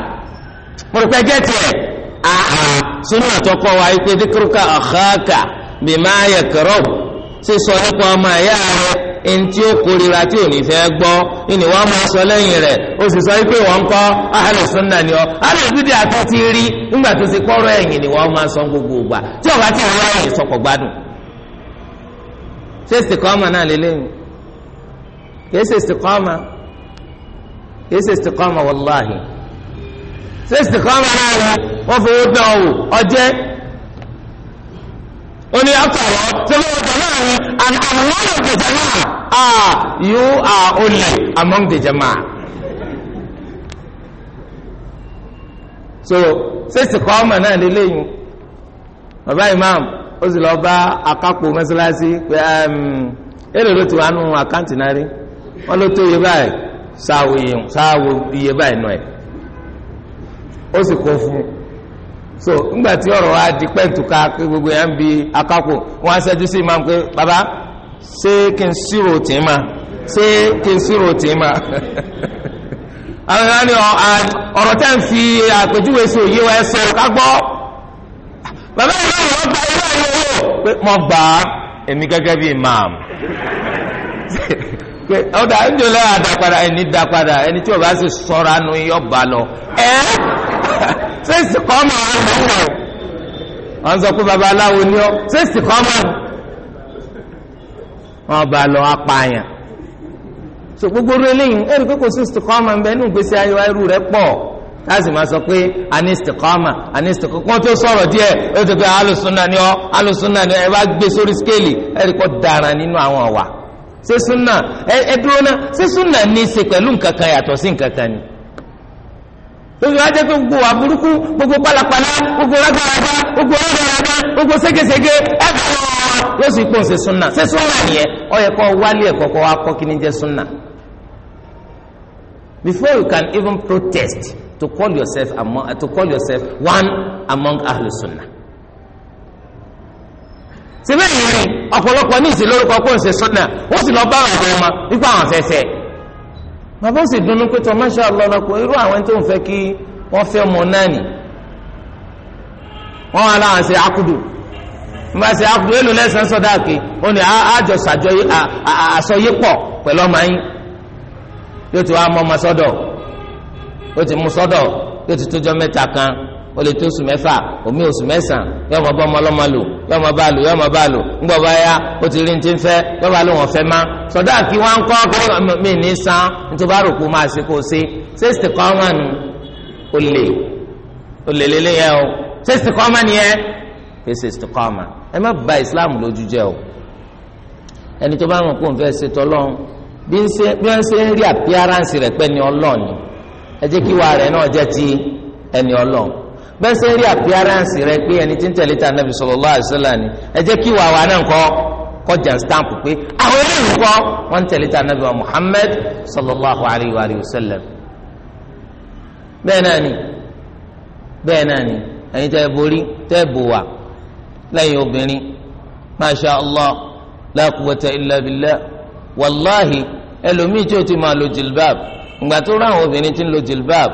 mo rò pé gẹ́tì ẹ̀. Aha, sínú àtọkọ wa yìí pé díkìrúkà àkàkà bí máa yẹ kẹrọ sísọ nípa ọmọ ẹ̀yà rẹ ntí ó kórira tí ò ní fẹ́ gbọ́ ìní wọn máa sọ lẹ́yìn rẹ̀ ó sì sọ pé wọ́n ń kọ́ ahlu sunna ni ọ́ ahlu bídí àti ti rí nígbà tó ti kọ́rọ̀ ẹ̀yìn ni wọ́n máa sọ gbogbo ìgbà tí ọba tí ìwé ẹ̀yìn sọkọ̀ gbádùn. ṣé ìsìkọ́mà náà lélẹ́yìn kìí ṣe ìsìkọ́mà kìí ṣe ìsìkọ́mà wàláhì ṣé ìsìkọ́mà náà lélẹ́yìn wọ́n fowó dán ọ wò ọjẹ́ ó ní àtàwọn tẹ́lẹ̀ ọ̀tọ̀ náà ni and among the jama'a ah you are only among the jama'a. so sẹ́sì kọ́ ọmọ náà lélẹ́yìn bàbá imam ó sì lọ bá akápò mẹ́sálásí pé èrè ló ti wà nù àkáǹtì náà rí wọ́n ló tó iye báyìí sáwo iye báyìí nù ẹ̀ ó sì kó fún un. so ńgbà tí ọ̀rọ̀ wa di pẹ́ǹtùká pé gbogbo ya ń bi akápò wọn á ṣẹ́jú sí imam baba ṣé kí n ṣírò tì ma ṣé kí n ṣírò tì ma àwọn yẹn ni ọ̀rọ̀ tẹ́ ń fi àpèjúwe sí òye wa ẹ sọ ká gbọ́ bàbá yìí ló ń gba ilé ayé owó pé mo gbà á èmi gẹ́gẹ́ bíi imam pé ọ̀dà ń jòlẹ́ àdàpadà ẹni dàpadà ẹni tí o bá sì sọ̀rọ̀ ànú yọ̀ bá lọ ẹ́. ṣé ìsìkọ́mọ àná ń wọ̀ wọ́n sọ pé babaláwo ni ọ́ ṣé ìsìkọ́mọ wọn bá lọ apààyàn so gbogbo orí eléyìí ẹ̀rí pé kò sí ìsìkọ́mọ ń bẹ ní ìgbésí ayé wa irú rẹ̀ pọ̀ láti máa sọ pé àní ìsìkọ́mọ àní ìsìkọ́mọ wọ́n tó sọ̀rọ̀ díẹ̀ ó ti pé alùsùnà ni ọ́ alùsùnà ni ẹ bá gbé sórí skéèlì ẹ̀rí pọ̀ dára nínú àwọn ọ̀wà ṣé súnà ẹ dúró náà ṣé súnà ní ṣe pẹ̀lú nǹkan kan yàtọ̀ sí nǹkan kan ni. gbogbo ajẹ́ pé gbogbo wà gbogbo pálapàla gbogbo rágbàrágbà gbogbo rágbàrágbà gbogbo ségesège ẹ̀fọ́ yóò sì pọ̀ ṣe súnà ṣe súnà nìyẹn ó yẹ wálé ẹ̀kọ́ kó wá kí ni Before you can even protest to call yourself one among ahlu sunna. síbẹ̀ yìí ọ̀pọ̀lọpọ̀ ní ìsìn lórúkọ kó ń ṣe súnà ó sì lọ bá àwọn ọmọ nípa àwọn afẹ́fẹ́ bàbá sì dunnú pé tọ́ masha Allah lọ́kọ̀ irú àwọn tó ń fẹ́ kí wọ́n fẹ́ mọ náà nì wọ́n wà láwọn ṣe akudu nígbà ṣe akudu èlò lẹ́sàn-án sọ́dá àké ó ní àjọ àsọyépọ̀ pẹ̀lú ọmọ yín yóò ti wá mọ́ ọmọ sọ́dọ̀ yóò ti mú sọ́dọ̀ yóò ti tójọ́ mẹ́ta kan ó lè tó oṣù mẹ́fà omi oṣù mẹ́sàn yóò máa bá ọmọ ọlọ́mọ lò yóò máa bá a lò yóò máa bá a lò ńgbọ bá yá ó ti rí ní ti ń fẹ́ yóò bá lò wọn fẹ́ má sọdọ àkí wọn ń mi ní san nítorí bá rò pé máa ṣe kó o ṣe sẹsìtì kọ́ ọmọ nù ó lè ó lè o sẹsìtì kọ́ ọmọ nìyẹn pé sẹsìtì kọ́ ọmọ ẹ Islam lójú jẹ́ o ẹni tó bá wọn kó n fẹ́ ṣe tọ́lọ́run bí wọ́n ṣe ń rí àpíáránsì rẹ̀ pẹ́ ni ọlọ́ọ̀ni ẹ jẹ́ kí wàá rẹ̀ náà ti ẹni ọlọ́ọ̀ bẹ́ẹ̀ sẹ́ rí àpíáránsì rẹ pé ẹni tí ń tẹ̀lé ta nàbì sallallahu alaihi wasallam ni ẹ jẹ́ kí wàá wà náà kọ́ kọjá stamp pé àwọn eléyìí kọ́ wọ́n ń tẹ̀lé ta nàbì wa Muhammad sallallahu alaihi wa alihi wasallam. bẹ́ẹ̀ náà ni bẹ́ẹ̀ náà ni ẹ̀yin tẹ́ borí tẹ́ bò wá lẹ́yìn obìnrin masha allah la quwwata illa wàláhì ẹlòmíì tí o ti máa lo jilbab ìgbà tó ráwọn obìnrin ti ń lo jilbab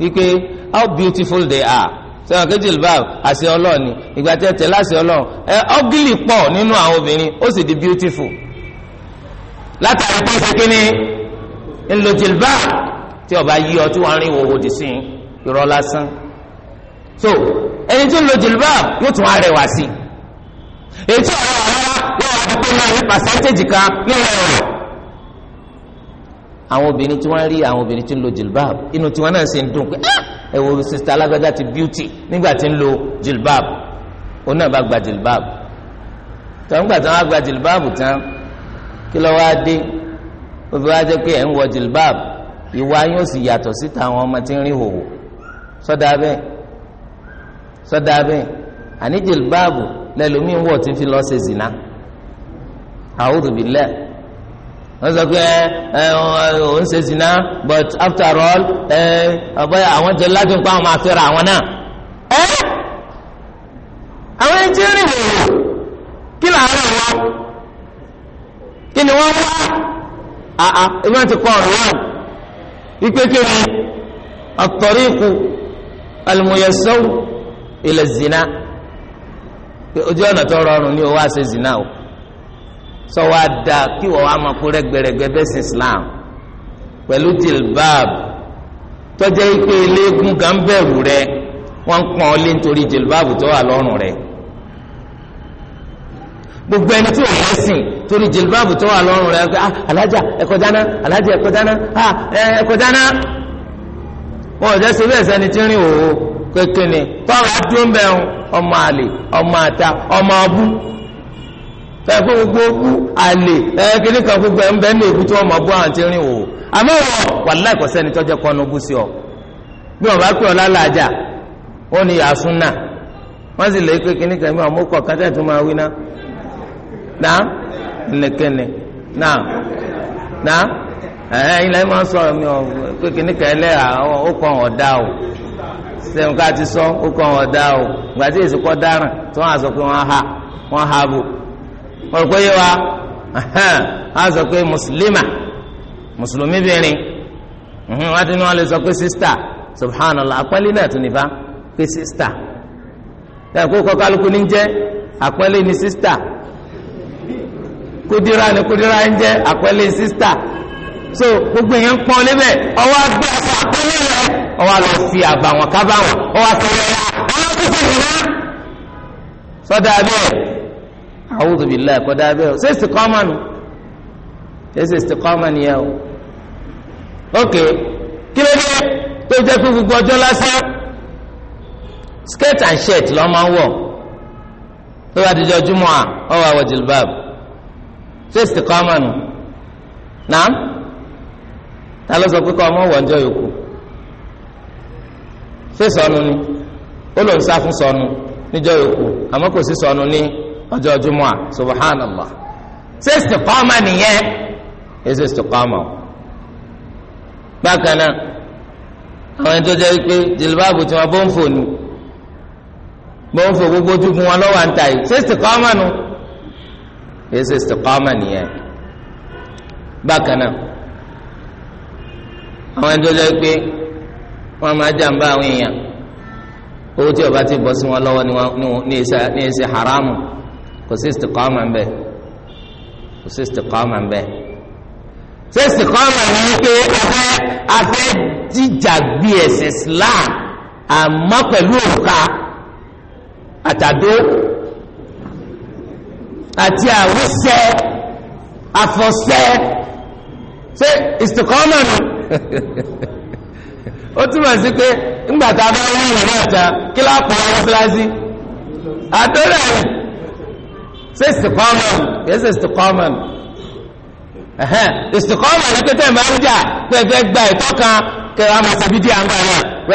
wípé how beautiful they are sẹ́wọ̀n kejì báwo àṣẹ ọlọ́ọ̀ ni ìgbà tẹ́ tẹ́ láṣẹ ọlọ́ọ̀ ẹ ọ́gìlì pọ̀ nínú àwọn obìnrin ó sì di beautiful látàrí pé ṣe kíni ńlọjì báwo tí ọba yí ọ tí wọ́n rí ìwòwò dì sí irọ́ lásán so ẹni tí ńlọjì báwo yóò tún arẹwà sí i èyí tí ọ̀rọ̀ àrárá yóò wá dúpẹ́ náà ní pàṣẹ́ntéèjì kan nílẹ̀ rẹ̀ àwọn obìnrin tí wọ́n rí àwọn obìnrin tí ńlọjì báwo inú tiwọn náà ṣe ń dùn pé ah ẹ wo sista alágbádá ti beauty nígbà tí ń lo jilbab òun náà bá gba jilbab tó ń gbà tí wọn gba jilbab tán kí ló wáá dé ó fi jẹ́ pé ẹ̀ ń wọ jilbab ìwà yóò sì yàtọ̀ síta àwọn ọmọ tí ń rí hòhò sọ́dà bẹ́ẹ̀ sọ́dà bẹ́ẹ̀ àní jilbab lẹ́lòmíín wọ̀ tí ń fi lọ́ọ́ ṣe zina a'udhu billah wọ́n sọ pé ẹ ẹ òun ṣe zina but after all ẹ ọ̀bọ̀yà àwọn jẹ ládùn pa àwọn máa fẹ́ra àwọn náà. ẹ àwọn ẹni tí ń rìn lòlò kí làárọ̀ wọn kí ni wọ́n wá àà ìmọ̀ ti kọ́ ọ̀rọ̀ wọn wípé ni at-tariqu al-muyassaru zina ojú ọ̀nà tó rọrùn ni ó wá ṣe zina o sọ wá da kí wọ́n wá máa kó rẹ́gbẹ̀rẹ́gbẹ́ bẹ́sìn Islam pẹ̀lú jilbab tọ́jà ìpè eléégún gan bẹ̀rù rẹ wọ́n ń pọ́n ọ lé nítorí jilbab tó wà lọ́rùn rẹ̀ gbogbo ẹni tí òun ẹsìn torí jìlbáàbù tó wà lọ́rùn rẹ̀ ah alájà ẹ̀kọ́ dáná alájà ẹ̀kọ́ dáná ah ẹ̀kọ́ dáná. wọn ò jẹ́sẹ̀ bẹ́ẹ̀ sẹ́ni tí ń rìn òwò kékeré tọ́wọ́ adúmbẹ̀ ọmọ àlè ọmọ ata ọmọ ọbú. fẹ́ẹ́ fún gbogbo ogún àlè ẹ̀ kìnnì kan gbogbo ẹ̀ ń bẹ́ẹ̀ ní èkú tí wọ́n mọ̀ rìn wò àmọ́ ọ bí wọn bá pè ọ lálàájà ó ní náà wọ́n sì lè pé kìnnì kan tó máa wí ná ná nìkẹ́ni ná ná máa ń sọ mi ọ pé o ká ti sọ ó kọ́ o èsì kọ́ dáràn tí wọ́n mo rò wa a sọ pé mùsùlùmá mùsùlùmí bìnrin wọn ti ní wọn lè sọ pé sísítà subhanallah àpẹẹlẹ náà tún nípa pé sísítà ẹ̀kọ́ kọ́ kálukú ní jẹ́ àpẹẹlẹ ní sísítà kúdírà ní ń jẹ́ so gbogbo ń níbẹ̀ ọwọ́ agbẹ́ rẹ̀ a'udhu billahi ẹ̀kọ́ dábẹ́ o ṣé istiqama nu ṣé istiqama ni ẹ o ok kí ló dé tó jẹ́ pé gbogbo ọjọ́ lásán skirt and shirt lọ́ máa ń wọ̀ tó bá dijọ́ júmọ́ à ọ wà wọ jilbab ṣé istiqama nu naam ta ló sọ pé kọ́ ọmọ wọ̀ ọjọ́ yòókù ṣé sọnù ni ó lòun sá fún sọnù níjọ́ yòókù àmọ́ kò sí sọnù ní ọjọ́ jumua subhanallah ṣé istiqama nìyẹn ṣé istiqama o bákan náà àwọn ẹni tó jẹ́ pé jìlbáàbù tí wọ́n bó ń fò ní bó ń fò gbogbo ojúgun wọn lọ́wọ́ à ń ta yìí ṣé istiqama nu ṣé istiqama nìyẹn bákan náà àwọn ẹni tó jẹ́ pé wọ́n máa jàǹbá àwọn èèyàn owó tí ó ti bọ́ sí wọn lọ́wọ́ ní ẹsẹ̀ haramu kò sí istiqama ń bẹ kò sí istiqama ń bẹ ṣé istiqama ni wípé afẹ́ afẹ́ jíjà gbé ẹ̀sìn Islam àmọ́ pẹ̀lú òkà àtàdó àti àwísẹ́ àfọ̀sẹ́ ṣé istiqama nù ó túmọ̀ sí pé ńgbà tá a bá rí ìrìn náà kí lápò ọ̀rọ̀ síláṣí àdó náà ṣé istikọ́mọ̀ yẹn ṣe istikọ́mọ̀ istikọ́mọ̀ ni pété máa ń jà pé fẹ́ gba ìtọ́ kan kẹ́ ẹ máa ṣe bídí àgbà náà pé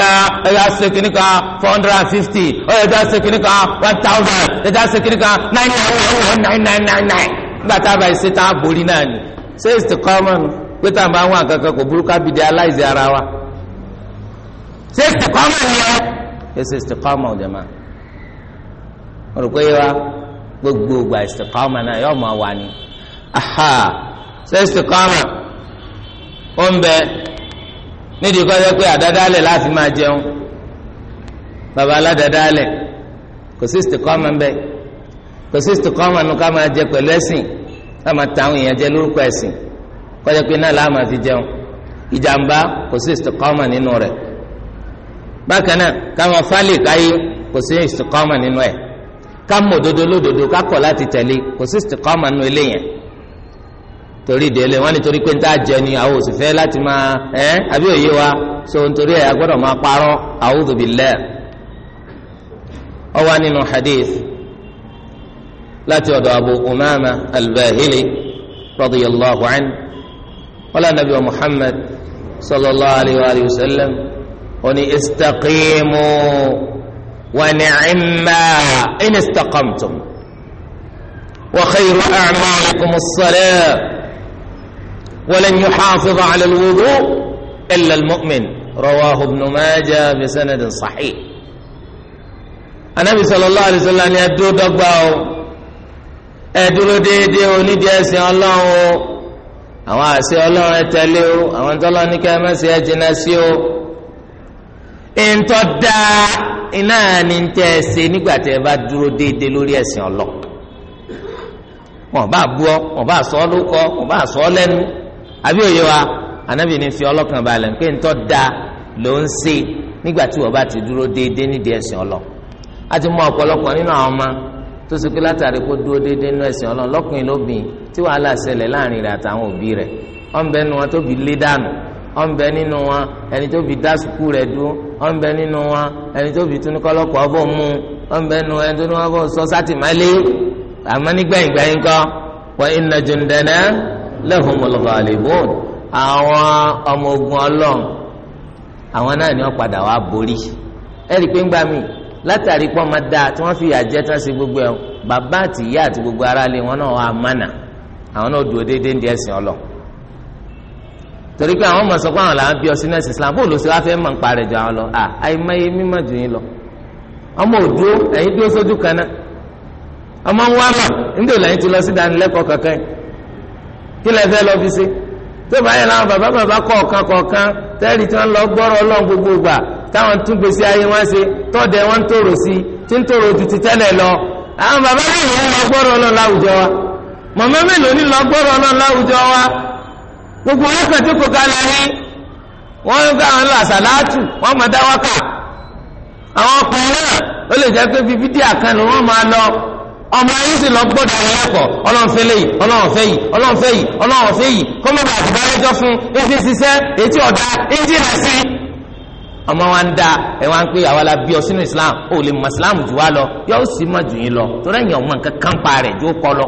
ẹ yà ṣe kìíní kan four hundred and fifty ọ yẹ ṣe kìíní kan one thousand ẹ ká ṣe kìíní kan nine nine nine nine nine nine nígbà tá a bá ṣe tá a borí náà ni ṣé istikọ́mọ̀ nu pé tá a máa wọn àkàkọ́ kò burúkú abidí aláìsí ara wa ṣé istikọ́mọ̀ ni ẹ ṣe istikọ́mọ̀ ọ̀jọ̀ máa mo rò pé yẹ wa gbogbo ìgbà istiqama náà yóò máa wà ní. aha ṣé istiqama ó ń bẹ nídìí kọ́ jẹ́ pé àdádálẹ̀ láti máa jẹun baba aládàádálẹ̀ kò sí istiqama ń bẹ kò sí istiqama nu ká máa jẹ pẹ̀lú ẹ̀sìn ká máa ta àwọn èèyàn jẹ lórúkọ ẹ̀sìn kọ́ jẹ́ pé náà láà máa fi jẹun ìjàmbá kò sí istiqama nínú rẹ̀ bákan náà ká máa fálè káyé kò sí istiqama nínú ẹ̀ ká mọ òdodo lódodo ká kọ̀ láti tẹ̀lé kò sí istiqama nù eléyẹn torí délé wọn nítorí pé níta jẹ ni àwọn òsì fẹ́ láti máa ẹ àbí òye wa so nítorí ẹ agbọ́dọ̀ máa parọ́ a'udhu billah ó wà nínú hadith láti ọ̀dọ̀ Abu Umama al-Bahili radiyallahu anhu wala nabi Muhammad sallallahu alayhi wa sallam ó istaqimu. ونعما إن استقمتم وخير أعمالكم الصلاة ولن يحافظ على الوضوء إلا المؤمن رواه ابن ماجه بسند صحيح النبي صلى الله عليه وسلم يدو دقباو ẹdúró déédéé onídìí ẹsìn ọlọ́run o àwọn àṣẹ ọlọ́run ẹ tẹ̀lé o àwọn tọ́lọ́ ní kẹ́ ẹ ẹ jìnnà sí o ìǹtọ́ dáa iná ni ń tẹ́ ẹ ṣe nígbà tẹ́ ẹ bá dúró déédéé lórí ẹ̀sìn ọlọ wọn bá bu ọ wọn bá sọ ọ lóko wọn bá sọ ọ lẹ́nu àbí òye wa anabi ni fi ọlọ́kàn balẹ̀ pé ń tọ́ da ló ń ṣe nígbà tí wọn bá ti dúró déédéé nídìí ẹ̀sìn ọlọ a ti mọ ọ̀pọ̀lọpọ̀ nínú àwọn ọmọ tó sì pé látàrí kó dúró déédéé nínú ẹ̀sìn ọlọ lọ́kùnrin lóbìn tí wàhálà ṣẹlẹ̀ láàrin rẹ̀ àtàwọn òbí rẹ̀ ọ̀nbẹ nínú wọn tó fi lé dànù ọ̀nbẹ nínú wọn ẹni tó fi dá sùkúù rẹ̀ dúró wọn bẹ nínú wọn ẹni tó fi tún ní kọlọpọ ọbọ mú wọn bẹ nínú ẹni tó ní wọn bọ sọ sátìmálé àmọ́ nígbẹ̀yìn gbẹ̀yìn kọ wa inna jundana lahumul ghalibun àwọn ọmọ ogun Ọlọ́run àwọn náà ni wọn padà wá borí ẹ rí i pé ń gbà mí látàrí pọ́n máa dáa tí wọ́n fi ìyà jẹ tán sí gbogbo ẹ̀ bàbá àti ìyá àti gbogbo aráalé wọn náà wà á mánà àwọn náà dúró déédéé ń di ẹ̀sìn Ọlọ́run torí pé àwọn ọmọ àwọn làwọn bí islam bóòlù sí wa fẹ́ mọ̀ ń parẹ́ àwọn lọ à àìmọye mímọ̀ jù lọ ọmọ òdúró ẹ̀yin dúró sójú kan náà ọmọ ń wá ti lọ sí ìdánilẹ́kọ̀ọ́ kankan kí lọ fi ṣe tó báyìí làwọn bàbá lọ gbọ́rọ̀ ọlọ́run gbogbo táwọn gbogbo wọn kàn tó kọkà lẹ́yìn wọn ń gbà wọn lọ àṣàlátù wọn máa dá wákà àwọn ọkùnrin náà ó lè jẹ́ pé bíbí díà kan ni wọ́n máa lọ ọmọ yìí sì lọ gbọ́dọ̀ àwọn ẹ̀kọ́ ọlọ́nfẹ́ lẹ́yìn ọlọ́nfẹ́ yìí ọlọ́nfẹ́ yìí ọlọ́nfẹ́ yìí kọ́mọ́bà àtìbárẹ́jọ́ fún efi ṣiṣẹ́ etí ọ̀dà etí rẹ̀ ọmọ wa ń da ẹ wá ń pè àwa la bí ọ sínú Islam ó lè mọ Islam jù wá lọ yóò sì mọ jù yín lọ torí ẹ̀yìn ọmọ nǹkan kan pa rẹ̀ jó kọ lọ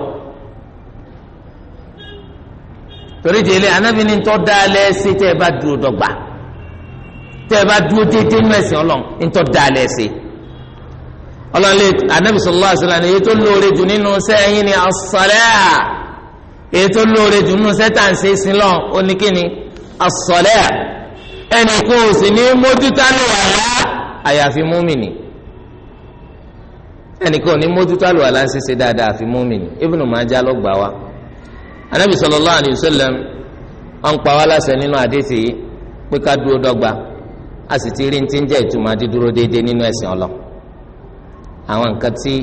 torí délé anábì ní ntọ́ da alẹ́ ṣe tẹ́ ẹ bá dúró dọ́gba tẹ́ ẹ bá dúró déédéé nínú ẹ̀sìn ọlọ́n ntọ́ da alẹ́ ṣe ọlọ́n lè anábì sallallahu alaihi wasallam èyí tó lóore jù nínú sẹ́yìn ni as-salah èyí tó lóore jù nínú sẹ́tàǹsì sílọ̀n oníkíni as-salah ẹnì kò sì ní mójútálù àlá àyàfi múmìnì ẹnì kò ní mójútálù àlá ń ṣe ṣe dáadáa àfi múmìnì Ibn Majah ló gbà wá anabi sallallahu alayhi wa sallam wọn pa wá láṣẹ nínú àdéhìí yìí pé ká dúró dọ́gba a sì ti rí ní ti ń jẹ́ ìtumọ̀ dídúró déédéé nínú ẹ̀sìn ọlọ àwọn nǹkan tí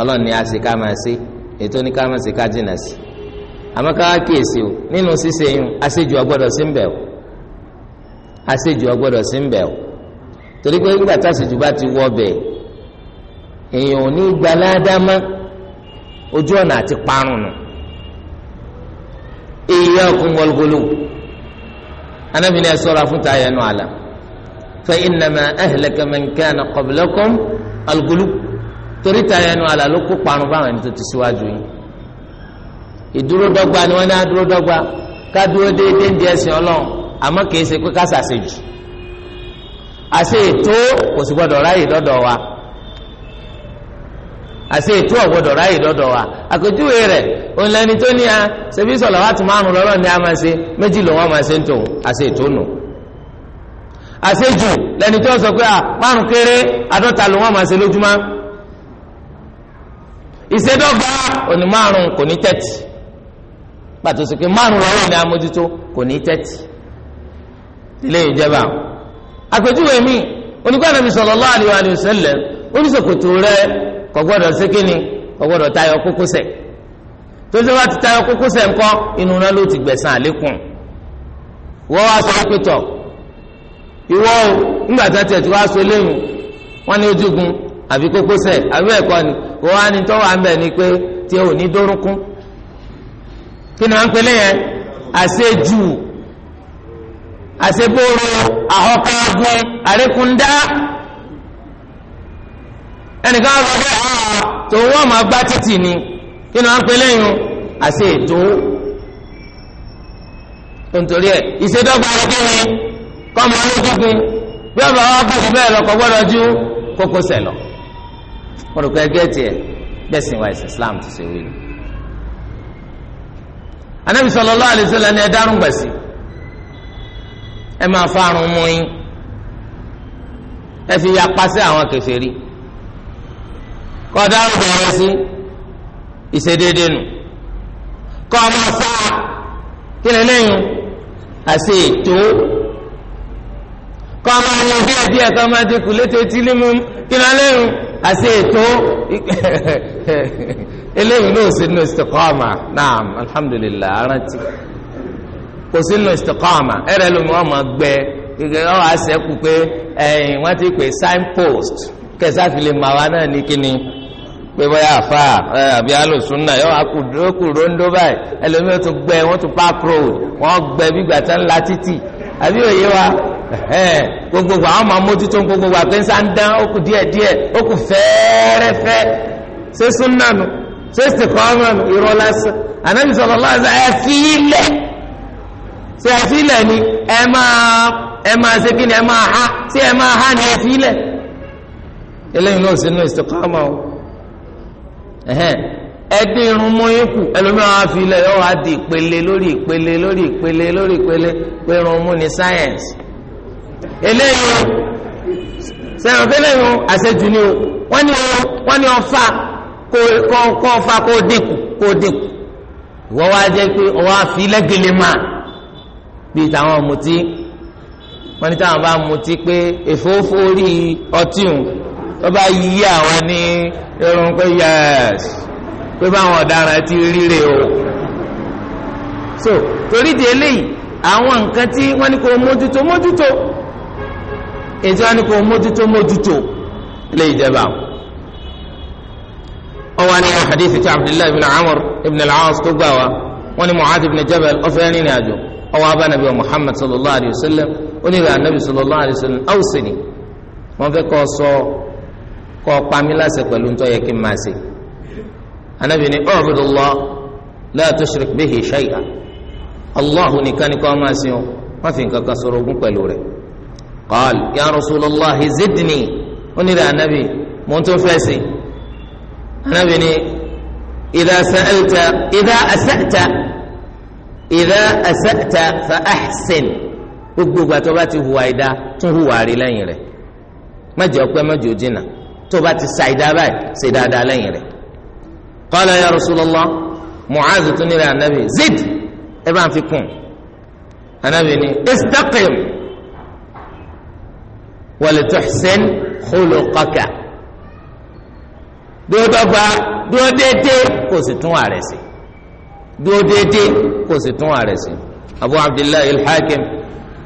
ọlọ́run ní a sì ká máa ṣe ètò ní ká máa ṣe ká jìnnà sí àmọ́ ká kíyèsí o nínú ṣíṣe yìí àṣejù ọgbọ́dọ̀ sí ń bẹ̀ o àṣejù ọgbọ́dọ̀ sí ń bẹ̀ o torí pé nígbà táṣejù bá ti wọ bẹ̀ èèyàn ò ní gbaládàmọ́ ojú ọ̀nà àti parun nù iyyakum wal ghuluw anábìíní ẹ sọ̀rọ̀ àfúntà yẹn nù àlà fa innama ahlaka man kana qablakum al ghuluw torí ta yẹn nù àlà ló kó parun báwọn ẹni tó ti síwájú yìí ìdúró dọ́gba ni wọ́n ní adúró dọ́gba ká dúró déédéé ń di ẹ̀sìn ọlọ́run àmọ́ kìí ṣe pé ká ṣàṣejù àṣe ètò kò sì ráyè dọ́dọ̀ wa. àti ètò ọ̀gbọ́dọ̀ ráyè dọ́dọ̀ wa àpèjúwe rẹ̀ ònlẹ́ni tó ní a ṣebí sọ̀lọ̀ wá márùn lọ́rọ̀ ni a máa ṣe méjì lòun máa ṣe ń àti ètò nù. lẹni a márùn kéré àdọ́ta lòun máa ṣe lójúmọ́. ìṣèdọ́gba òní márùn kò ní tẹ́tì pàtó sọ pé márùn lọ́rọ̀ a mójútó kò ní tẹ́tì. ilé ìjẹba kò gbọ́dọ̀ sí kíni tayọ kókósẹ̀ tó tó ti tayọ inú náà ló ti gbẹ̀san àlékún wọ́n wá sọ tọ̀ o so léyìn wọ́n ní ojúgun àbí àbí ẹ̀kọ́ ni wọ́n wá ní tọ́wọ́ ni pé tí ní kí ni wọ́n ń àṣejù ẹnìkan á sọ pé ah, tó wọ́n máa gbá títì ni kí ni wọ́n á pè lẹ́yìn àti ètò nítorí ẹ̀ ìṣèdọ́gba rẹ̀ kí ni kọ́ máa ló gígùn bí ọba wa bùkù bẹ́ẹ̀ lọ kọ́ gbọ́dọ̀ ju kókósẹ̀ lọ. mo rò pé gẹ́ẹ̀tì ẹ̀ bẹ́ẹ̀ sì wá ìsìn Islam ti ṣe wí ni. Ànábì sallallahu alaihi wasallam ni ẹ dárùn gbèsè ẹ máa fa àrùn mú yín ẹ fi ya pàṣẹ àwọn kèfèrí. kọ́ dárúkọ sí ìṣedéédé nù kọ́ ọmọ sáà kí àṣẹ ètò kọ́ ọmọ ẹni ọmọ létí límú àṣẹ ètò eléyìí ló sì nù naam alhamdulilayi arántí kò sí nù istiqama ẹ̀rẹ́ ló ọmọ gbẹ ọ àṣẹ pé ti pè màwa náà ní kíni. pé bóyá àfa àbí alòsùn náà yọ àkùdókù rondo báyìí ẹlòmíràn tún gbẹ wọn tún park road wọn gbẹ bí gbàtà ńlá títì àbí òye wa gbogbo àwọn máa mójútó gbogbo ń ó díẹ̀ díẹ̀ ó fẹ́ẹ́rẹ́fẹ́ ṣé súnà ṣé irọ́ lásán ànábì sọ̀rọ̀ lọ́sàn ẹ fi ilẹ̀ ṣe ẹ fi ilẹ̀ ni ẹ máa ẹ máa ṣe kí ni ẹ máa ha ṣé ẹ máa ha ni ẹ ẹdín irun mú yín kù ẹlòmíràn á fi ilẹ̀ yọ wá di ìpele lórí ìpele lórí ìpele lórí ìpele pé irun mú ni science eléyìí sẹ́yìn ọ̀fẹ́lẹ́ yìí àṣejù ni o wọ́n ní wọ́n ní ọ̀fà kó ọ̀fà kó dínkù kó dínkù ìwọ́ wá jẹ́ pé ọwọ́ àfi lẹ́gẹ̀lẹ́ máa bíi táwọn ọ̀mùtí wọ́n ní táwọn bá mutí pé èfófó orí ọtí òun tó bá yí àwọn ní irun pé yẹs pé báwọn ọ̀daràn ti ríre o so torí di eléyìí àwọn nǹkan tí wọ́n ní kó mójútó mójútó ètò wọ́n ní kó mójútó mójútó lè jẹba o ní hadith tí abdullahi ibn amr ibn al-aas tó gbà wá wọ́n ní mu'adh ibn jabal ọ̀fẹ́ rìnrìn àjò ọwọ́ abánabi wa muhammad sallallahu alayhi wa sallam oníbàá nabi sallallahu alayhi wa sallam awsini wọ́n fẹ́ kọ́ sọ kọ́ ọ pa mí láṣẹ pẹ̀lú ntọ́ yẹ kí n máa ṣe anabi ni u'budullah la tushrik bihi shay'an allahu nìkan ni kọ́ ọ máa sìn o wọ́n fi nǹkan kan sọ̀rọ̀ ogún pẹ̀lú rẹ̀ qaal ya rasulallahi zidni onírè anabi mò ń tó fẹ́ sí anabi ni idha sa'alta idha asa'ta idha asa'ta fa ahsin gbogbo gbàtọ́ bá ti hùwà ìdá tún hùwà rí lẹ́yìn rẹ̀ má jẹ́ ọpẹ́ má jẹ́ òjìnà tó o bá ti sa ìdá báyìí ṣe dáadáa lẹ́yìn rẹ̀ qala ya Rasulullah Mu'adh tún nílẹ̀ anabi zid ẹ bá ń fi kún anabi ni istaqim wa li tuhsin khuluqaka dúró dọ́gba dúró déédé kò sì tún ààrẹ sí dúró déédé kò sì tún ààrẹ sí Abu Abdillah al-Hakim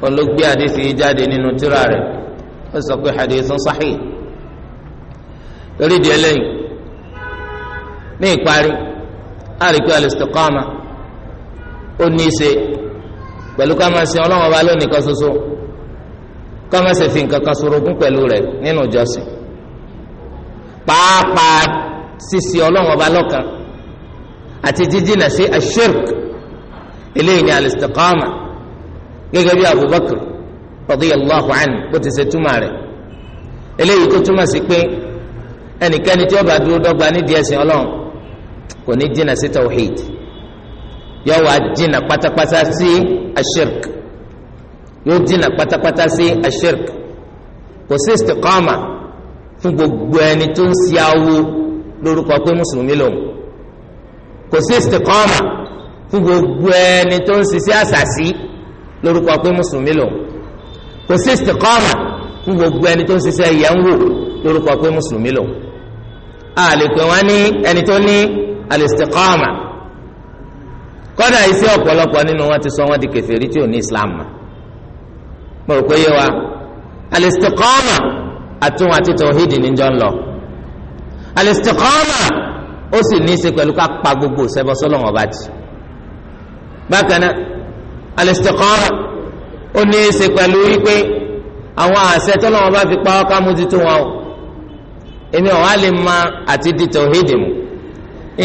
olùgbé àdìsí jáde nínú tírà rẹ̀ ó sọ pé hadithun sahih lórí ìdí ẹlẹ́yìn ní ìparí àríkú al-istiqama ó ní í ṣe pẹ̀lú ká máa sin ọlọ́wọ́n ọba lónìí kan ṣoṣo ká máa ṣe fi nǹkan kan sorogún pẹ̀lú rẹ̀ nínú ìjọsìn pàápàá sísìn ọlọ́wọ́n ọba lọ́kan àti jíjìnà sí ashirk eléyìí ní al gẹ́gẹ́ bí Abubakar radiyallahu anhu bó ti ṣe túmọ̀ rẹ̀ eléyìí tó túmọ̀ sí pé ẹnikẹ́ni tí ó bá dúró dọ́gba nídìí ẹ̀sìn ọlọ́run kò ní jìnnà sí tawhid yóò wá jìnnà pátápátá sí ashirk yóò jìnnà pátápátá sí ashirk kò sí istiqama fún gbogbo ẹni tó ń ṣe awo lórúkọ pé mùsùlùmí lòun kò sí istiqama fún gbogbo ẹni tó ń ṣiṣẹ́ àṣàṣì lórúkọ pé mùsùlùmí lòun kò sí istiqama fún gbogbo ẹni tó ń ṣiṣẹ́ ìyẹn wò lórúkọ pé mùsùlùmí lòun. a lè ní ẹni tó ní al kọ́dà iṣẹ́ ọ̀pọ̀lọpọ̀ nínú wọn ti sọ wọn di tí ò ní islam ma. mo rò pé yé wa al àtún àti tòhídì níjọ́ ń lọ al ó sì ní í ṣe pẹ̀lú ká pa gbogbo jì bákan náà al ó ní í ṣe pẹ̀lú wípé àwọn àṣẹ bá èmi ọha á lè ma àti di tọ̀hídì mu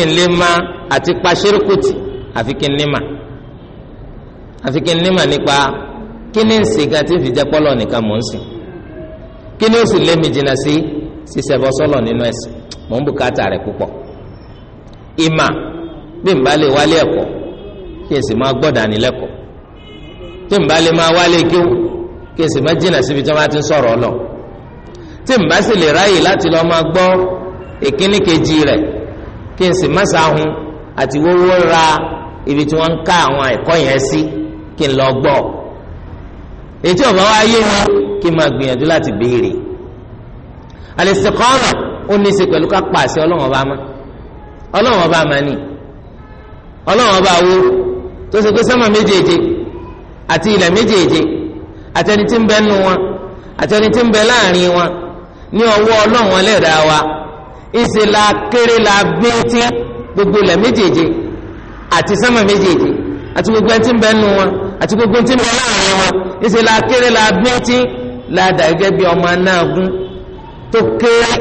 ń lè ma àti pa ṣírkùtì àfi kí n ní mà àfi kí n ní mà nípa kí ni ń sìn gan tí ń fi jẹ́ pọ́lọ̀ nìkan mò ń sìn kí ni ó sì lé mi jìnnà sí ṣíṣẹ́ bọ́ sọ́lọ̀ nínú ẹ̀sìn mò ń bùkátà rẹ̀ púpọ̀ ìmà bí n bá lè wálé ẹ̀kọ́ kí n sì máa gbọ́dọ̀ ànilẹ́kọ̀ọ́ bí n bá lè máa wálé kí n sì máa jìnnà síbi tí wọ́n bá ti ń sọ̀rọ̀ ọlọ́ọ̀ tí n bá sì lè ráyè láti lọ máa gbọ́ ìkíní kejì rẹ̀ kí n sì má sahun àti wọ́wọ́ ra ibi tí wọ́n ń ká àwọn ẹ̀kọ́ yẹn sí kí n lọ gbọ́ ètí ọ̀bá wa yé wọn kí n máa gbìyànjú láti béèrè al-istiqama ó ní í ṣe pẹ̀lú ká pàṣẹ ọlọ́wọ́n ọba mọ́ ọlọ́wọ́n ọba mọ́ ni ọlọ́wọ́n ọba wo tó ṣe pé sánmà méjèèje àti ilẹ̀ méjèèje àtẹni tí ń bẹ nù wọn àtẹni tí ń bẹ láàrin wọn ní ọwọ́ ọlọ́run ẹlẹ́dàá wa ìṣe la kéré la gbẹ́ntì gbogbo ilẹ̀ méjèèjì àti sánmà méjèèjì àti gbogbo ẹni tí ń bẹ nù wọn àti gbogbo ẹni ń bẹ láàrin wọn ìṣe la kéré la gbẹ́ntì la dà gẹ́gẹ́ bí ọmọ anáàgún tó kéré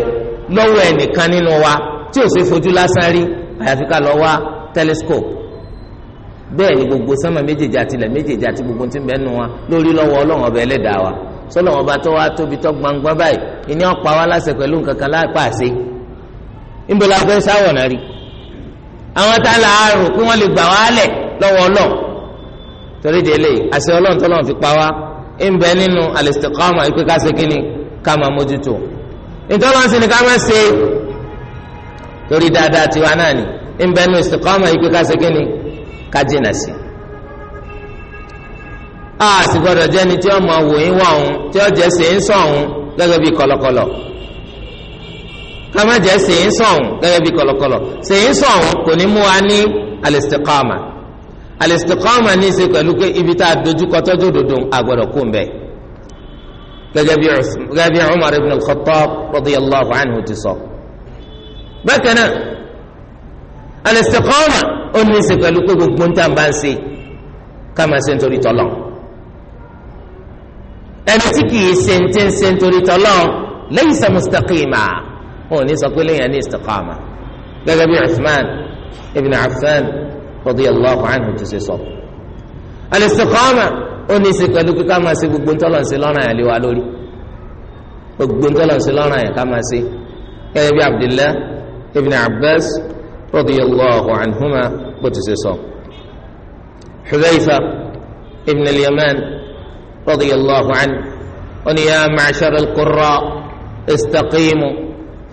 lọ́wọ́ ẹnìkan nínú wa tí ò sì fojú lásán rí àyàfi ká lọ wá telescope bẹ́ẹ̀ ni gbogbo sánmà méjèèjì àti ilẹ̀ méjèèjì àti gbogbo ẹni tí ń bẹ nù wọn lórí lọ́wọ́ ọlọ́run ọba ẹlẹ́dàá wa sọlọ wọn bá tó wá tóbi tó gbangba báyìí ìní ọ̀pá wa láṣẹ pẹ̀lú nǹkan kan lápá àṣẹ níbo la fẹ́ sáwọ̀ náà rí àwọn tá a là á rò pé wọ́n lè gbà wá lẹ̀ lọ́wọ́ ọlọ́ọ̀ torí délé àṣẹ ọlọ́ọ̀ tó lọ́ọ̀ fi pa wá ń bẹ nínú al ìpè ká ṣe kínní ká máa mójútó ìtọ́lọ́sí ni ká máa ṣe torí dáadáa tiwa náà ni ń nínú istiqama ìpè ká ṣe kínní ká jìnà sí i a sì gbọdọ̀ jẹ́ ni tí wọ́n máa wò yín wà òun tí wọ́n jẹ́ sè ń sọ òun gẹ́gẹ́ bí kọ̀lọ̀kọ̀lọ̀ kama jẹ́ sè ń sọ òun gẹ́gẹ́ bí kọ̀lọ̀kọ̀lọ̀ sè ń sọ òun kò ní mú wa ní alistiqama alistiqama ní í ṣe pẹ̀lú pé ibi tá a dojú kọtọ́jú dodo àgbọ̀dọ̀ kó ń bẹ̀ gẹ́gẹ́ bí Umar ibn al-Khattab radiyallahu anhu ti sọ bákan náà alistiqama ó ní ẹni tí kìí ṣe ń tẹ́ ń ṣe ń torí tọ́lọ́ laysa mustaqima wọn ò ní sọ pé lẹ́yìn ní istiqama gẹ́gẹ́ bí Uthman ibn Affan radiyallahu anhu ti ṣe sọ. al-istiqama ó ní í ṣe pẹ̀lú pé ká máa ṣe gbogbo ntọ́lọ̀ ń ṣe lọ́rùn àyàn lé lórí gbogbo ntọ́lọ̀ ṣe lọ́rùn àyàn ká máa ṣe gẹ́gẹ́ bí Abdullah ibn Abbas radiyallahu anhuma bó radiyallahu anhu oní ya ma'shar al-qurra istaqimu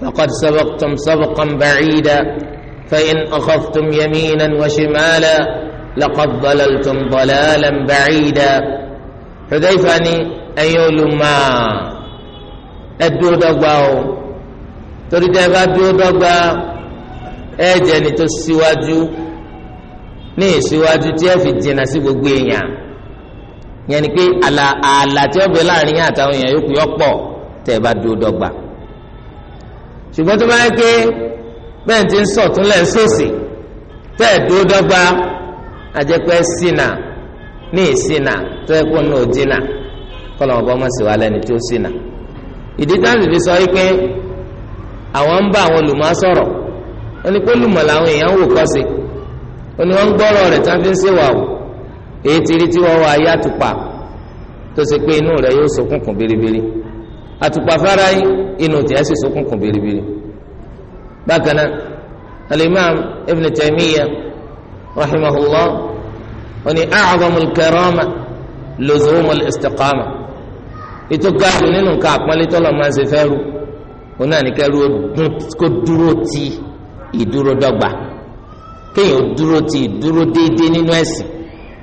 faqad sabaqtum sabqan ba'ida fa'in akhadhtum yaminan wa shimala laqad dalaltum dalalan ba'ida Hudhayfa ni ẹ̀yin olùmọ̀ ẹ̀dúró dọ́gba o torí tẹ́ ẹ bá dúró dọ́gba ẹ jẹ́ ni tó síwájú ní ìsíwájú tí ẹ fi jìnnà sí gbogbo èèyàn yẹn ni pé àlà àlà tí ọbẹ̀ láàrin yẹn àtàwọn èèyàn yòókù yọ pọ̀ tẹ̀ ẹ bá dúró dọ́gba ṣùgbọ́n tó bá yẹ pé bẹ́ẹ̀ ti ń sọ̀tún lẹ̀ ń sòsì tẹ́ ẹ̀ dúró dọ́gba àjẹpẹ́ ṣìnà ní ìṣìnà tó yẹ kó náà jìnà kọ́lọ̀ ọ̀bọ ọmọ sì wà lẹ́ni tó ṣìnà. ìdí táwọn fi sọ wípé àwọn ń bá àwọn olùmọ̀ sọ̀rọ̀ ó ní pé olùmọ̀ làwọn èèyàn wò kọ́ sí ó ní wọ́n gbọ́rọ̀ rẹ̀ tí wọ́n fi ń ṣèwà o èyí ti rí tí wọ́n wọ ayé àtùpà tó ṣe pé inú rẹ̀ yóò ṣókùnkùn biribiri àtùpà fara yìí inú tiẹ̀ sì ṣókùnkùn biribiri bákan náà alimam ibn Taymiyyah rahimahullah ó ní a'zamul karama luzumul istiqama ètò gáàdì nínú nǹkan àpọ́nlé tọ́lọ̀ máa ṣe fẹ́ ru òun náà ní kẹ́rù kó dúró ti ìdúró dọ́gba kéèyàn dúró ti ìdúró déédéé nínú ẹ̀sìn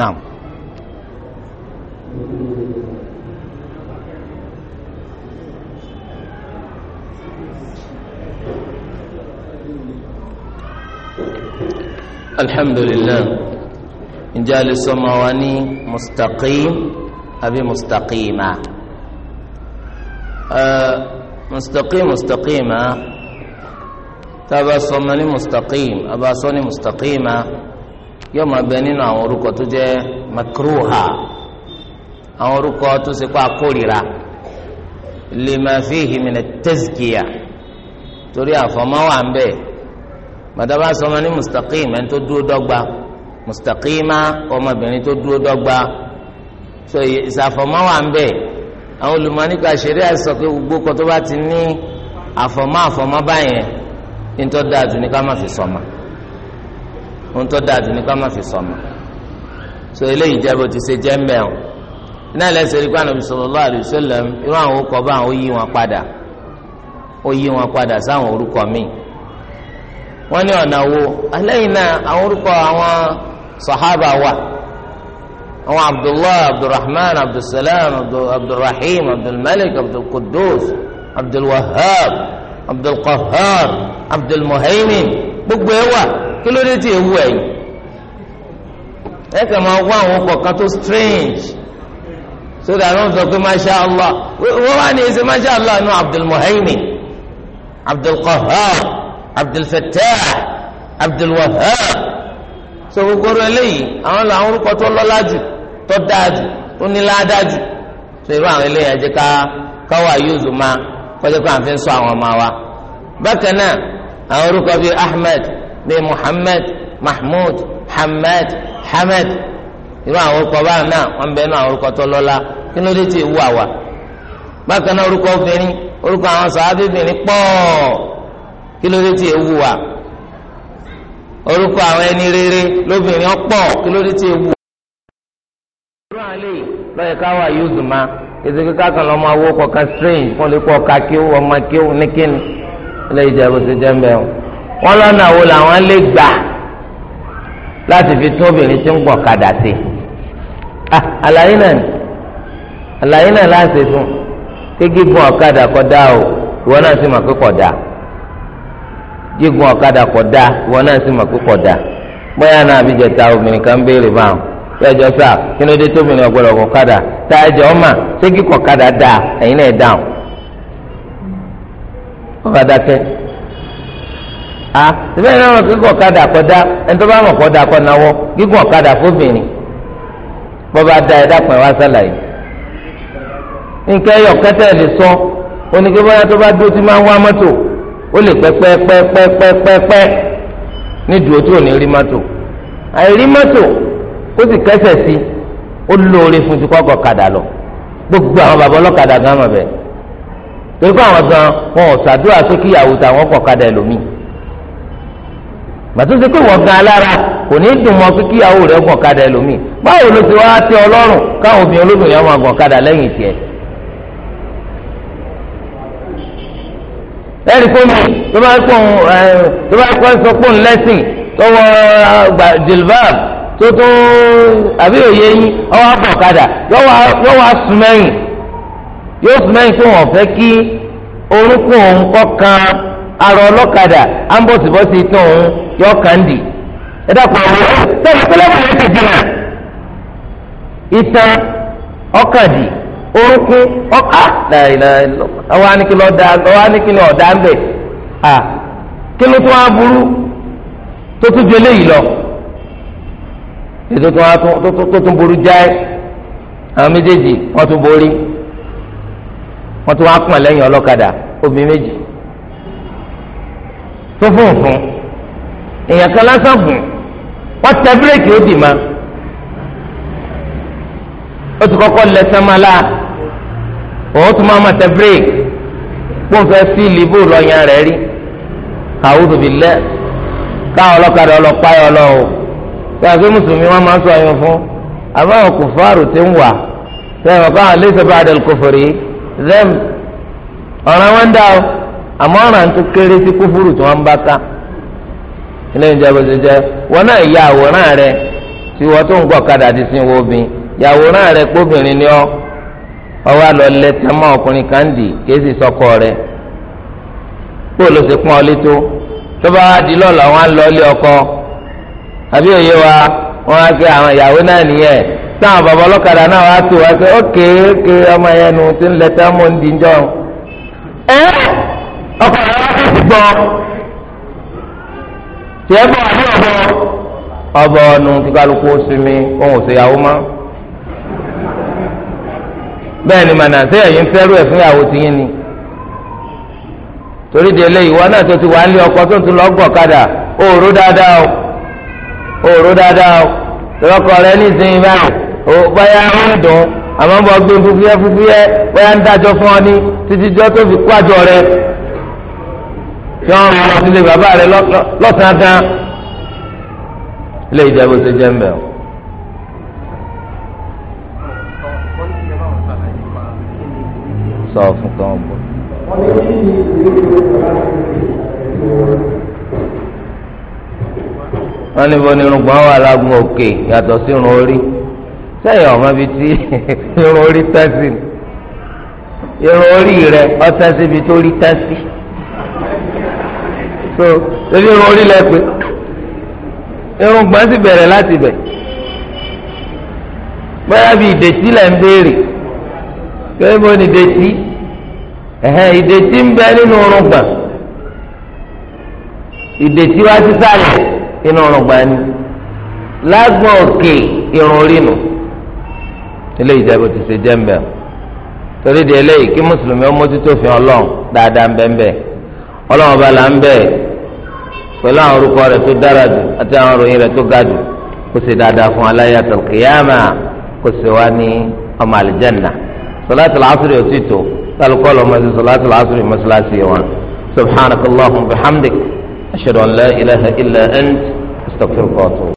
نعم الحمد لله إن جالس مواني مستقيم أبي مستقيمة مستقيم مستقيمة تبا صمني مستقيم أبا صوني مستقيمة yóò máa bẹ nínú àwọn orúkọ tó jẹ́ makruha àwọn orúkọ tó ṣe kó akórira lima fihi min tazkiya torí àfọmọ́wà ń bẹ̀ madaba sọmọ ní mustaqim ẹni tó dúró dọ́gba mustaqima ọmọbìnrin tó dúró dọ́gba so ìsàfọmọ́wà ń bẹ̀ àwọn olùmọ̀nìkà ṣeré àìsàn pé gbogbo kọ́ tó bá ti ní àfọmọ́ àfọmọ́ báyẹn ní tó dáa jù ní ká má fi sọ̀mọ́. So, ohun tó dáa jù ní ká má fi sọmọ so eléyìí jẹ bó ti ṣe jẹ mbẹ o náà lẹsẹ rí pàánù sallallahu alaihi wasallam irú àwọn orúkọ bá àwọn ó yí wọn padà ó yí wọn padà sáwọn orúkọ míì wọn ní ọ̀nà wo alẹ́yìn náà àwọn orúkọ àwọn sàhábà wà àwọn abdullahi abdulrahman abdulsalam abdulrahim abdulmalik abdulkudus abdulwahab abdulqahhar abdulmuhaimin gbogbo ẹ wà kí ló dé tí ewu ẹ̀yìn ẹ kàn máa wá àwọn ọkọ̀ kan tó strange sódà ló ń sọ pé masha allah wọ́n wá ní ẹsẹ̀ masha allah nù abdulmuhaimin abdulqahar abdulfatah abdulwahab so gbogbo rẹ lẹ́yìn àwọn làwọn orúkọ tó lọ́lá jù tó dáa jù tó nílá dáa jù so irú àwọn eléyìí ẹjẹ ká káwá yóòzù máa kọjá pé à ń sọ àwọn ọmọ wa bákan náà àwọn orúkọ bíi ahmed bíi Muhammad Mahmud Hamad Hamad irú àwọn orúkọ báyìí náà wọn bẹ inú àwọn orúkọ tó kí ló dé tí ìwú àwà bákan náà orúkọ obìnrin orúkọ àwọn sàábìbìnrin pọ̀ kí ló dé tí ìwú wa orúkọ àwọn ẹni rere lóbìnrin ọ̀pọ̀ kí ló wa. irú àlè lọ́yẹ̀ yóò dùn ètò kan kọ̀ọ̀kan strange fún kí ó ti jẹ́ wọ́n lọ́nà wo làwọn lè gbà láti fi tún obìnrin tí ń gbọ̀ kadà sí ah, àlàyé náà àlàyé náà láti fún gun ọ̀kadà o ìwọ náà sì mọ̀ pé kódà gígun ọ̀kadà kódà ìwọ náà sì mọ̀ pé kódà bóyá náà àbíjẹta obìnrin kan béèrè báwọn yẹjọ sá kí ló dé tá a jẹ ọmọ ṣé ẹ̀yin náà a síbẹ̀ náà wọn gígùn ọ̀kadà kọjá ẹni tó bá mọ̀ kọjá kọ náwó gígùn ọ̀kadà fóbìnrin bọ́ba da ẹ̀ dàpọ̀ ẹ̀ wá sálàyé nǹkan ẹ̀yọ̀ kẹtẹ́ lè sọ oníkẹ́ bọ́yá tó bá dúró tí máa ń wá mọ́tò ó lè pẹ́ pẹ́ pẹ́ pẹ́ pẹ́ pẹ́ pẹ́ ní dúró tí ò ní rí mọ́tò àìrí mọ́tò ó sì kẹsẹ̀ sí ó lóore fún ti kọ́kọ́ lọ gbogbo àwọn bàbá ọlọ́kadà gan mọ̀ bẹ́ẹ̀ torí pé àwọn gan wọn ò ṣàdúrà pé kíyàwó tàwọn kọ̀ ẹlòmíì gbàtó ṣe pé wọ́n gan alára kò ní dùn mọ́ pé kíyàwó rẹ̀ gùn kadà ẹlòmíì báwo ló ti wá tẹ ọlọ́run káwọn obìnrin olóbìnrin yẹn máa gùn kadà lẹ́yìn tiẹ̀. ẹ̀rí pé mi tó bá pọ̀ tó bá pọ̀ sọ pé ńlẹ́sìn tó wọ jilbab tó tó àbí òye yín ọwọ́ àbọ̀ kadà yọ wá sùn mẹ́yìn yóò sùn mẹ́yìn pé wọ́n fẹ́ kí orúkún òun kọ́ kan. arọ ọlọ́kadà ambọ̀sibọ́sì tó ń yọ kandi ẹ dàpọ̀ àwọn sẹ́yìn pẹ́lẹ́pẹ́ ah, ló ti dìnnà ìtàn ọ̀kadì orúkún ọ̀ká àwọn anìkìlọ̀ ọ̀dà àwọn anìkìlọ̀ ọ̀dà ń bẹ̀ kí ló tó fún òfun èèyàn kan lásán gùn wọ́n tẹ bírèkì ó dì ma ó ti kọ́kọ́ lẹ sẹ́mọ́lá òun tún máa ma tẹ bírèkì kpọ́n fẹ́ sí libo lọ́yàn rẹ̀ rí àwùjọ bi lẹ́ káwọn ọlọ́kadà ọlọ́pàá lọ o gbàgbé mùsùlùmí wọn máa ń sọ yẹn fún àbáwọn kòfàrò ti ń wà sẹ́wọ̀n káwọn lẹ́sẹ̀ bá àdàlù kòfòrè rẹ́m ọ̀ràn wọn dá o. àmọ́ ọ̀ràn tó kéré sí kúfúrú tí wọ́n bá ká jẹ́ wọn náà ya àwòrán rẹ tí wọ́n tó ń gbọ́ kadà ti sin wọ́ọ̀bìn yàwòrán rẹ kóbìnrin ni ọ́ ọwọ́ àlọ́ lẹ́tẹ̀ ọkùnrin kan dì kéésì sọ́kọ rẹ kó ló wọn á lọ ilé ọkọ àbí òye wa wọn á gbé àwọn ìyàwó náà nìyẹn táwọn bàbá ọlọ́kadà náà wá tó wá ókè ókè ọmọ yẹn nu ti ń ń ọkọ rẹ wá gbọ́ tiẹ̀ bọ̀ àbí ọ̀bọ ọbọ ọnu tí sinmi òun ò ṣèyàwó mọ́ bẹ́ẹ̀ ni màná ṣé ẹ̀yin fẹ́rù ẹ̀ fún ìyàwó tiyín ni torí di eléyìí wọn náà tó ti wà ọkọ tó ń lọ òòró dáadáa o òòró dáadáa o tí wọ́n mú lọ sílé bàbá rẹ̀ lọ́sàn-án gan ilé ìjẹ́bù ṣe jẹ́ ń bẹ̀ o. sọ fún kan bọ. wọ́n ní bọ́ ní irùngbọ̀n wà lágùn òkè yàtọ̀ sí irun orí sẹ́yìn ọ̀mọ́ bíi tí irun orí tẹ́sí irun orí rẹ̀ ọ̀tẹ́sí bíi tó rí tẹ́sí so ebi irun orí lẹ pé irun gbọ́n sì bẹ̀rẹ̀ láti bẹ̀ bóyá bí ìdètí lẹ̀ ń béèrè pé bó ni ìdètí ẹ̀hẹ́n ìdètí ń bẹ nínú irun gbọ̀n ìdètí wá sí sàlẹ̀ inú irun gbọ̀n ni lágbọ̀n òkè irun orí nù ilé ìjẹ́bù ti ṣe jẹ́ ń torí di eléyìí kí mùsùlùmí ó mójútó fi ọlọ́run dáadáa ń bẹ́ẹ̀ bẹ́ẹ̀ ọlọ́run ọba là ń bẹ́ẹ̀ pẹ̀lú àwọn orúkọ rẹ̀ tó dára jù àti àwọn òròyìn rẹ̀ tó ga jù kó ṣe dáadáa fún aláyàtọ̀ kìyàmà kó ṣe wá ní ọmọ àlìjẹ́nà sọláàtì làásùrì ò tí tó kálukọ́ lọ́mọ sí sọláàtì làásùrì mọ́ṣáláṣí wọn subhanakallahumma bihamdik ashhadu an la ilaha illa